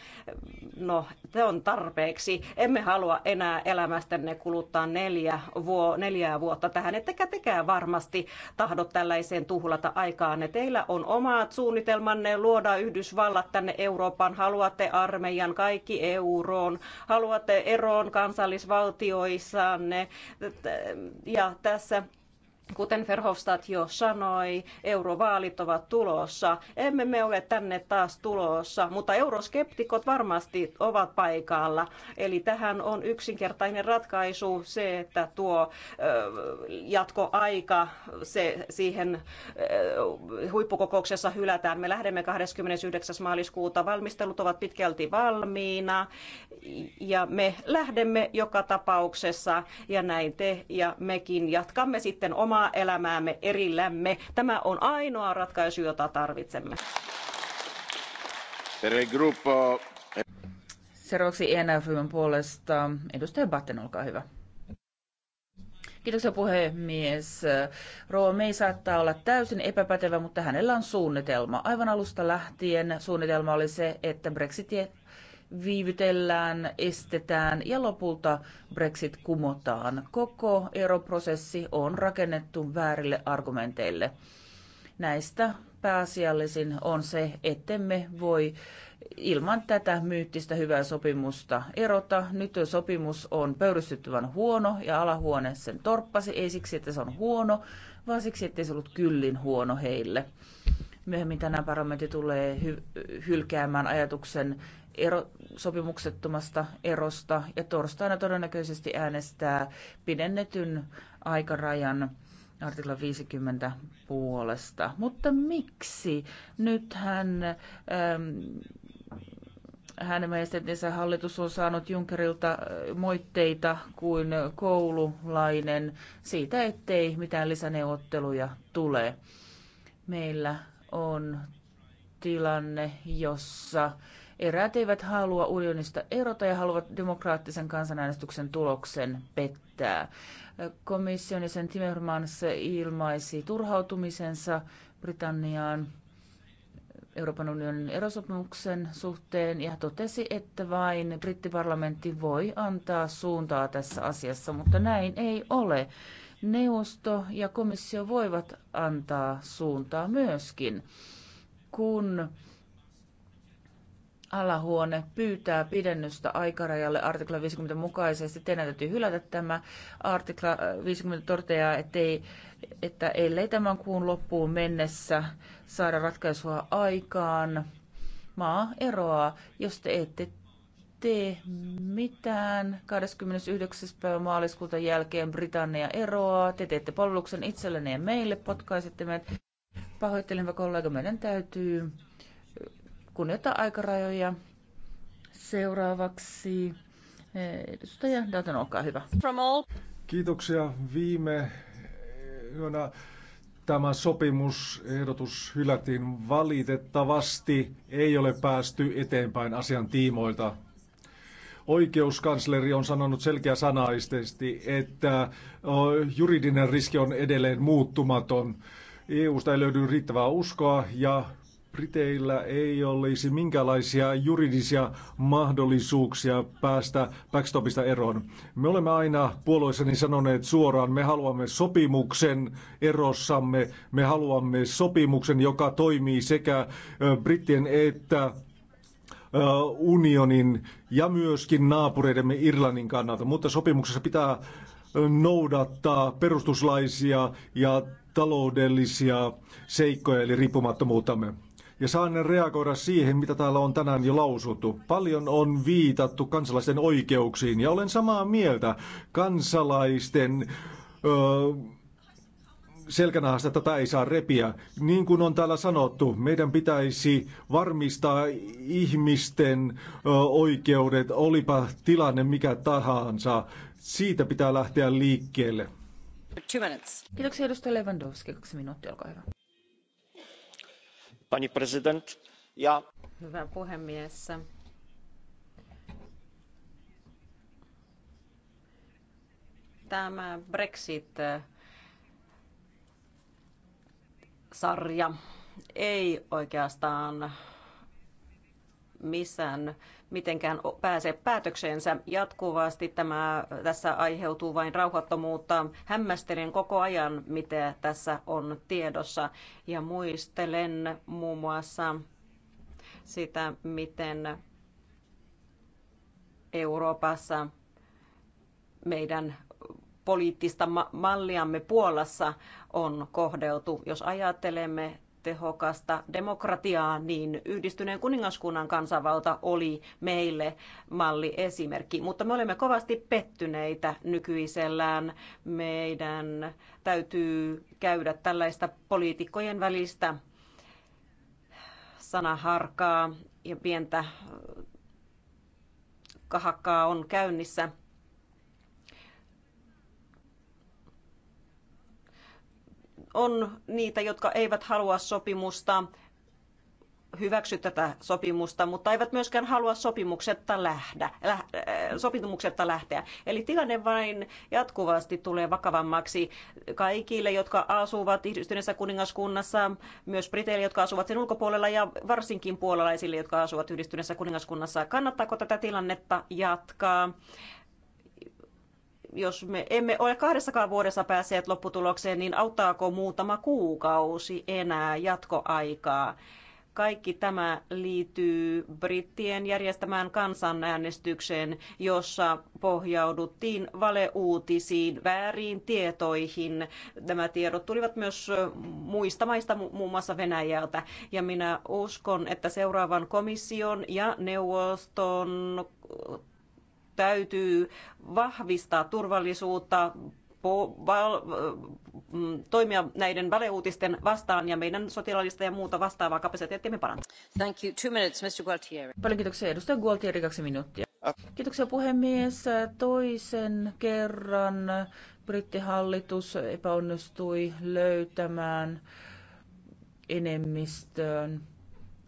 No, se on tarpeeksi. Emme halua enää elämästänne kuluttaa neljä vuo, neljää vuotta tähän, ettekä tekää varmaan varmasti tahdo tällaiseen tuhlata Ne Teillä on omat suunnitelmanne luoda Yhdysvallat tänne Euroopan. Haluatte armeijan kaikki euroon. Haluatte eroon kansallisvaltioissanne. Ja tässä Kuten Verhofstadt jo sanoi, eurovaalit ovat tulossa. Emme me ole tänne taas tulossa, mutta euroskeptikot varmasti ovat paikalla. Eli tähän on yksinkertainen ratkaisu se, että tuo jatkoaika se siihen huippukokouksessa hylätään. Me lähdemme 29. maaliskuuta. Valmistelut ovat pitkälti valmiina ja me lähdemme joka tapauksessa ja näin te ja mekin jatkamme sitten oma omaa elämäämme erillämme. Tämä on ainoa ratkaisu, jota tarvitsemme. Seuraavaksi ENF-ryhmän puolesta edustaja Batten, olkaa hyvä. Kiitoksia puhemies. Roomei saattaa olla täysin epäpätevä, mutta hänellä on suunnitelma. Aivan alusta lähtien suunnitelma oli se, että Brexitiä viivytellään, estetään ja lopulta Brexit kumotaan. Koko eroprosessi on rakennettu väärille argumenteille. Näistä pääasiallisin on se, ettemme voi ilman tätä myyttistä hyvää sopimusta erota. Nyt sopimus on pöyristyttävän huono ja alahuone sen torppasi, ei siksi, että se on huono, vaan siksi, että se ollut kyllin huono heille. Myöhemmin tänään parlamentti tulee hy- hylkäämään ajatuksen ero- sopimuksettomasta erosta ja torstaina todennäköisesti äänestää pidennetyn aikarajan artikla 50 puolesta. Mutta miksi? hän, ähm, hänen mielestensä hallitus on saanut Junkerilta äh, moitteita kuin koululainen siitä, ettei mitään lisäneuvotteluja tule. Meillä on tilanne, jossa eräät eivät halua unionista erota ja haluavat demokraattisen kansanäänestyksen tuloksen pettää. Komission sen Timmermans ilmaisi turhautumisensa Britanniaan Euroopan unionin erosopimuksen suhteen ja totesi, että vain brittiparlamentti voi antaa suuntaa tässä asiassa, mutta näin ei ole neuvosto ja komissio voivat antaa suuntaa myöskin, kun alahuone pyytää pidennystä aikarajalle artikla 50 mukaisesti. Teidän täytyy hylätä tämä artikla 50 toteaa, ettei, että ellei tämän kuun loppuun mennessä saada ratkaisua aikaan, maa eroaa, jos te ette tee mitään. 29. päivä maaliskuuta jälkeen Britannia eroaa. Te teette palveluksen itsellenne ja meille, potkaisette meidät. Pahoittelemme kollega, meidän täytyy kunnioittaa aikarajoja. Seuraavaksi eh, edustaja Datan, olkaa hyvä. From all. Kiitoksia. Viime eh, yönä tämä sopimusehdotus hylättiin valitettavasti. Ei ole päästy eteenpäin asian tiimoilta. Oikeuskansleri on sanonut sanaisesti, että juridinen riski on edelleen muuttumaton. EUsta ei löydy riittävää uskoa ja Briteillä ei olisi minkälaisia juridisia mahdollisuuksia päästä backstopista eroon. Me olemme aina puolueessani sanoneet suoraan, me haluamme sopimuksen erossamme, me haluamme sopimuksen, joka toimii sekä brittien että unionin ja myöskin naapureidemme Irlannin kannalta, mutta sopimuksessa pitää noudattaa perustuslaisia ja taloudellisia seikkoja, eli riippumattomuuttamme. Ja saan reagoida siihen, mitä täällä on tänään jo lausuttu. Paljon on viitattu kansalaisten oikeuksiin, ja olen samaa mieltä kansalaisten... Öö, selkänahasta tätä ei saa repiä. Niin kuin on täällä sanottu, meidän pitäisi varmistaa ihmisten oikeudet, olipa tilanne mikä tahansa. Siitä pitää lähteä liikkeelle. Kiitoksia edustaja Lewandowski. Kaksi minuuttia, olkaa hyvä. Pani president, ja... Hyvä puhemies. Tämä Brexit sarja ei oikeastaan missään mitenkään pääse päätökseensä jatkuvasti. Tämä, tässä aiheutuu vain rauhattomuutta. Hämmästelen koko ajan, mitä tässä on tiedossa ja muistelen muun muassa sitä, miten Euroopassa meidän poliittista ma- malliamme Puolassa on kohdeltu. Jos ajattelemme tehokasta demokratiaa, niin yhdistyneen kuningaskunnan kansanvalta oli meille malli esimerkki. Mutta me olemme kovasti pettyneitä nykyisellään. Meidän täytyy käydä tällaista poliitikkojen välistä sanaharkaa ja pientä kahakkaa on käynnissä – on niitä, jotka eivät halua sopimusta, hyväksy tätä sopimusta, mutta eivät myöskään halua sopimuksetta, lähdä, läh, äh, sopimuksetta lähteä. Eli tilanne vain jatkuvasti tulee vakavammaksi kaikille, jotka asuvat yhdistyneessä kuningaskunnassa, myös Briteille, jotka asuvat sen ulkopuolella ja varsinkin puolalaisille, jotka asuvat yhdistyneessä kuningaskunnassa. Kannattaako tätä tilannetta jatkaa? jos me emme ole kahdessakaan vuodessa päässeet lopputulokseen, niin auttaako muutama kuukausi enää jatkoaikaa? Kaikki tämä liittyy brittien järjestämään kansanäänestykseen, jossa pohjauduttiin valeuutisiin, väärin tietoihin. Nämä tiedot tulivat myös muista maista, muun muassa Venäjältä. Ja minä uskon, että seuraavan komission ja neuvoston täytyy vahvistaa turvallisuutta, mm, toimia näiden valeuutisten vastaan ja meidän sotilaallista ja muuta vastaavaa kapasiteettiamme parantaa. Thank you. Two minutes, Mr. Gualtieri. Paljon kiitoksia edustaja Gualtieri, kaksi minuuttia. Kiitoksia puhemies. Toisen kerran brittihallitus epäonnistui löytämään enemmistöön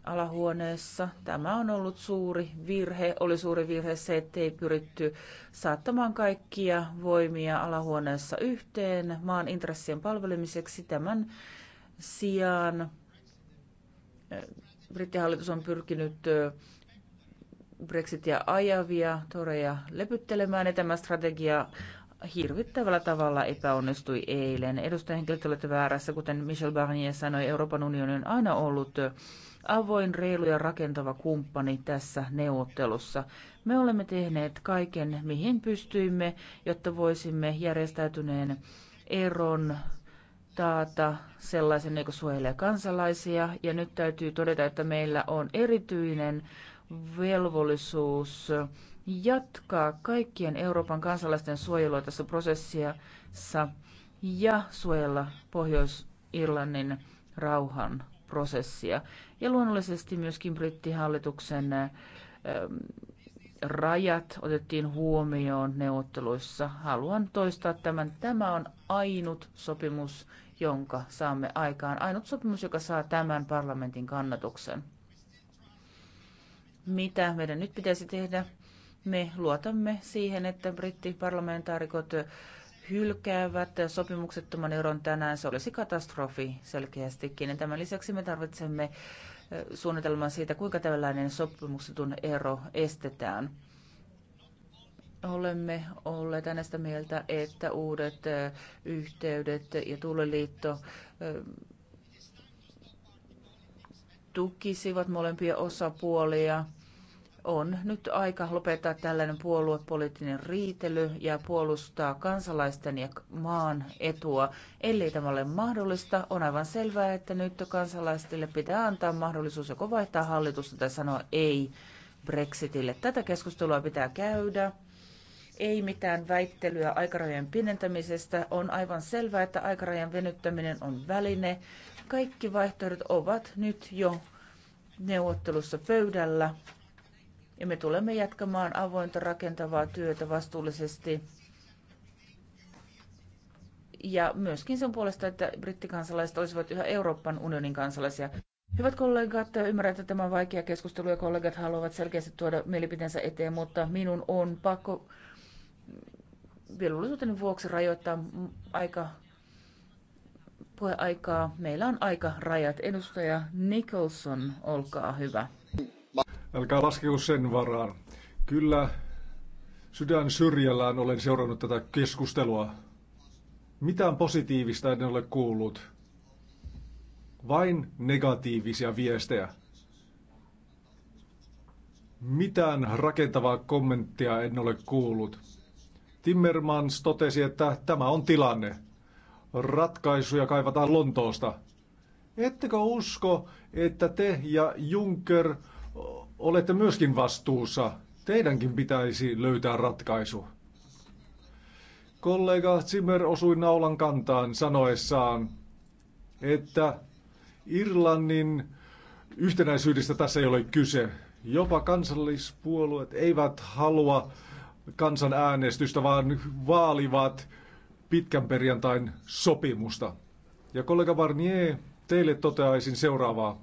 alahuoneessa. Tämä on ollut suuri virhe. Oli suuri virhe se, ettei pyritty saattamaan kaikkia voimia alahuoneessa yhteen maan intressien palvelemiseksi. Tämän sijaan eh, brittihallitus on pyrkinyt eh, Brexitia ajavia toreja lepyttelemään, ja tämä strategia hirvittävällä tavalla epäonnistui eilen. edustajien olette väärässä, kuten Michel Barnier sanoi, Euroopan unioni on aina ollut eh, avoin, reilu ja rakentava kumppani tässä neuvottelussa. Me olemme tehneet kaiken, mihin pystyimme, jotta voisimme järjestäytyneen eron taata sellaisen, joka suojelee kansalaisia. Ja nyt täytyy todeta, että meillä on erityinen velvollisuus jatkaa kaikkien Euroopan kansalaisten suojelua tässä prosessissa ja suojella Pohjois-Irlannin rauhan prosessia. Ja luonnollisesti myöskin brittihallituksen ähm, rajat otettiin huomioon neuvotteluissa. Haluan toistaa tämän. Tämä on ainut sopimus, jonka saamme aikaan. Ainut sopimus, joka saa tämän parlamentin kannatuksen. Mitä meidän nyt pitäisi tehdä? Me luotamme siihen, että brittiparlamentaarikot parlamentaarikot hylkäävät sopimuksettoman euron tänään. Se olisi katastrofi selkeästikin. Ja tämän lisäksi me tarvitsemme suunnitelman siitä, kuinka tällainen sopimuksetun ero estetään. Olemme olleet aina mieltä, että uudet yhteydet ja tuuliliitto tukisivat molempia osapuolia – on nyt aika lopettaa tällainen puoluepoliittinen riitely ja puolustaa kansalaisten ja maan etua. Ellei tämä ole mahdollista, on aivan selvää, että nyt kansalaisille pitää antaa mahdollisuus joko vaihtaa hallitusta tai sanoa ei Brexitille. Tätä keskustelua pitää käydä. Ei mitään väittelyä aikarajojen pidentämisestä. On aivan selvää, että aikarajan venyttäminen on väline. Kaikki vaihtoehdot ovat nyt jo neuvottelussa pöydällä ja me tulemme jatkamaan avointa rakentavaa työtä vastuullisesti. Ja myöskin sen puolesta, että brittikansalaiset olisivat yhä Euroopan unionin kansalaisia. Hyvät kollegat, ymmärrän, että tämä on vaikea keskustelu ja kollegat haluavat selkeästi tuoda mielipiteensä eteen, mutta minun on pakko velvollisuuteni vuoksi rajoittaa aika puheaikaa. Meillä on aika rajat. Edustaja Nicholson, olkaa hyvä. Älkää laskeko sen varaan. Kyllä sydän syrjällään olen seurannut tätä keskustelua. Mitään positiivista en ole kuullut. Vain negatiivisia viestejä. Mitään rakentavaa kommenttia en ole kuullut. Timmermans totesi, että tämä on tilanne. Ratkaisuja kaivataan Lontoosta. Ettekö usko, että te ja Juncker olette myöskin vastuussa. Teidänkin pitäisi löytää ratkaisu. Kollega Zimmer osui naulan kantaan sanoessaan, että Irlannin yhtenäisyydestä tässä ei ole kyse. Jopa kansallispuolueet eivät halua kansanäänestystä, vaan vaalivat pitkän perjantain sopimusta. Ja kollega Barnier, teille toteaisin seuraavaa.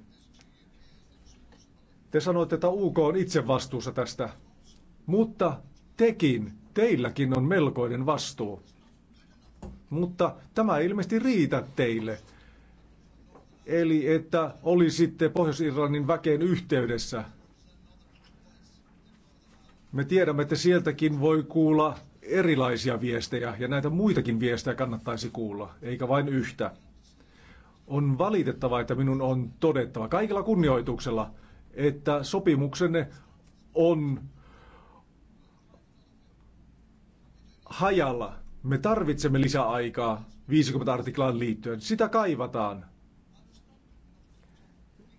Te sanoitte, että UK on itse vastuussa tästä, mutta tekin, teilläkin on melkoinen vastuu. Mutta tämä ei ilmeisesti riitä teille. Eli että olisitte Pohjois-Irlannin väkeen yhteydessä. Me tiedämme, että sieltäkin voi kuulla erilaisia viestejä ja näitä muitakin viestejä kannattaisi kuulla, eikä vain yhtä. On valitettavaa, että minun on todettava kaikilla kunnioituksella, että sopimuksenne on hajalla. Me tarvitsemme lisäaikaa 50 artiklaan liittyen. Sitä kaivataan.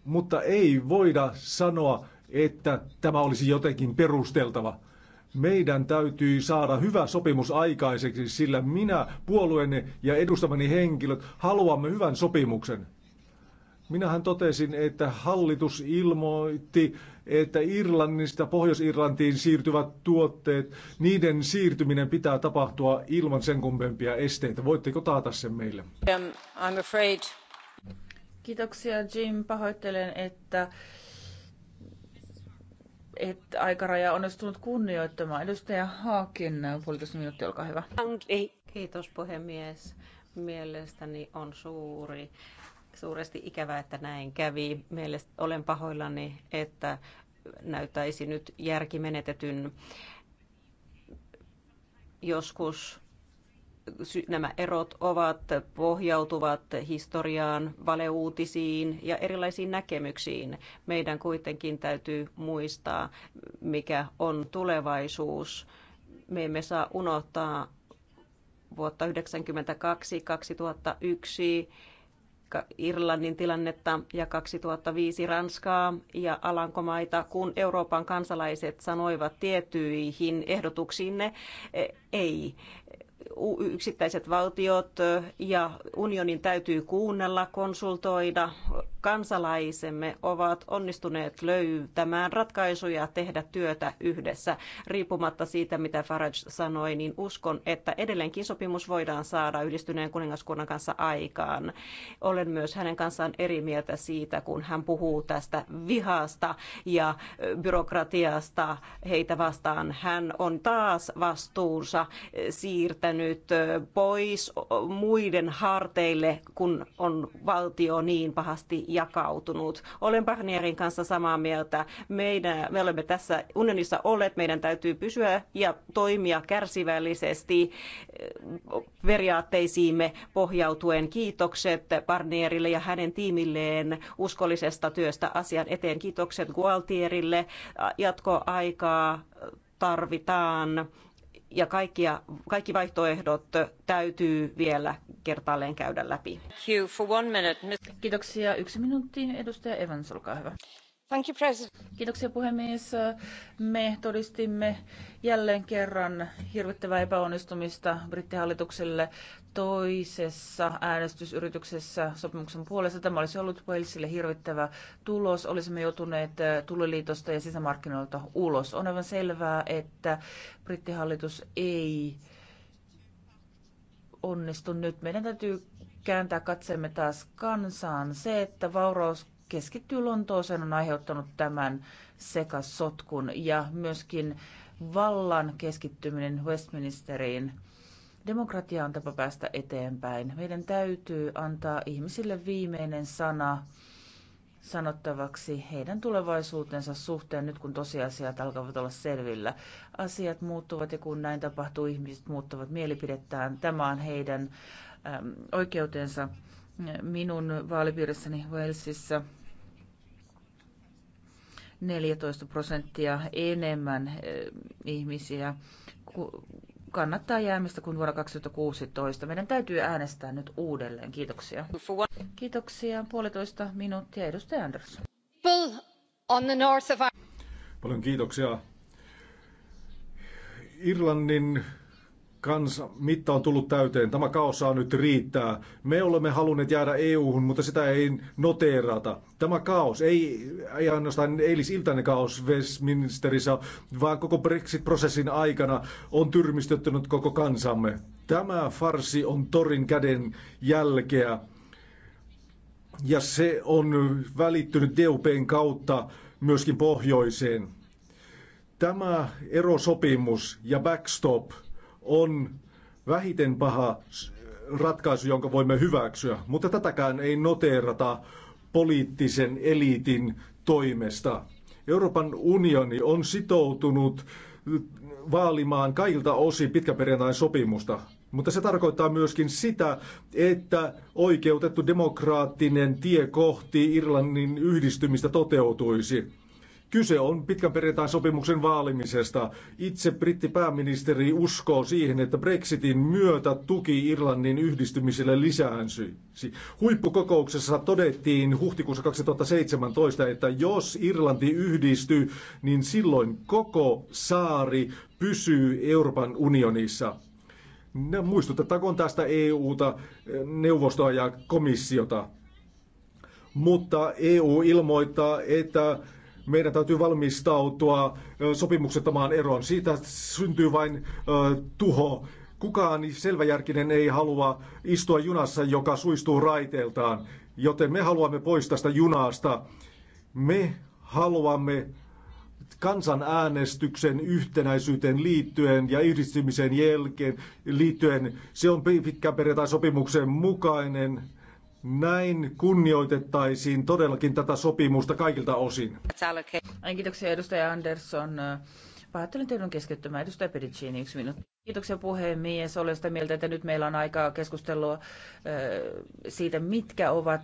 Mutta ei voida sanoa, että tämä olisi jotenkin perusteltava. Meidän täytyy saada hyvä sopimus aikaiseksi, sillä minä, puolueenne ja edustamani henkilöt haluamme hyvän sopimuksen. Minähän totesin, että hallitus ilmoitti, että Irlannista Pohjois-Irlantiin siirtyvät tuotteet, niiden siirtyminen pitää tapahtua ilman sen kumpempia esteitä. Voitteko taata sen meille? Um, I'm afraid. Kiitoksia Jim. Pahoittelen, että että aikaraja onnistunut kunnioittamaan. Edustaja Haakin, puolitoista minuuttia, olkaa hyvä. Kiitos puhemies. Mielestäni on suuri suuresti ikävää, että näin kävi. Meille olen pahoillani, että näyttäisi nyt järki menetetyn. Joskus nämä erot ovat, pohjautuvat historiaan, valeuutisiin ja erilaisiin näkemyksiin. Meidän kuitenkin täytyy muistaa, mikä on tulevaisuus. Me emme saa unohtaa vuotta 1992-2001 Irlannin tilannetta ja 2005 Ranskaa ja Alankomaita, kun Euroopan kansalaiset sanoivat tiettyihin ehdotuksiinne e, ei yksittäiset valtiot ja unionin täytyy kuunnella, konsultoida kansalaisemme ovat onnistuneet löytämään ratkaisuja tehdä työtä yhdessä. Riippumatta siitä, mitä Farage sanoi, niin uskon, että edelleenkin sopimus voidaan saada yhdistyneen kuningaskunnan kanssa aikaan. Olen myös hänen kanssaan eri mieltä siitä, kun hän puhuu tästä vihasta ja byrokratiasta heitä vastaan. Hän on taas vastuunsa siirtänyt pois muiden harteille, kun on valtio niin pahasti jakautunut. Olen Barnierin kanssa samaa mieltä. Meidän, me olemme tässä unionissa olleet, meidän täytyy pysyä ja toimia kärsivällisesti eh, periaatteisiimme pohjautuen. Kiitokset Barnierille ja hänen tiimilleen uskollisesta työstä asian eteen. Kiitokset Gualtierille. Jatkoaikaa tarvitaan ja kaikkia, kaikki vaihtoehdot täytyy vielä kertaalleen käydä läpi. Kiitoksia. Yksi minuutti. Edustaja Evans, olkaa hyvä arvoisa Kiitoksia puhemies. Me todistimme jälleen kerran hirvittävää epäonnistumista brittihallitukselle toisessa äänestysyrityksessä sopimuksen puolesta. Tämä olisi ollut Walesille hirvittävä tulos. Olisimme joutuneet eh, tuliliitosta ja sisämarkkinoilta ulos. On aivan selvää, että brittihallitus ei onnistu nyt. Meidän täytyy kääntää katseemme taas kansaan. Se, että vauraus keskittyy Lontooseen, on aiheuttanut tämän sekasotkun ja myöskin vallan keskittyminen Westminsteriin. Demokratia on tapa päästä eteenpäin. Meidän täytyy antaa ihmisille viimeinen sana sanottavaksi heidän tulevaisuutensa suhteen nyt kun tosiasiat alkavat olla selvillä. Asiat muuttuvat ja kun näin tapahtuu, ihmiset muuttavat mielipidettään. Tämä on heidän äm, oikeutensa. Minun vaalipiirissäni Walesissa 14 prosenttia enemmän eh, ihmisiä kannattaa jäämistä kuin vuonna 2016. Meidän täytyy äänestää nyt uudelleen. Kiitoksia. Kiitoksia. Puolitoista minuuttia. Edustaja Andersson. Paljon kiitoksia. Irlannin kansa, mitta on tullut täyteen. Tämä kaos saa nyt riittää. Me olemme halunneet jäädä EU-hun, mutta sitä ei noteerata. Tämä kaos, ei, ei ainoastaan eilisiltainen kaos Westminsterissä, vaan koko Brexit-prosessin aikana on tyrmistöttynyt koko kansamme. Tämä farsi on torin käden jälkeä ja se on välittynyt DUPn kautta myöskin pohjoiseen. Tämä erosopimus ja backstop – on vähiten paha ratkaisu, jonka voimme hyväksyä, mutta tätäkään ei noteerata poliittisen eliitin toimesta. Euroopan unioni on sitoutunut vaalimaan kaikilta osin pitkäperjantain sopimusta. Mutta se tarkoittaa myöskin sitä, että oikeutettu demokraattinen tie kohti Irlannin yhdistymistä toteutuisi. Kyse on pitkän perjantain sopimuksen vaalimisesta. Itse brittipääministeri uskoo siihen, että Brexitin myötä tuki Irlannin yhdistymiselle lisäänsyisi. Huippukokouksessa todettiin huhtikuussa 2017, että jos Irlanti yhdistyy, niin silloin koko saari pysyy Euroopan unionissa. Muistutettakoon tästä EUta, neuvostoa ja komissiota. Mutta EU ilmoittaa, että meidän täytyy valmistautua sopimuksettomaan eroon. Siitä syntyy vain tuho. Kukaan selväjärkinen ei halua istua junassa, joka suistuu raiteeltaan, joten me haluamme pois tästä junasta. Me haluamme kansanäänestyksen yhtenäisyyteen liittyen ja yhdistymisen jälkeen liittyen. Se on pitkän perjantai sopimuksen mukainen näin kunnioitettaisiin todellakin tätä sopimusta kaikilta osin. Kiitoksia edustaja Andersson. Pahoittelen teidän keskittymään. Edustaja Pedicini, yksi minuutti. Kiitoksia puhemies. Olen sitä mieltä, että nyt meillä on aikaa keskustelua siitä, mitkä ovat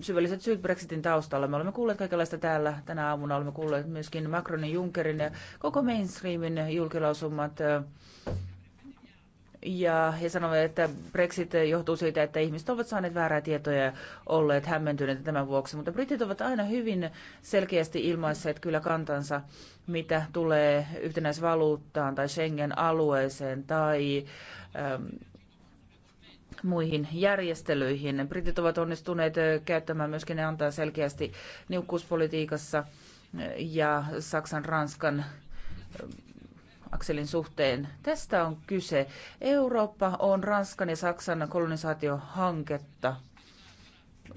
syvälliset syyt Brexitin taustalla. Me olemme kuulleet kaikenlaista täällä tänä aamuna. Olemme kuulleet myöskin Macronin, Junckerin ja koko mainstreamin julkilausumat ja he sanovat, että Brexit johtuu siitä, että ihmiset ovat saaneet väärää tietoja ja olleet hämmentyneitä tämän vuoksi. Mutta britit ovat aina hyvin selkeästi ilmaisseet kyllä kantansa, mitä tulee yhtenäisvaluuttaan tai Schengen-alueeseen tai ähm, muihin järjestelyihin. Britit ovat onnistuneet äh, käyttämään myöskin ne antaa selkeästi niukkuuspolitiikassa äh, ja Saksan, Ranskan akselin suhteen. Tästä on kyse. Eurooppa on Ranskan ja Saksan kolonisaatiohanketta.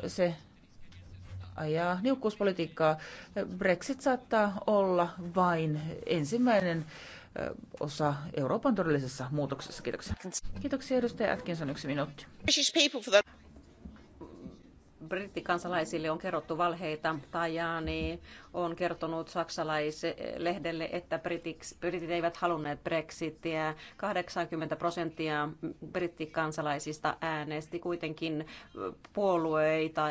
Se ajaa niukkuuspolitiikkaa. Brexit saattaa olla vain ensimmäinen osa Euroopan todellisessa muutoksessa. Kiitoksia. Kiitoksia edustaja Atkinson, yksi minuutti brittikansalaisille on kerrottu valheita. Tajani on kertonut saksalaislehdelle, että britiksi, britit eivät halunneet Brexitiä. 80 prosenttia brittikansalaisista äänesti kuitenkin puolueita.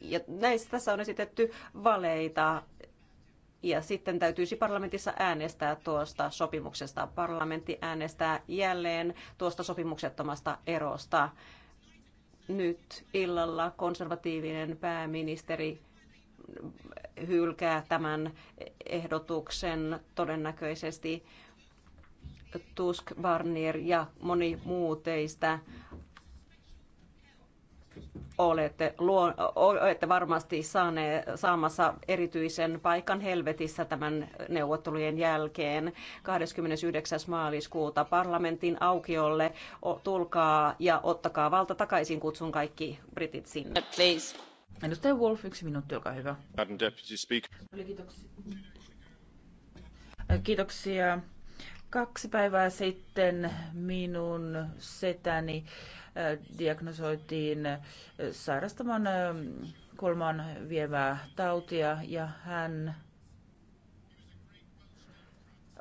Ja näissä tässä on esitetty valeita ja sitten täytyisi parlamentissa äänestää tuosta sopimuksesta. Parlamentti äänestää jälleen tuosta sopimuksettomasta erosta nyt illalla konservatiivinen pääministeri hylkää tämän ehdotuksen todennäköisesti Tusk, Barnier ja moni muu teistä olette, luo, olette varmasti saane, saamassa erityisen paikan helvetissä tämän neuvottelujen jälkeen. 29. maaliskuuta parlamentin aukiolle tulkaa ja ottakaa valta takaisin, kutsun kaikki britit sinne. Please. Edustaja Wolf, yksi minuutti, olkaa hyvä. Kiitoksia. Kiitoksia. Kaksi päivää sitten minun setäni diagnosoitiin sairastaman kulman vievää tautia ja hän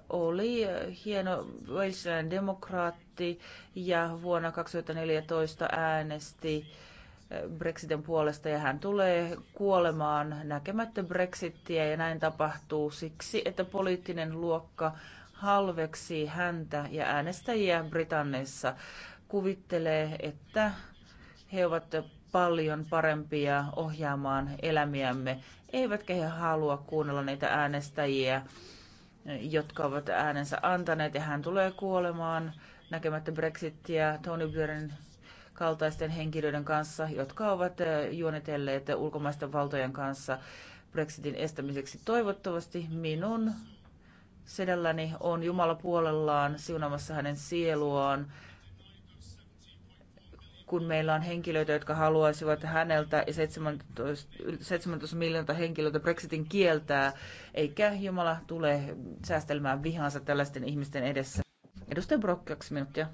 oli hieno Walesilainen demokraatti ja vuonna 2014 äänesti Brexitin puolesta ja hän tulee kuolemaan näkemättä Brexittiä ja näin tapahtuu siksi, että poliittinen luokka halveksi häntä ja äänestäjiä Britanniassa kuvittelee, että he ovat paljon parempia ohjaamaan elämiämme, eivätkä he halua kuunnella niitä äänestäjiä, jotka ovat äänensä antaneet, ja hän tulee kuolemaan näkemättä Brexittiä Tony Blairin kaltaisten henkilöiden kanssa, jotka ovat juonetelleet ulkomaisten valtojen kanssa Brexitin estämiseksi. Toivottavasti minun sedälläni on Jumala puolellaan siunamassa hänen sieluaan kun meillä on henkilöitä, jotka haluaisivat häneltä ja 17, 17 miljoonaa henkilöitä Brexitin kieltää, eikä Jumala tule säästelmään vihansa tällaisten ihmisten edessä. Edustaja Brock, kaksi minuuttia.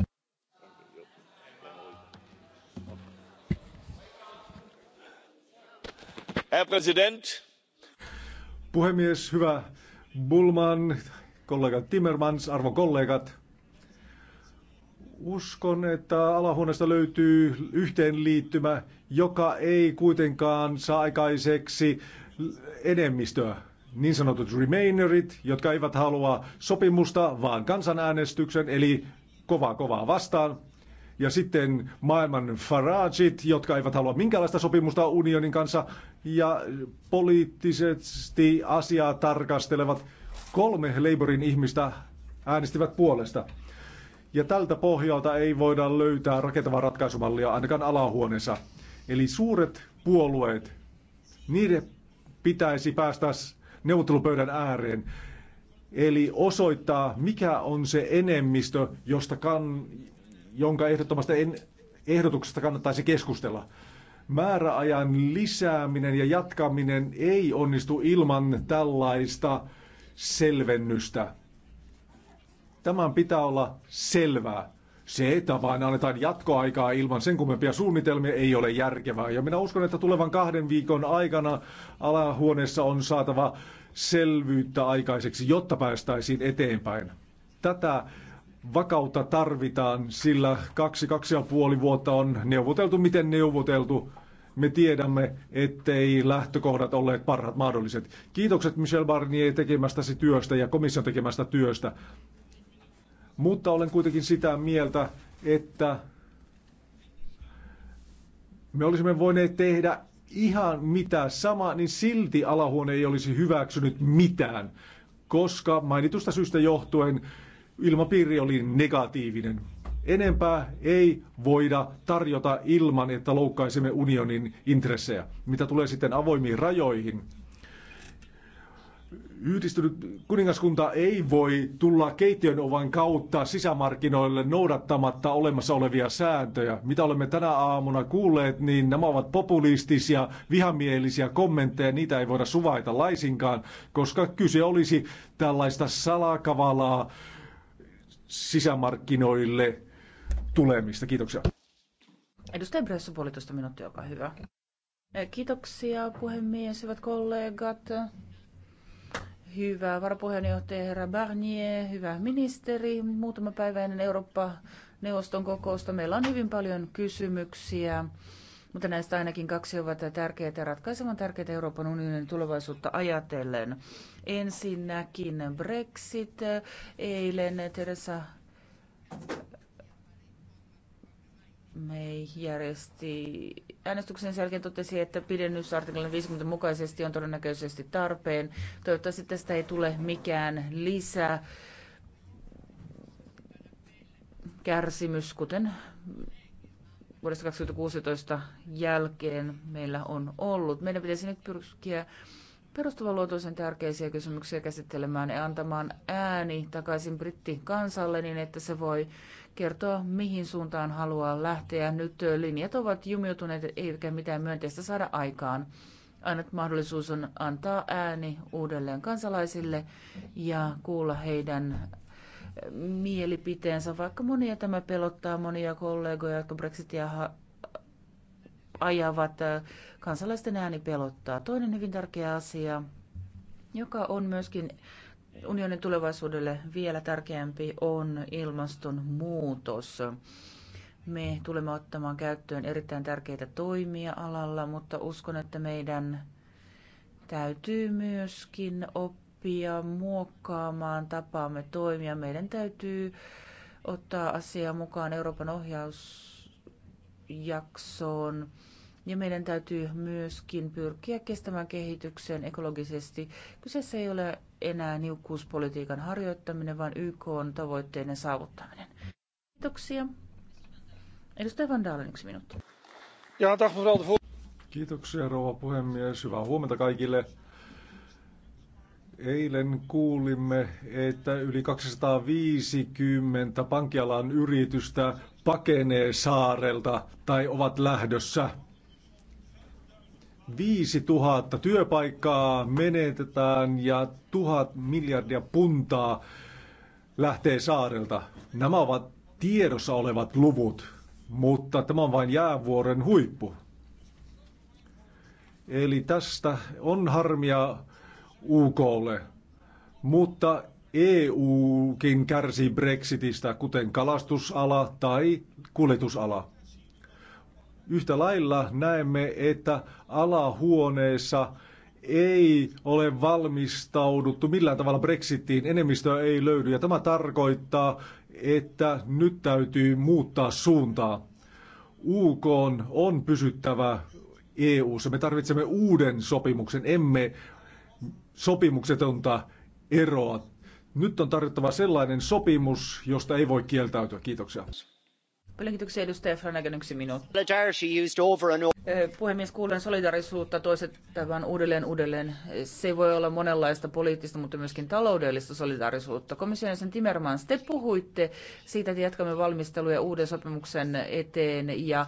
Herr Präsident. Puhemies, hyvä Bulman, kollega Timmermans, arvokollegat. Uskon, että alahuoneesta löytyy yhteenliittymä, joka ei kuitenkaan saa aikaiseksi enemmistöä. Niin sanotut remainerit, jotka eivät halua sopimusta, vaan kansanäänestyksen, eli kovaa kovaa vastaan. Ja sitten maailman faragit, jotka eivät halua minkäänlaista sopimusta unionin kanssa. Ja poliittisesti asiaa tarkastelevat kolme Labourin ihmistä äänestivät puolesta. Ja tältä pohjalta ei voida löytää rakentavaa ratkaisumallia ainakaan alahuoneessa. Eli suuret puolueet, niiden pitäisi päästä neuvottelupöydän ääreen. Eli osoittaa, mikä on se enemmistö, josta kan, jonka ehdottomasta en, ehdotuksesta kannattaisi keskustella. Määräajan lisääminen ja jatkaminen ei onnistu ilman tällaista selvennystä. Tämän pitää olla selvää. Se, että vain annetaan jatkoaikaa ilman sen kummempia suunnitelmia, ei ole järkevää. Ja minä uskon, että tulevan kahden viikon aikana alahuoneessa on saatava selvyyttä aikaiseksi, jotta päästäisiin eteenpäin. Tätä vakautta tarvitaan, sillä kaksi, kaksi ja puoli vuotta on neuvoteltu, miten neuvoteltu. Me tiedämme, ettei lähtökohdat olleet parhaat mahdolliset. Kiitokset Michel Barnier tekemästäsi työstä ja komission tekemästä työstä. Mutta olen kuitenkin sitä mieltä, että me olisimme voineet tehdä ihan mitä sama, niin silti alahuone ei olisi hyväksynyt mitään, koska mainitusta syystä johtuen ilmapiiri oli negatiivinen. Enempää ei voida tarjota ilman, että loukkaisimme unionin intressejä. Mitä tulee sitten avoimiin rajoihin, yhdistynyt kuningaskunta ei voi tulla keittiön ovan kautta sisämarkkinoille noudattamatta olemassa olevia sääntöjä. Mitä olemme tänä aamuna kuulleet, niin nämä ovat populistisia, vihamielisiä kommentteja. Niitä ei voida suvaita laisinkaan, koska kyse olisi tällaista salakavalaa sisämarkkinoille tulemista. Kiitoksia. Edustaja Bressa, puolitoista minuuttia, olkaa hyvä. Kiitoksia puhemies, hyvät kollegat hyvä varapuheenjohtaja herra Barnier, hyvä ministeri. Muutama päivä ennen Eurooppa-neuvoston kokousta meillä on hyvin paljon kysymyksiä, mutta näistä ainakin kaksi ovat tärkeitä ja ratkaisevan tärkeitä Euroopan unionin tulevaisuutta ajatellen. Ensinnäkin Brexit. Eilen Teresa May järjesti äänestyksen jälkeen totesi, että pidennys artiklan 50 mukaisesti on todennäköisesti tarpeen. Toivottavasti tästä ei tule mikään lisä kärsimys, kuten vuodesta 2016 jälkeen meillä on ollut. Meidän pitäisi nyt pyrkiä perustavanluotoisen tärkeisiä kysymyksiä käsittelemään ja antamaan ääni takaisin brittikansalle niin, että se voi kertoa, mihin suuntaan haluaa lähteä. Nyt linjat ovat jumiutuneet, eikä mitään myönteistä saada aikaan. Ainut mahdollisuus on antaa ääni uudelleen kansalaisille ja kuulla heidän mielipiteensä, vaikka monia tämä pelottaa, monia kollegoja, jotka Brexitia ajavat, kansalaisten ääni pelottaa. Toinen hyvin tärkeä asia, joka on myöskin unionin tulevaisuudelle vielä tärkeämpi on ilmastonmuutos. Me tulemme ottamaan käyttöön erittäin tärkeitä toimia alalla, mutta uskon, että meidän täytyy myöskin oppia muokkaamaan tapaamme toimia. Meidän täytyy ottaa asia mukaan Euroopan ohjausjaksoon. Ja meidän täytyy myöskin pyrkiä kestämään kehityksen ekologisesti. Kyseessä ei ole enää niukkuuspolitiikan harjoittaminen, vaan YK on tavoitteiden saavuttaminen. Kiitoksia. Edustaja Van Dalen, yksi minuutti. Kiitoksia rouva puhemies. Hyvää huomenta kaikille. Eilen kuulimme, että yli 250 pankialan yritystä pakenee saarelta tai ovat lähdössä 5000 työpaikkaa menetetään ja 1000 miljardia puntaa lähtee saarelta. Nämä ovat tiedossa olevat luvut, mutta tämä on vain jäävuoren huippu. Eli tästä on harmia UKlle, mutta EUkin kärsii Brexitistä, kuten kalastusala tai kuljetusala. Yhtä lailla näemme, että alahuoneessa ei ole valmistauduttu millään tavalla Brexitiin, enemmistöä ei löydy ja tämä tarkoittaa, että nyt täytyy muuttaa suuntaa. UK on, on pysyttävä eu Me tarvitsemme uuden sopimuksen, emme sopimuksetonta eroa. Nyt on tarjottava sellainen sopimus, josta ei voi kieltäytyä. Kiitoksia. Paljon kiitoksia edustaja Flanagan, yksi minuutti. Eh, puhemies, kuulen solidarisuutta toiset tämän uudelleen uudelleen. Se voi olla monenlaista poliittista, mutta myöskin taloudellista solidarisuutta. Komission sen Timmermans, te puhuitte siitä, että jatkamme valmisteluja uuden sopimuksen eteen ja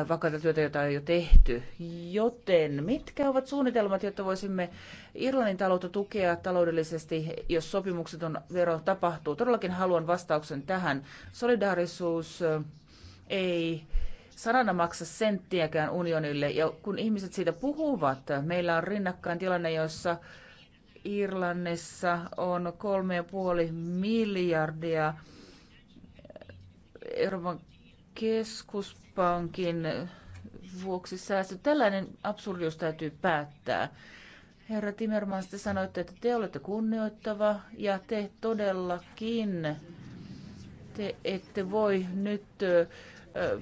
eh, vakaita työtä, jota on jo tehty. Joten mitkä ovat suunnitelmat, jotta voisimme Irlannin taloutta tukea taloudellisesti, jos sopimukset on vero tapahtuu? Todellakin haluan vastauksen tähän. Solidaarisuus eh, ei sanana maksa senttiäkään unionille. Ja kun ihmiset siitä puhuvat, meillä on rinnakkain tilanne, jossa Irlannissa on 3,5 miljardia eh, Euroopan keskuspankin vuoksi säästö. Tällainen absurdius täytyy päättää. Herra Timmermans, te sanoitte, että te olette kunnioittava ja te todellakin, te ette voi nyt eh,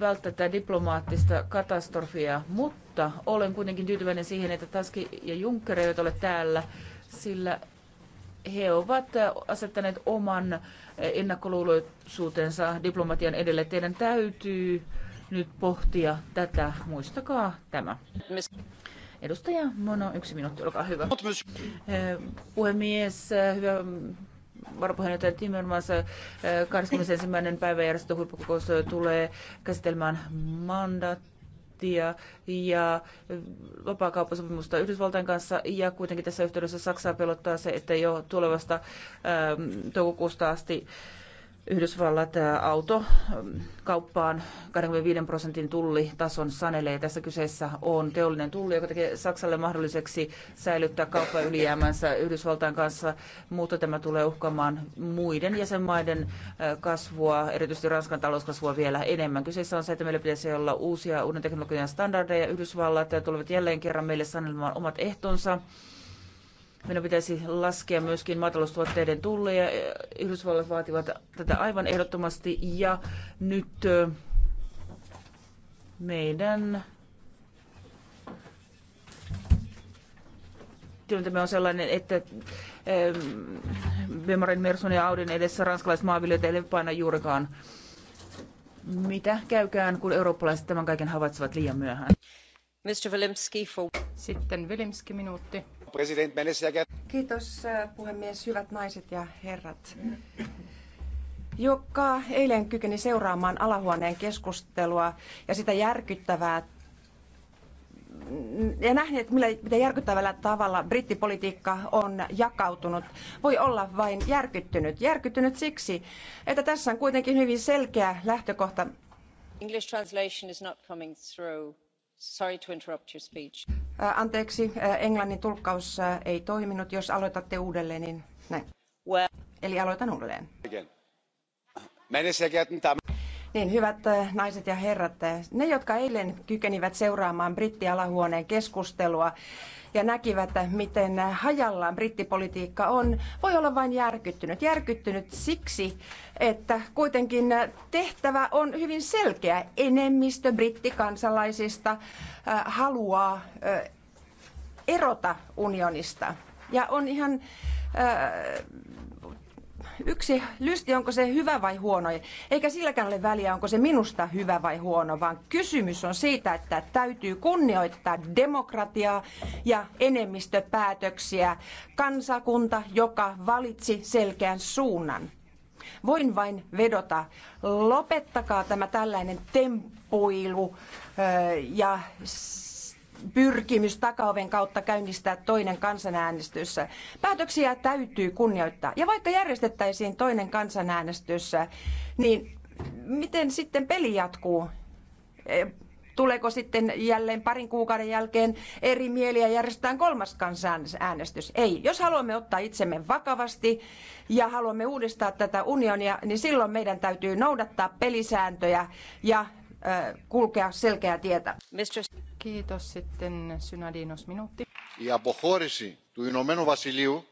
välttää tätä diplomaattista katastrofia, mutta olen kuitenkin tyytyväinen siihen, että Taski ja Juncker eivät ole täällä, sillä he ovat asettaneet oman ennakkoluuloisuutensa diplomatian edelle. Teidän täytyy nyt pohtia tätä. Muistakaa tämä. Edustaja Mono, yksi minuutti, olkaa hyvä. Puhemies, hyvä varapuheenjohtaja Timmermans 21. päivä järjestö huippukokous äh, tulee käsitelmään mandaattia prosenttia ja äh, vapaakauppasopimusta Yhdysvaltain kanssa ja kuitenkin tässä yhteydessä Saksaa pelottaa se, että jo tulevasta ähm, toukokuusta asti Yhdysvallat autokauppaan 25 prosentin tullitason sanelee. Tässä kyseessä on teollinen tulli, joka tekee Saksalle mahdolliseksi säilyttää ylijäämänsä Yhdysvaltain kanssa, mutta tämä tulee uhkaamaan muiden jäsenmaiden kasvua, erityisesti Ranskan talouskasvua vielä enemmän. Kyseessä on se, että meillä pitäisi olla uusia uuden teknologian standardeja. Yhdysvallat tulevat jälleen kerran meille sanelemaan omat ehtonsa meidän pitäisi laskea myöskin maataloustuotteiden tulleja. Yhdysvallat vaativat tätä aivan ehdottomasti ja nyt meidän tilanteemme on sellainen, että Bemarin, Mersun ja Audin edessä ranskalaiset maanviljelijät eivät paina juurikaan. Mitä käykään, kun eurooppalaiset tämän kaiken havaitsevat liian myöhään? Mr. Vilimski for... Sitten Vilimski minuutti. Kiitos äh, puhemies, hyvät naiset ja herrat. Joka eilen kykeni seuraamaan alahuoneen keskustelua ja sitä järkyttävää ja nähneet, millä, miten järkyttävällä tavalla brittipolitiikka on jakautunut, voi olla vain järkyttynyt. Järkyttynyt siksi, että tässä on kuitenkin hyvin selkeä lähtökohta. English translation is not coming through. Sorry to interrupt your speech. Anteeksi, englannin tulkkaus ei toiminut. Jos aloitatte uudelleen, niin näin. Eli aloitan uudelleen. Meine sehr geehrten Damen niin, hyvät eh, naiset ja herrat, eh, ne, jotka eilen kykenivät seuraamaan brittialahuoneen keskustelua ja näkivät, eh, miten hajallaan brittipolitiikka on, voi olla vain järkyttynyt. Järkyttynyt siksi, että kuitenkin tehtävä on hyvin selkeä. Enemmistö brittikansalaisista haluaa erota unionista. Ja on ihan yksi lysti, onko se hyvä vai huono. Eikä silläkään ole väliä, onko se minusta hyvä vai huono, vaan kysymys on siitä, että täytyy kunnioittaa demokratiaa ja enemmistöpäätöksiä. Kansakunta, joka valitsi selkeän suunnan. Voin vain vedota, lopettakaa tämä tällainen temppuilu ja pyrkimys takaoven kautta käynnistää toinen kansanäänestys. Päätöksiä täytyy kunnioittaa. Ja vaikka järjestettäisiin toinen kansanäänestys, niin miten sitten peli jatkuu? E, tuleeko sitten jälleen parin kuukauden jälkeen eri mieliä järjestetään kolmas kansanäänestys? Ei. Jos haluamme ottaa itsemme vakavasti ja haluamme uudistaa tätä unionia, niin silloin meidän täytyy noudattaa pelisääntöjä ja kulkea selkeää tietä. Mistress. Kiitos sitten Synadinos minuutti. Η αποχώρηση του Ηνωμένου Βασιλείου.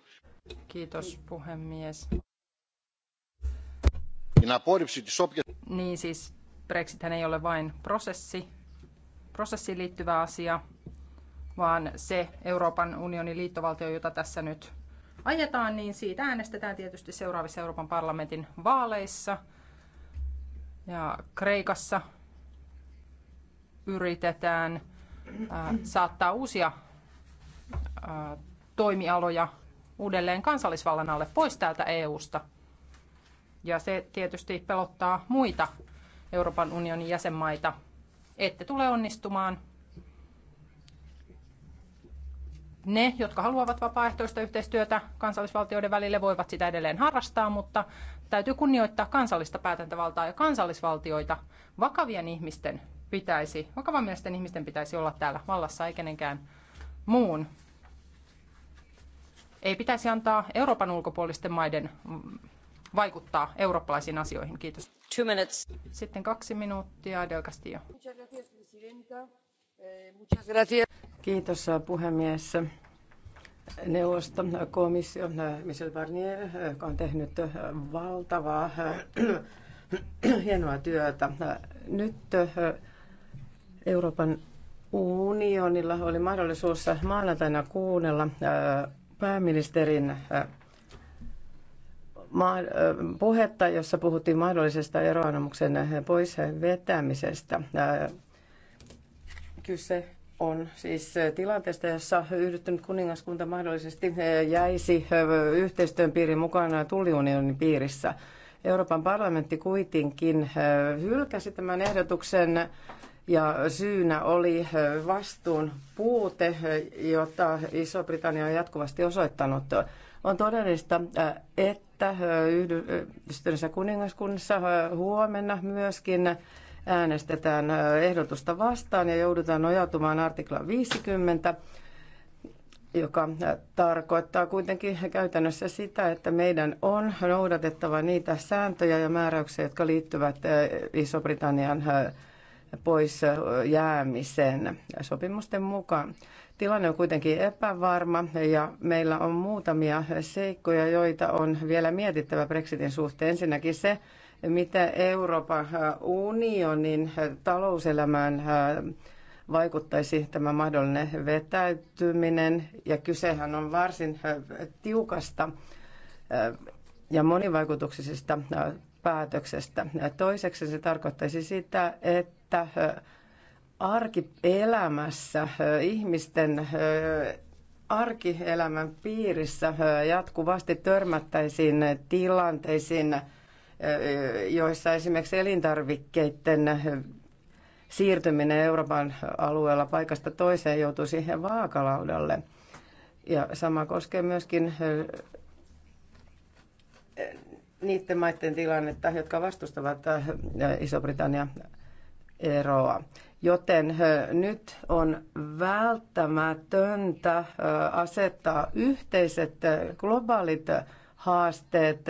Kiitos puhemies. Την απόρριψη της όποιας... Niin siis Brexit ei ole vain prosessi, prosessiin liittyvä asia, vaan se Euroopan unionin liittovaltio, jota tässä nyt ajetaan, niin siitä äänestetään tietysti seuraavissa Euroopan parlamentin vaaleissa. Ja Kreikassa yritetään saattaa uusia toimialoja uudelleen kansallisvallan alle pois täältä EUsta. Ja se tietysti pelottaa muita Euroopan unionin jäsenmaita. Ette tule onnistumaan. Ne, jotka haluavat vapaaehtoista yhteistyötä kansallisvaltioiden välille, voivat sitä edelleen harrastaa, mutta täytyy kunnioittaa kansallista päätäntävaltaa ja kansallisvaltioita vakavien ihmisten pitäisi, vakavan mielestä ihmisten pitäisi olla täällä vallassa, eikä kenenkään muun. Ei pitäisi antaa Euroopan ulkopuolisten maiden vaikuttaa eurooppalaisiin asioihin. Kiitos. Two minutes. Sitten kaksi minuuttia, Del Castillo. Kiitos puhemies. Neuvosto, komissio, Michel Barnier, joka on tehnyt valtavaa hienoa työtä. Nyt Euroopan unionilla oli mahdollisuus maanantaina kuunnella äh, pääministerin äh, äh, puhetta, jossa puhuttiin mahdollisesta eroanomuksen pois vetämisestä. Kyse on siis tilanteesta, jossa yhdyttynyt kuningaskunta mahdollisesti jäisi yhteistyön piirin mukana tulliunionin piirissä. Euroopan parlamentti kuitenkin hylkäsi tämän ehdotuksen ja syynä oli äh, vastuun puute, äh, jota Iso-Britannia on jatkuvasti osoittanut. On todellista, äh, että Yhdistyneessä kuningaskunnassa huomenna myöskin äänestetään ehdotusta vastaan ja joudutaan nojautumaan artikla 50 joka tarkoittaa kuitenkin käytännössä sitä, että meidän on noudatettava niitä sääntöjä ja määräyksiä, jotka liittyvät Iso-Britannian pois jäämisen sopimusten mukaan. Tilanne on kuitenkin epävarma ja meillä on muutamia seikkoja, joita on vielä mietittävä Brexitin suhteen. Ensinnäkin se, mitä Euroopan unionin talouselämään vaikuttaisi tämä mahdollinen vetäytyminen. Ja kysehän on varsin tiukasta ja monivaikutuksisesta päätöksestä. Toiseksi se tarkoittaisi sitä, että että arkielämässä ihmisten arkielämän piirissä jatkuvasti törmättäisiin tilanteisiin, joissa esimerkiksi elintarvikkeiden siirtyminen Euroopan alueella paikasta toiseen joutuu siihen vaakalaudalle. Ja sama koskee myöskin niiden maiden tilannetta, jotka vastustavat Iso-Britannian eroa. Joten nyt on välttämätöntä asettaa yhteiset globaalit haasteet,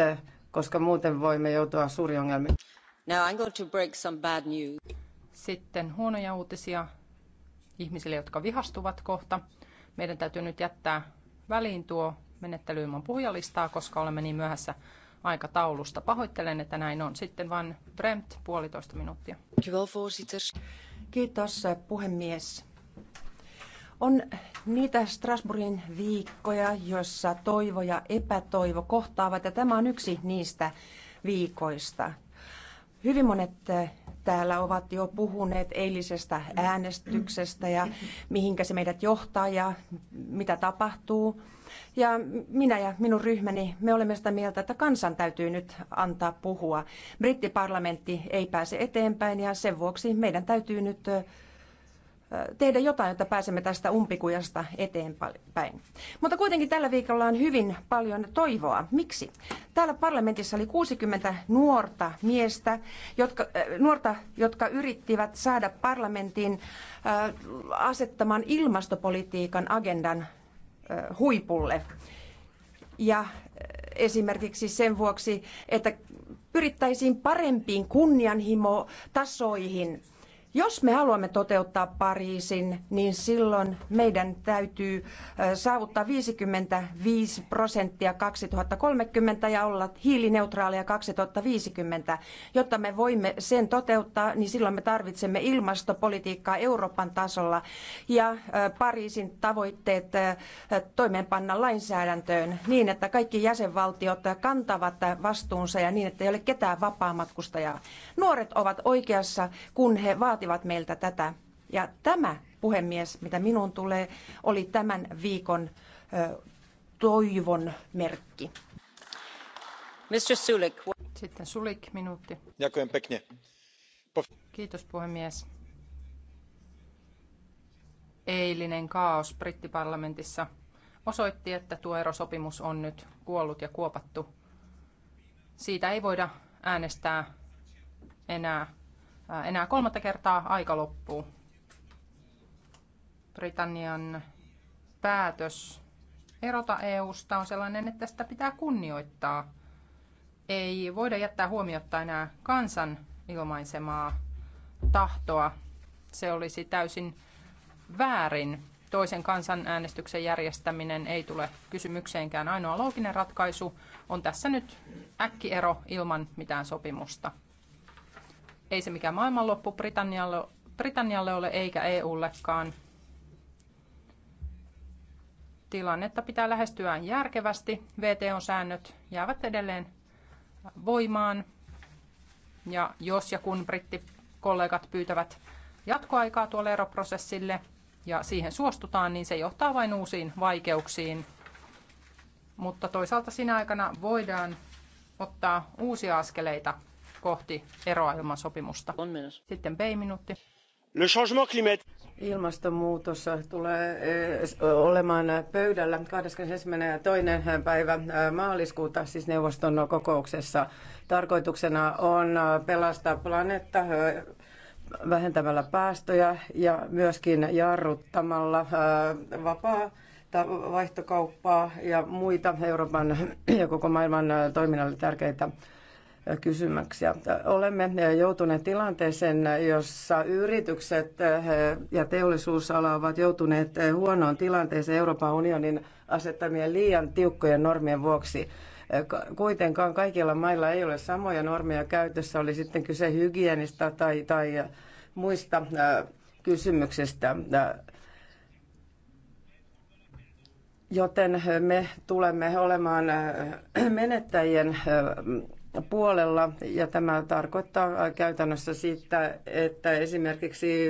koska muuten voimme joutua suuriin ongelmiin. Now I'm going to break some bad news. Sitten huonoja uutisia ihmisille, jotka vihastuvat kohta. Meidän täytyy nyt jättää väliin tuo menettely ilman puhujalistaa, koska olemme niin myöhässä aikataulusta. Pahoittelen, että näin on. Sitten vain Bremt, puolitoista minuuttia. Kiitos puhemies. On niitä Strasbourgin viikkoja, joissa toivo ja epätoivo kohtaavat, ja tämä on yksi niistä viikoista. Hyvin monet täällä ovat jo puhuneet eilisestä äänestyksestä ja mihinkä se meidät johtaa ja mitä tapahtuu. Ja minä ja minun ryhmäni, me olemme sitä mieltä, että kansan täytyy nyt antaa puhua. Brittiparlamentti ei pääse eteenpäin ja sen vuoksi meidän täytyy nyt tehdä jotain, jotta pääsemme tästä umpikujasta eteenpäin. Mutta kuitenkin tällä viikolla on hyvin paljon toivoa. Miksi? Täällä parlamentissa oli 60 nuorta miestä, jotka, äh, nuorta, jotka yrittivät saada parlamentin äh, asettamaan ilmastopolitiikan agendan äh, huipulle. Ja esimerkiksi sen vuoksi, että pyrittäisiin parempiin kunnianhimotasoihin – jos me haluamme toteuttaa Pariisin, niin silloin meidän täytyy saavuttaa 55 prosenttia 2030 ja olla hiilineutraalia 2050. Jotta me voimme sen toteuttaa, niin silloin me tarvitsemme ilmastopolitiikkaa Euroopan tasolla ja Pariisin tavoitteet toimeenpanna lainsäädäntöön niin, että kaikki jäsenvaltiot kantavat vastuunsa ja niin, että ei ole ketään vapaamatkustajaa. Nuoret ovat oikeassa, kun he vaativat vaativat meiltä tätä. Ja tämä, puhemies, mitä minun tulee, oli tämän viikon toivon merkki. Mr. Sulik. Sitten Sulik, minuutti. Kiitos puhemies. Eilinen kaos brittiparlamentissa osoitti, että tuo erosopimus on nyt kuollut ja kuopattu. Siitä ei voida äänestää enää enää kolmatta kertaa aika loppuu. Britannian päätös erota EUsta on sellainen, että sitä pitää kunnioittaa. Ei voida jättää huomiota enää kansan ilmaisemaa tahtoa. Se olisi täysin väärin. Toisen kansanäänestyksen järjestäminen ei tule kysymykseenkään. Ainoa looginen ratkaisu on tässä nyt äkkiero ilman mitään sopimusta. Ei se mikään maailmanloppu Britannialle, Britannialle ole eikä EUllekaan. Tilannetta pitää lähestyä järkevästi. VTOn säännöt jäävät edelleen voimaan. Ja jos ja kun brittikollegat pyytävät jatkoaikaa tuolle eroprosessille ja siihen suostutaan, niin se johtaa vain uusiin vaikeuksiin. Mutta toisaalta sinä aikana voidaan ottaa uusia askeleita kohti eroa ilman sopimusta. Sitten B-minuutti. Le changement climat... Ilmastonmuutos tulee eh, olemaan pöydällä 21. ja 2. päivä eh, maaliskuuta, siis neuvoston kokouksessa. Tarkoituksena on pelastaa planeetta eh, vähentämällä päästöjä ja myöskin jarruttamalla vapaa vaihtokauppaa ja muita Euroopan ja koko maailman toiminnalle tärkeitä kysymyksiä. Olemme joutuneet tilanteeseen, jossa yritykset ja teollisuusala ovat joutuneet huonoon tilanteeseen Euroopan unionin asettamien liian tiukkojen normien vuoksi. Kuitenkaan kaikilla mailla ei ole samoja normeja käytössä, oli sitten kyse hygienistä tai, tai muista kysymyksistä. Joten me tulemme olemaan menettäjien puolella. Ja tämä tarkoittaa käytännössä sitä, että esimerkiksi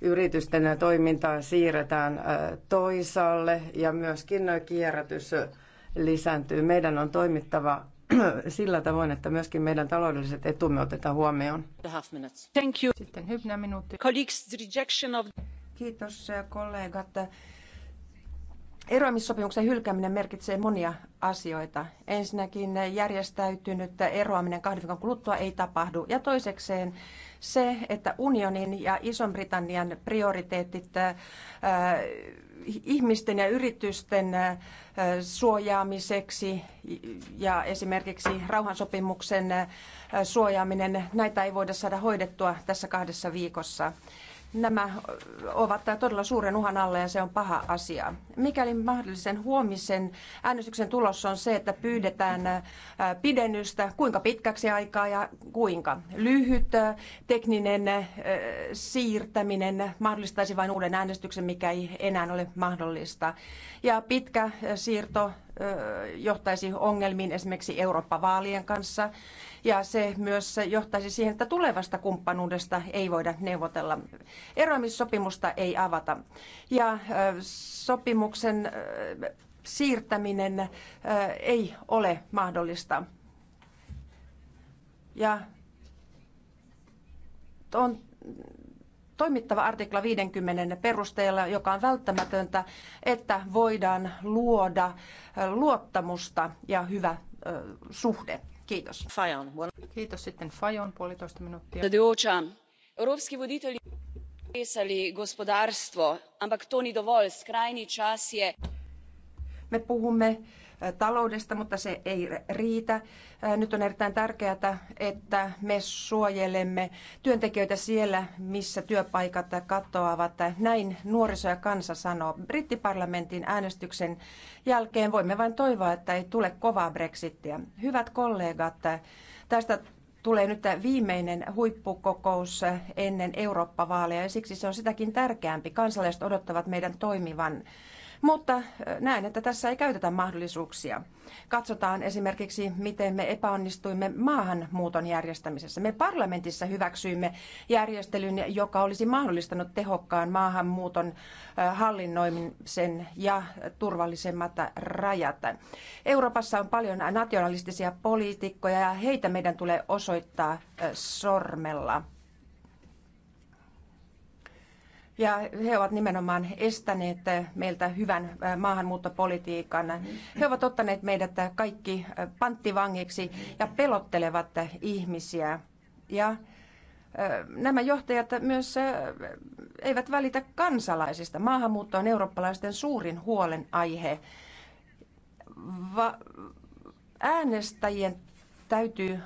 yritysten toimintaa siirretään toisaalle ja myöskin kierrätys lisääntyy. Meidän on toimittava sillä tavoin, että myöskin meidän taloudelliset etumme otetaan huomioon. Sitten hyvnä minuutti. Kiitos kollegat. Eroamissopimuksen hylkääminen merkitsee monia asioita. Ensinnäkin järjestäytynyt eroaminen kahden viikon kuluttua ei tapahdu. Ja toisekseen se, että unionin ja Ison-Britannian prioriteetit äh, ihmisten ja yritysten äh, suojaamiseksi ja esimerkiksi rauhansopimuksen äh, suojaaminen, näitä ei voida saada hoidettua tässä kahdessa viikossa nämä ovat todella suuren uhan alla ja se on paha asia. Mikäli mahdollisen huomisen äänestyksen tulos on se, että pyydetään äh, pidennystä, kuinka pitkäksi aikaa ja kuinka. Lyhyt äh, tekninen äh, siirtäminen mahdollistaisi vain uuden äänestyksen, mikä ei enää ole mahdollista. Ja pitkä siirto johtaisi ongelmiin esimerkiksi Eurooppa-vaalien kanssa ja se myös johtaisi siihen, että tulevasta kumppanuudesta ei voida neuvotella. Eroamissopimusta ei avata. Ja sopimuksen siirtäminen ei ole mahdollista. Ja on toimittava artikla 50 perusteella, joka on välttämätöntä, että voidaan luoda luottamusta ja hyvä suhde. Kiitos. Fajon. Kiitos sitten Fajon puolitoista minuuttia. Europski voditelji pesali gospodarstvo, ampak to ni dovolj. Skrajni čas je. Me puhumme taloudesta, mutta se ei riitä. Nyt on erittäin tärkeää, että me suojelemme työntekijöitä siellä, missä työpaikat katoavat. Näin nuoriso ja kansa sanoo. Brittiparlamentin äänestyksen jälkeen voimme vain toivoa, että ei tule kovaa brexittiä. Hyvät kollegat, tästä tulee nyt viimeinen huippukokous ennen Eurooppa-vaaleja ja siksi se on sitäkin tärkeämpi. Kansalaiset odottavat meidän toimivan. Mutta äh, näen, että tässä ei käytetä mahdollisuuksia. Katsotaan esimerkiksi, miten me epäonnistuimme maahanmuuton järjestämisessä. Me parlamentissa hyväksyimme järjestelyn, joka olisi mahdollistanut tehokkaan maahanmuuton äh, hallinnoimisen ja turvallisemmat rajat. Euroopassa on paljon nationalistisia poliitikkoja ja heitä meidän tulee osoittaa äh, sormella ja he ovat nimenomaan estäneet meiltä hyvän maahanmuuttopolitiikan. He ovat ottaneet meidät kaikki panttivangiksi ja pelottelevat ihmisiä. Ja nämä johtajat myös eivät välitä kansalaisista. Maahanmuutto on eurooppalaisten suurin huolenaihe. Va- äänestäjien täytyy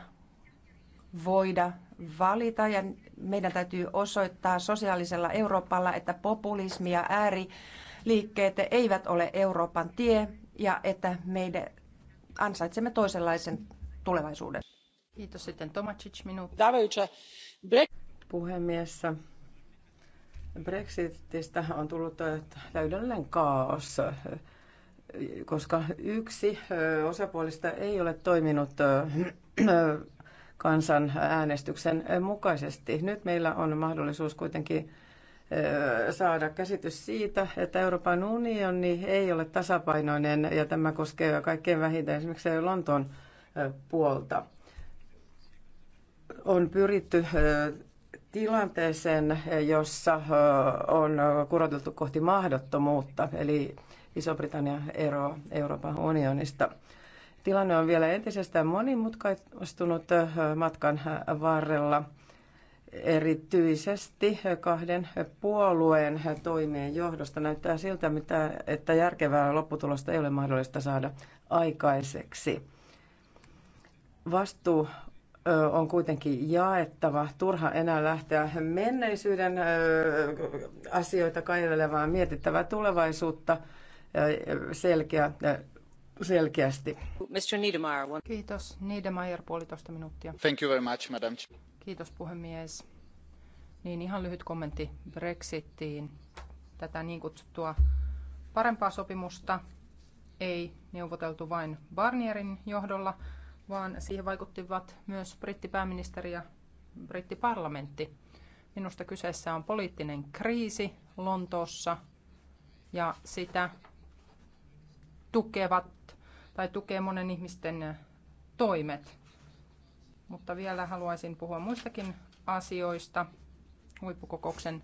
voida valita ja meidän täytyy osoittaa sosiaalisella Euroopalla, että populismi ja ääriliikkeet eivät ole Euroopan tie ja että meidän ansaitsemme toisenlaisen tulevaisuuden. Kiitos sitten Tomacic minuutti. Puhemies, Brexitistä on tullut täydellinen kaos, koska yksi osapuolista ei ole toiminut kansanäänestyksen mukaisesti. Nyt meillä on mahdollisuus kuitenkin saada käsitys siitä, että Euroopan unioni ei ole tasapainoinen ja tämä koskee kaikkein vähintään esimerkiksi Lontoon puolta. On pyritty tilanteeseen, jossa on kuroteltu kohti mahdottomuutta, eli iso britannia ero Euroopan unionista. Tilanne on vielä entisestään monimutkaistunut äh, matkan äh, varrella erityisesti äh, kahden puolueen toimien johdosta näyttää siltä, mitä, että järkevää lopputulosta ei ole mahdollista saada aikaiseksi. Vastuu on kuitenkin jaettava. Turha enää lähteä menneisyyden asioita kaivelemaan, mietittävää tulevaisuutta, selkeä selkeästi. Mr. Niedermayer. One... Kiitos. Niedermayer puolitoista minuuttia. Thank you very much, madam. Kiitos puhemies. Niin ihan lyhyt kommentti Brexittiin. Tätä niin kutsuttua parempaa sopimusta ei neuvoteltu vain Barnierin johdolla, vaan siihen vaikuttivat myös brittipääministeri ja brittiparlamentti. Minusta kyseessä on poliittinen kriisi Lontoossa ja sitä tukevat tai tukee monen ihmisten toimet. Mutta vielä haluaisin puhua muistakin asioista huippukokouksen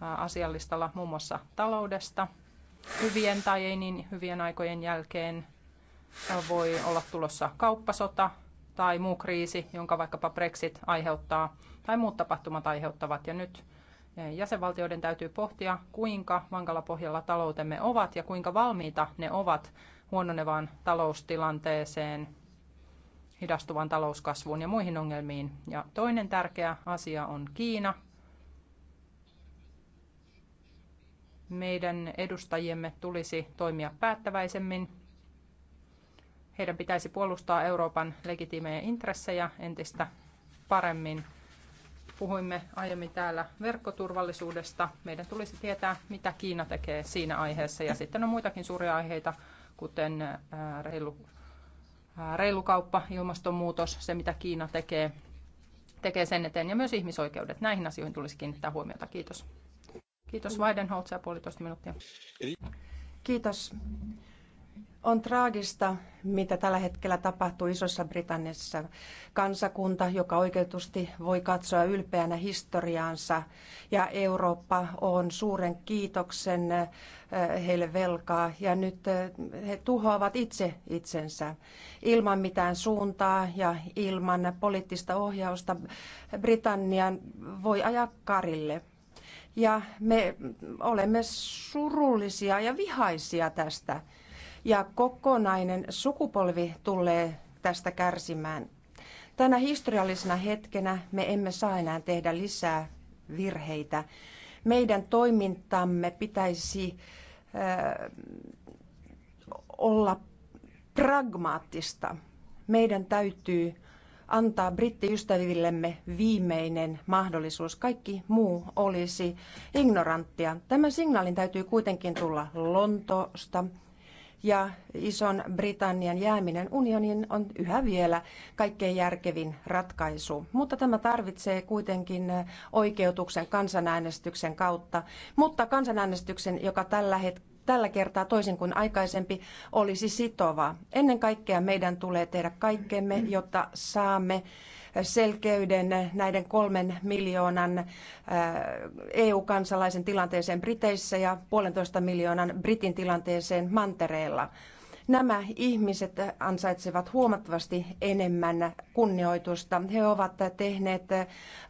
asiallistalla muun muassa taloudesta. Hyvien tai ei niin hyvien aikojen jälkeen voi olla tulossa kauppasota tai muu kriisi, jonka vaikkapa Brexit aiheuttaa tai muut tapahtumat aiheuttavat. Ja nyt jäsenvaltioiden täytyy pohtia, kuinka vankalla pohjalla taloutemme ovat ja kuinka valmiita ne ovat huononevaan taloustilanteeseen, hidastuvaan talouskasvuun ja muihin ongelmiin. Ja toinen tärkeä asia on Kiina. Meidän edustajiemme tulisi toimia päättäväisemmin. Heidän pitäisi puolustaa Euroopan legitiimejä intressejä entistä paremmin. Puhuimme aiemmin täällä verkkoturvallisuudesta. Meidän tulisi tietää, mitä Kiina tekee siinä aiheessa. Ja sitten on muitakin suuria aiheita, kuten reilu, reilu kauppa, ilmastonmuutos, se mitä Kiina tekee, tekee sen eteen ja myös ihmisoikeudet. Näihin asioihin tulisi kiinnittää huomiota. Kiitos. Kiitos Weidenholz ja puolitoista minuuttia. Kiitos. On traagista, mitä tällä hetkellä tapahtuu Isossa Britanniassa. Kansakunta, joka oikeutusti voi katsoa ylpeänä historiaansa, ja Eurooppa on suuren kiitoksen eh, heille velkaa, ja nyt eh, he tuhoavat itse itsensä. Ilman mitään suuntaa ja ilman poliittista ohjausta Britannian voi ajaa karille. Ja me olemme surullisia ja vihaisia tästä ja kokonainen sukupolvi tulee tästä kärsimään. Tänä historiallisena hetkenä me emme saa enää tehdä lisää virheitä. Meidän toimintamme pitäisi äh, olla pragmaattista. Meidän täytyy antaa brittiystävillemme viimeinen mahdollisuus. Kaikki muu olisi ignoranttia. Tämän signaalin täytyy kuitenkin tulla Lontoosta, ja ison Britannian jääminen unioniin on yhä vielä kaikkein järkevin ratkaisu. Mutta tämä tarvitsee kuitenkin oikeutuksen kansanäänestyksen kautta, mutta kansanäänestyksen, joka tällä hetkellä tällä kertaa toisin kuin aikaisempi olisi sitova. Ennen kaikkea meidän tulee tehdä kaikkemme, jotta saamme selkeyden näiden kolmen miljoonan äh, EU-kansalaisen tilanteeseen Briteissä ja puolentoista miljoonan Britin tilanteeseen mantereella. Nämä ihmiset ansaitsevat huomattavasti enemmän kunnioitusta. He ovat tehneet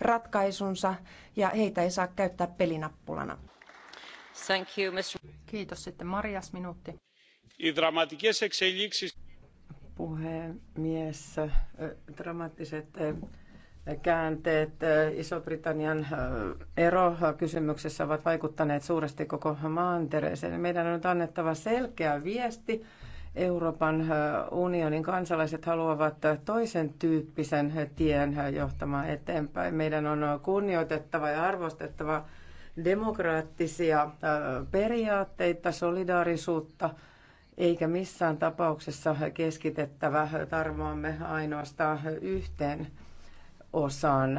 ratkaisunsa ja heitä ei saa käyttää pelinappulana. Thank you, Mr. Kiitos sitten Marias minuutti puhemies. Dramaattiset käänteet Iso-Britannian erokysymyksessä ovat vaikuttaneet suuresti koko mantereeseen. Meidän on nyt annettava selkeä viesti. Euroopan unionin kansalaiset haluavat toisen tyyppisen tien johtamaan eteenpäin. Meidän on kunnioitettava ja arvostettava demokraattisia periaatteita, solidaarisuutta – eikä missään tapauksessa keskitettävä tarmoamme ainoastaan yhteen osaan.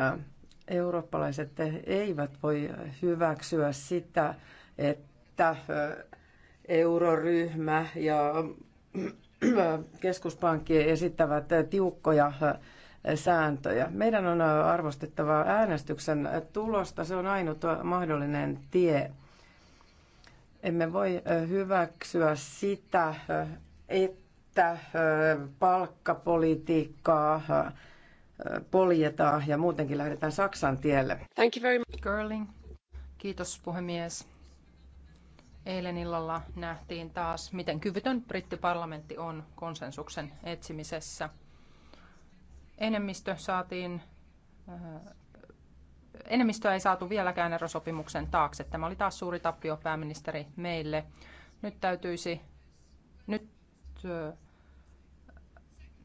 Eurooppalaiset eivät voi hyväksyä sitä, että euroryhmä ja keskuspankki esittävät tiukkoja sääntöjä. Meidän on arvostettava äänestyksen tulosta. Se on ainut mahdollinen tie emme voi hyväksyä sitä, että palkkapolitiikkaa poljetaan ja muutenkin lähdetään Saksan tielle. Thank you very much. Girling. Kiitos puhemies. Eilen illalla nähtiin taas, miten kyvytön brittiparlamentti on konsensuksen etsimisessä. Enemmistö saatiin enemmistöä ei saatu vieläkään erosopimuksen taakse. Tämä oli taas suuri tappio pääministeri meille. Nyt täytyisi, nyt,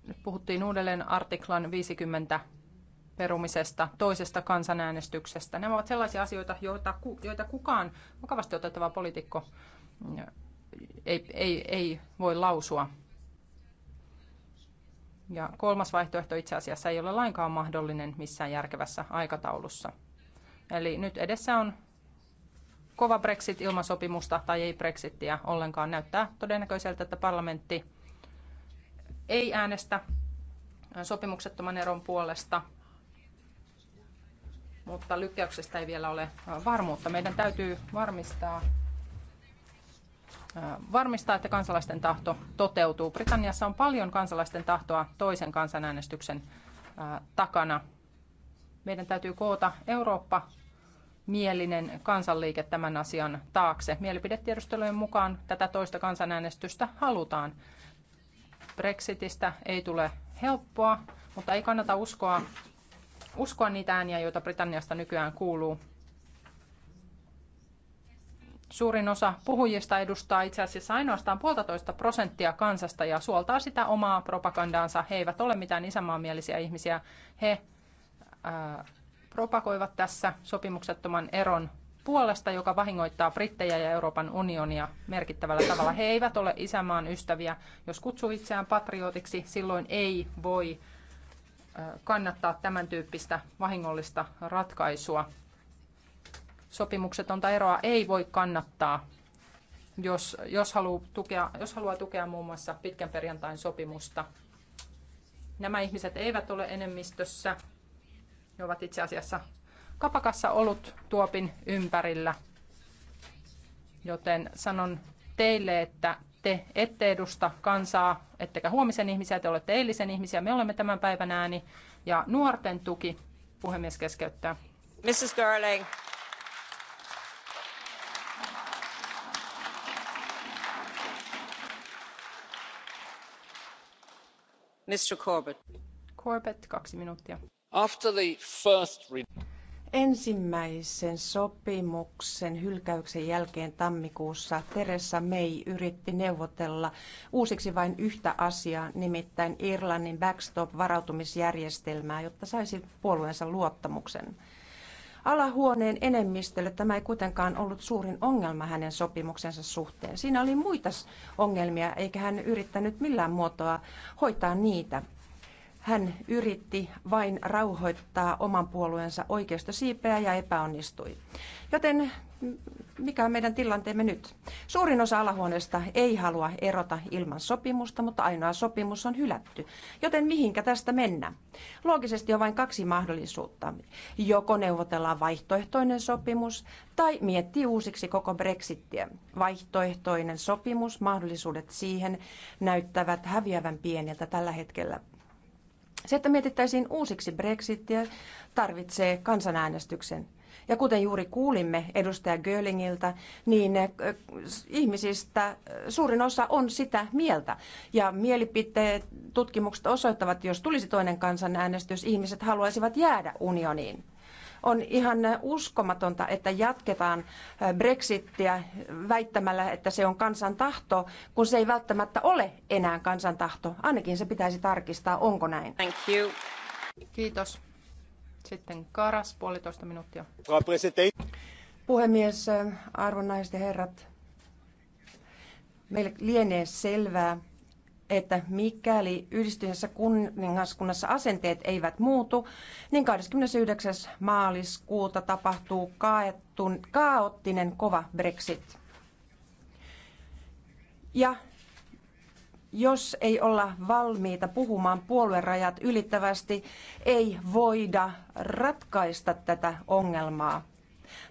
nyt puhuttiin uudelleen artiklan 50 perumisesta, toisesta kansanäänestyksestä. Nämä ovat sellaisia asioita, joita, joita kukaan vakavasti otettava poliitikko ei, ei, ei voi lausua. Ja kolmas vaihtoehto itse asiassa ei ole lainkaan mahdollinen missään järkevässä aikataulussa. Eli nyt edessä on kova Brexit ilman sopimusta tai ei Brexittiä ollenkaan. Näyttää todennäköiseltä, että parlamentti ei äänestä sopimuksettoman eron puolesta, mutta lykkäyksestä ei vielä ole varmuutta. Meidän täytyy varmistaa, varmistaa, että kansalaisten tahto toteutuu. Britanniassa on paljon kansalaisten tahtoa toisen kansanäänestyksen takana. Meidän täytyy koota Eurooppa mielinen kansanliike tämän asian taakse. Mielipidetiedustelujen mukaan tätä toista kansanäänestystä halutaan. Brexitistä ei tule helppoa, mutta ei kannata uskoa, uskoa niitä ääniä, joita Britanniasta nykyään kuuluu. Suurin osa puhujista edustaa itse asiassa ainoastaan puolitoista prosenttia kansasta ja suoltaa sitä omaa propagandaansa. He eivät ole mitään isänmaamielisiä ihmisiä. He ää, propagoivat tässä sopimuksettoman eron puolesta, joka vahingoittaa brittejä ja Euroopan unionia merkittävällä tavalla. He eivät ole isämaan ystäviä. Jos kutsuu itseään patriotiksi, silloin ei voi kannattaa tämän tyyppistä vahingollista ratkaisua. Sopimuksetonta eroa ei voi kannattaa, jos, jos, haluaa, tukea, jos haluaa tukea muun muassa pitkän perjantain sopimusta. Nämä ihmiset eivät ole enemmistössä ne ovat itse asiassa kapakassa ollut tuopin ympärillä. Joten sanon teille, että te ette edusta kansaa, ettekä huomisen ihmisiä, te olette eilisen ihmisiä, me olemme tämän päivän ääni. Ja nuorten tuki, puhemies keskeyttää. Mrs. Darling. Mr. Corbett. Corbett, kaksi minuuttia. Ensimmäisen sopimuksen hylkäyksen jälkeen tammikuussa Theresa May yritti neuvotella uusiksi vain yhtä asiaa, nimittäin Irlannin backstop-varautumisjärjestelmää, jotta saisi puolueensa luottamuksen. Alahuoneen enemmistölle tämä ei kuitenkaan ollut suurin ongelma hänen sopimuksensa suhteen. Siinä oli muita ongelmia, eikä hän yrittänyt millään muotoa hoitaa niitä. Hän yritti vain rauhoittaa oman puolueensa oikeistosiipeä ja epäonnistui. Joten mikä on meidän tilanteemme nyt? Suurin osa alahuoneesta ei halua erota ilman sopimusta, mutta ainoa sopimus on hylätty. Joten mihinkä tästä mennä? Loogisesti on vain kaksi mahdollisuutta. Joko neuvotellaan vaihtoehtoinen sopimus tai miettii uusiksi koko Brexittiä. Vaihtoehtoinen sopimus, mahdollisuudet siihen näyttävät häviävän pieniltä tällä hetkellä. Se, että mietittäisiin uusiksi Brexittiä, tarvitsee kansanäänestyksen. Ja kuten juuri kuulimme edustaja Göllingiltä, niin ihmisistä suurin osa on sitä mieltä. Ja mielipiteet, tutkimukset osoittavat, että jos tulisi toinen kansanäänestys, ihmiset haluaisivat jäädä unioniin. On ihan uskomatonta, että jatketaan Brexittiä väittämällä, että se on kansan tahto, kun se ei välttämättä ole enää kansan tahto. Ainakin se pitäisi tarkistaa, onko näin. Thank you. Kiitos. Sitten Karas, puolitoista minuuttia. Puhemies, arvon naiset ja herrat, meille lienee selvää, että mikäli yhdistyneessä kuningaskunnassa asenteet eivät muutu, niin 29. maaliskuuta tapahtuu kaettun, kaoottinen kova Brexit. Ja jos ei olla valmiita puhumaan puoluerajat ylittävästi, ei voida ratkaista tätä ongelmaa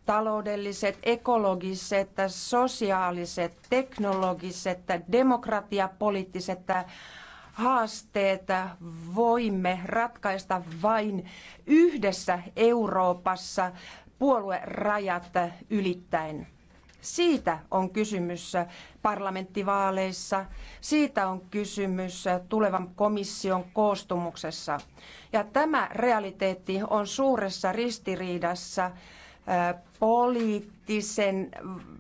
taloudelliset, ekologiset, sosiaaliset, teknologiset, demokratiapoliittiset haasteet voimme ratkaista vain yhdessä Euroopassa puoluerajat ylittäen. Siitä on kysymys parlamenttivaaleissa, siitä on kysymys tulevan komission koostumuksessa. Ja tämä realiteetti on suuressa ristiriidassa poliittisen,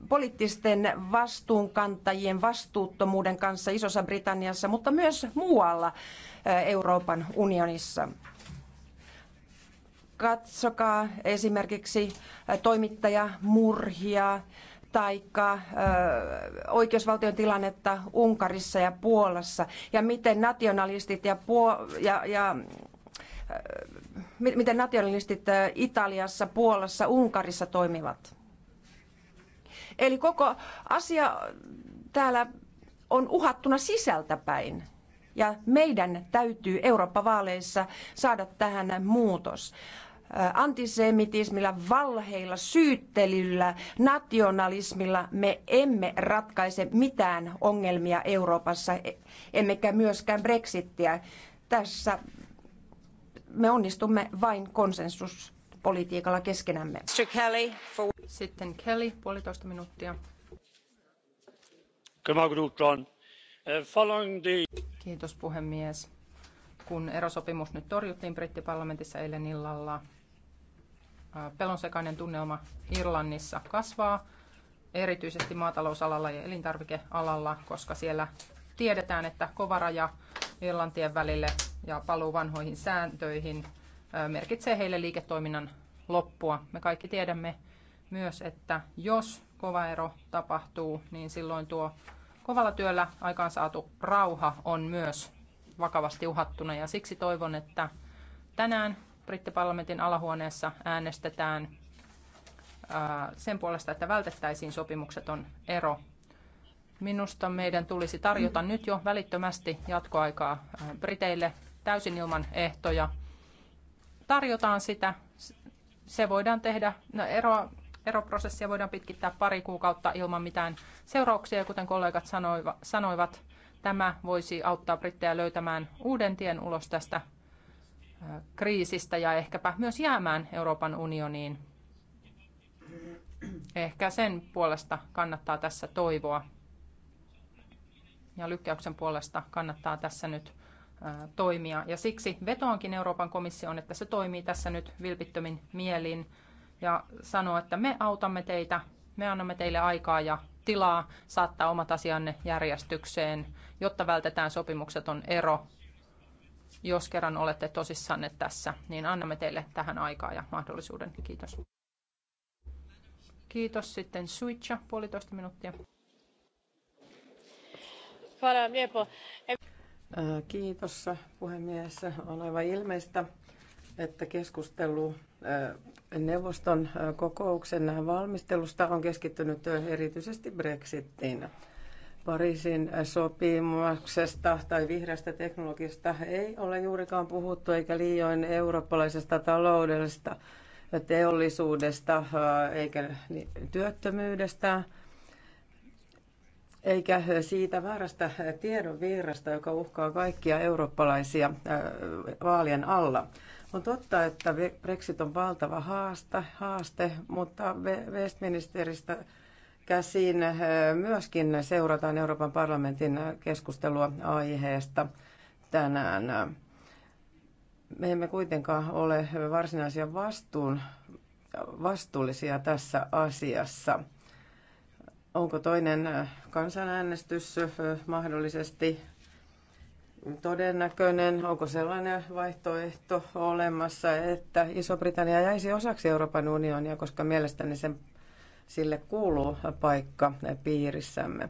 poliittisten vastuunkantajien vastuuttomuuden kanssa Isossa Britanniassa, mutta myös muualla Euroopan unionissa. Katsokaa esimerkiksi toimittajamurhia tai oikeusvaltion tilannetta Unkarissa ja Puolassa ja miten nationalistit ja, puo- ja, ja Äh, miten nationalistit äh, Italiassa, Puolassa, Unkarissa toimivat. Eli koko asia täällä on uhattuna sisältäpäin. Ja meidän täytyy Eurooppa-vaaleissa saada tähän muutos. Äh, antisemitismillä, valheilla, syyttelyllä, nationalismilla me emme ratkaise mitään ongelmia Euroopassa, e-, emmekä myöskään Brexittiä. Tässä me onnistumme vain konsensuspolitiikalla keskenämme. Sitten Kelly, puolitoista minuuttia. Eh, Kiitos puhemies. Kun erosopimus nyt torjuttiin brittiparlamentissa eilen illalla, eh, pelonsekainen tunnelma Irlannissa kasvaa, erityisesti maatalousalalla ja elintarvikealalla, koska siellä tiedetään, että kova raja Irlantien välille ja paluu vanhoihin sääntöihin merkitsee heille liiketoiminnan loppua. Me kaikki tiedämme myös, että jos kova ero tapahtuu, niin silloin tuo kovalla työllä aikaansaatu rauha on myös vakavasti uhattuna. Ja siksi toivon, että tänään brittiparlamentin alahuoneessa äänestetään sen puolesta, että vältettäisiin sopimukseton ero. Minusta meidän tulisi tarjota nyt jo välittömästi jatkoaikaa Briteille täysin ilman ehtoja. Tarjotaan sitä. Se voidaan tehdä. No, ero, eroprosessia voidaan pitkittää pari kuukautta ilman mitään seurauksia. Kuten kollegat sanoivat, tämä voisi auttaa brittejä löytämään uuden tien ulos tästä kriisistä ja ehkäpä myös jäämään Euroopan unioniin. Ehkä sen puolesta kannattaa tässä toivoa. Ja lykkäyksen puolesta kannattaa tässä nyt toimia. Ja siksi vetoankin Euroopan komissioon, että se toimii tässä nyt vilpittömin mielin ja sanoo, että me autamme teitä, me annamme teille aikaa ja tilaa saattaa omat asianne järjestykseen, jotta vältetään sopimukseton ero. Jos kerran olette tosissanne tässä, niin annamme teille tähän aikaa ja mahdollisuuden. Kiitos. Kiitos. Sitten Suitsa, puolitoista minuuttia. Kiitos puhemies. On aivan ilmeistä, että keskustelu neuvoston kokouksen valmistelusta on keskittynyt erityisesti Brexitiin. Pariisin sopimuksesta tai vihreästä teknologiasta ei ole juurikaan puhuttu, eikä liioin eurooppalaisesta taloudellisesta teollisuudesta eikä työttömyydestä eikä siitä väärästä tiedonvirrasta, joka uhkaa kaikkia eurooppalaisia äh, vaalien alla. On totta, että Brexit on valtava haaste, haaste mutta Westministeristä käsin äh, myöskin seurataan Euroopan parlamentin äh, keskustelua aiheesta tänään. Me emme kuitenkaan ole varsinaisia vastuun, vastuullisia tässä asiassa – Onko toinen äh, kansanäänestys äh, mahdollisesti todennäköinen? Onko sellainen vaihtoehto olemassa, että Iso-Britannia jäisi osaksi Euroopan unionia, koska mielestäni sen, sille kuuluu paikka piirissämme?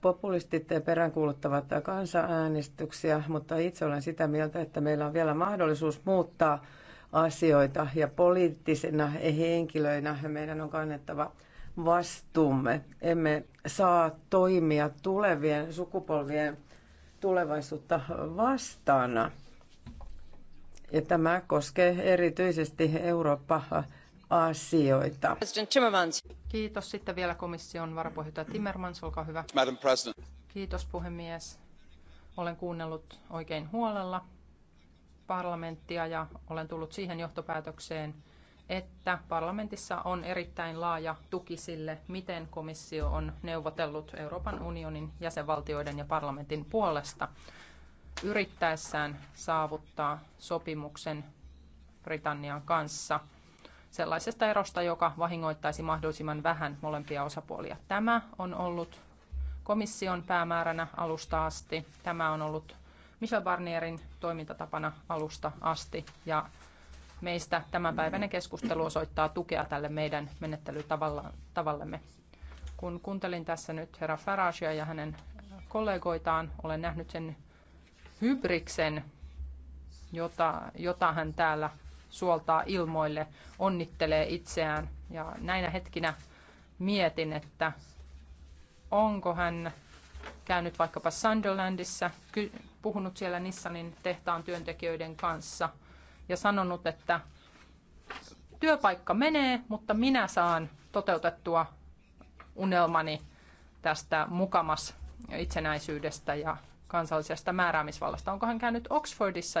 Populistit peräänkuuluttavat kansanäänestyksiä, mutta itse olen sitä mieltä, että meillä on vielä mahdollisuus muuttaa asioita ja poliittisina henkilöinä meidän on kannettava vastuumme. Emme saa toimia tulevien sukupolvien tulevaisuutta vastaana. Ja tämä koskee erityisesti Eurooppa-asioita. Kiitos. Sitten vielä komission varapuheenjohtaja Timmermans, olkaa hyvä. Madam President. Kiitos puhemies. Olen kuunnellut oikein huolella parlamenttia ja olen tullut siihen johtopäätökseen, että parlamentissa on erittäin laaja tuki sille, miten komissio on neuvotellut Euroopan unionin jäsenvaltioiden ja parlamentin puolesta yrittäessään saavuttaa sopimuksen Britannian kanssa sellaisesta erosta, joka vahingoittaisi mahdollisimman vähän molempia osapuolia. Tämä on ollut komission päämääränä alusta asti. Tämä on ollut Michel Barnierin toimintatapana alusta asti ja meistä tämänpäiväinen keskustelu osoittaa tukea tälle meidän menettelytavallemme. Kun kuuntelin tässä nyt herra Faragea ja hänen kollegoitaan, olen nähnyt sen hybriksen, jota, jota hän täällä suoltaa ilmoille, onnittelee itseään. Ja näinä hetkinä mietin, että onko hän käynyt vaikkapa Sunderlandissa, puhunut siellä Nissanin tehtaan työntekijöiden kanssa – ja sanonut, että työpaikka menee, mutta minä saan toteutettua unelmani tästä mukamas itsenäisyydestä ja kansallisesta määräämisvallasta. Onko hän käynyt Oxfordissa ja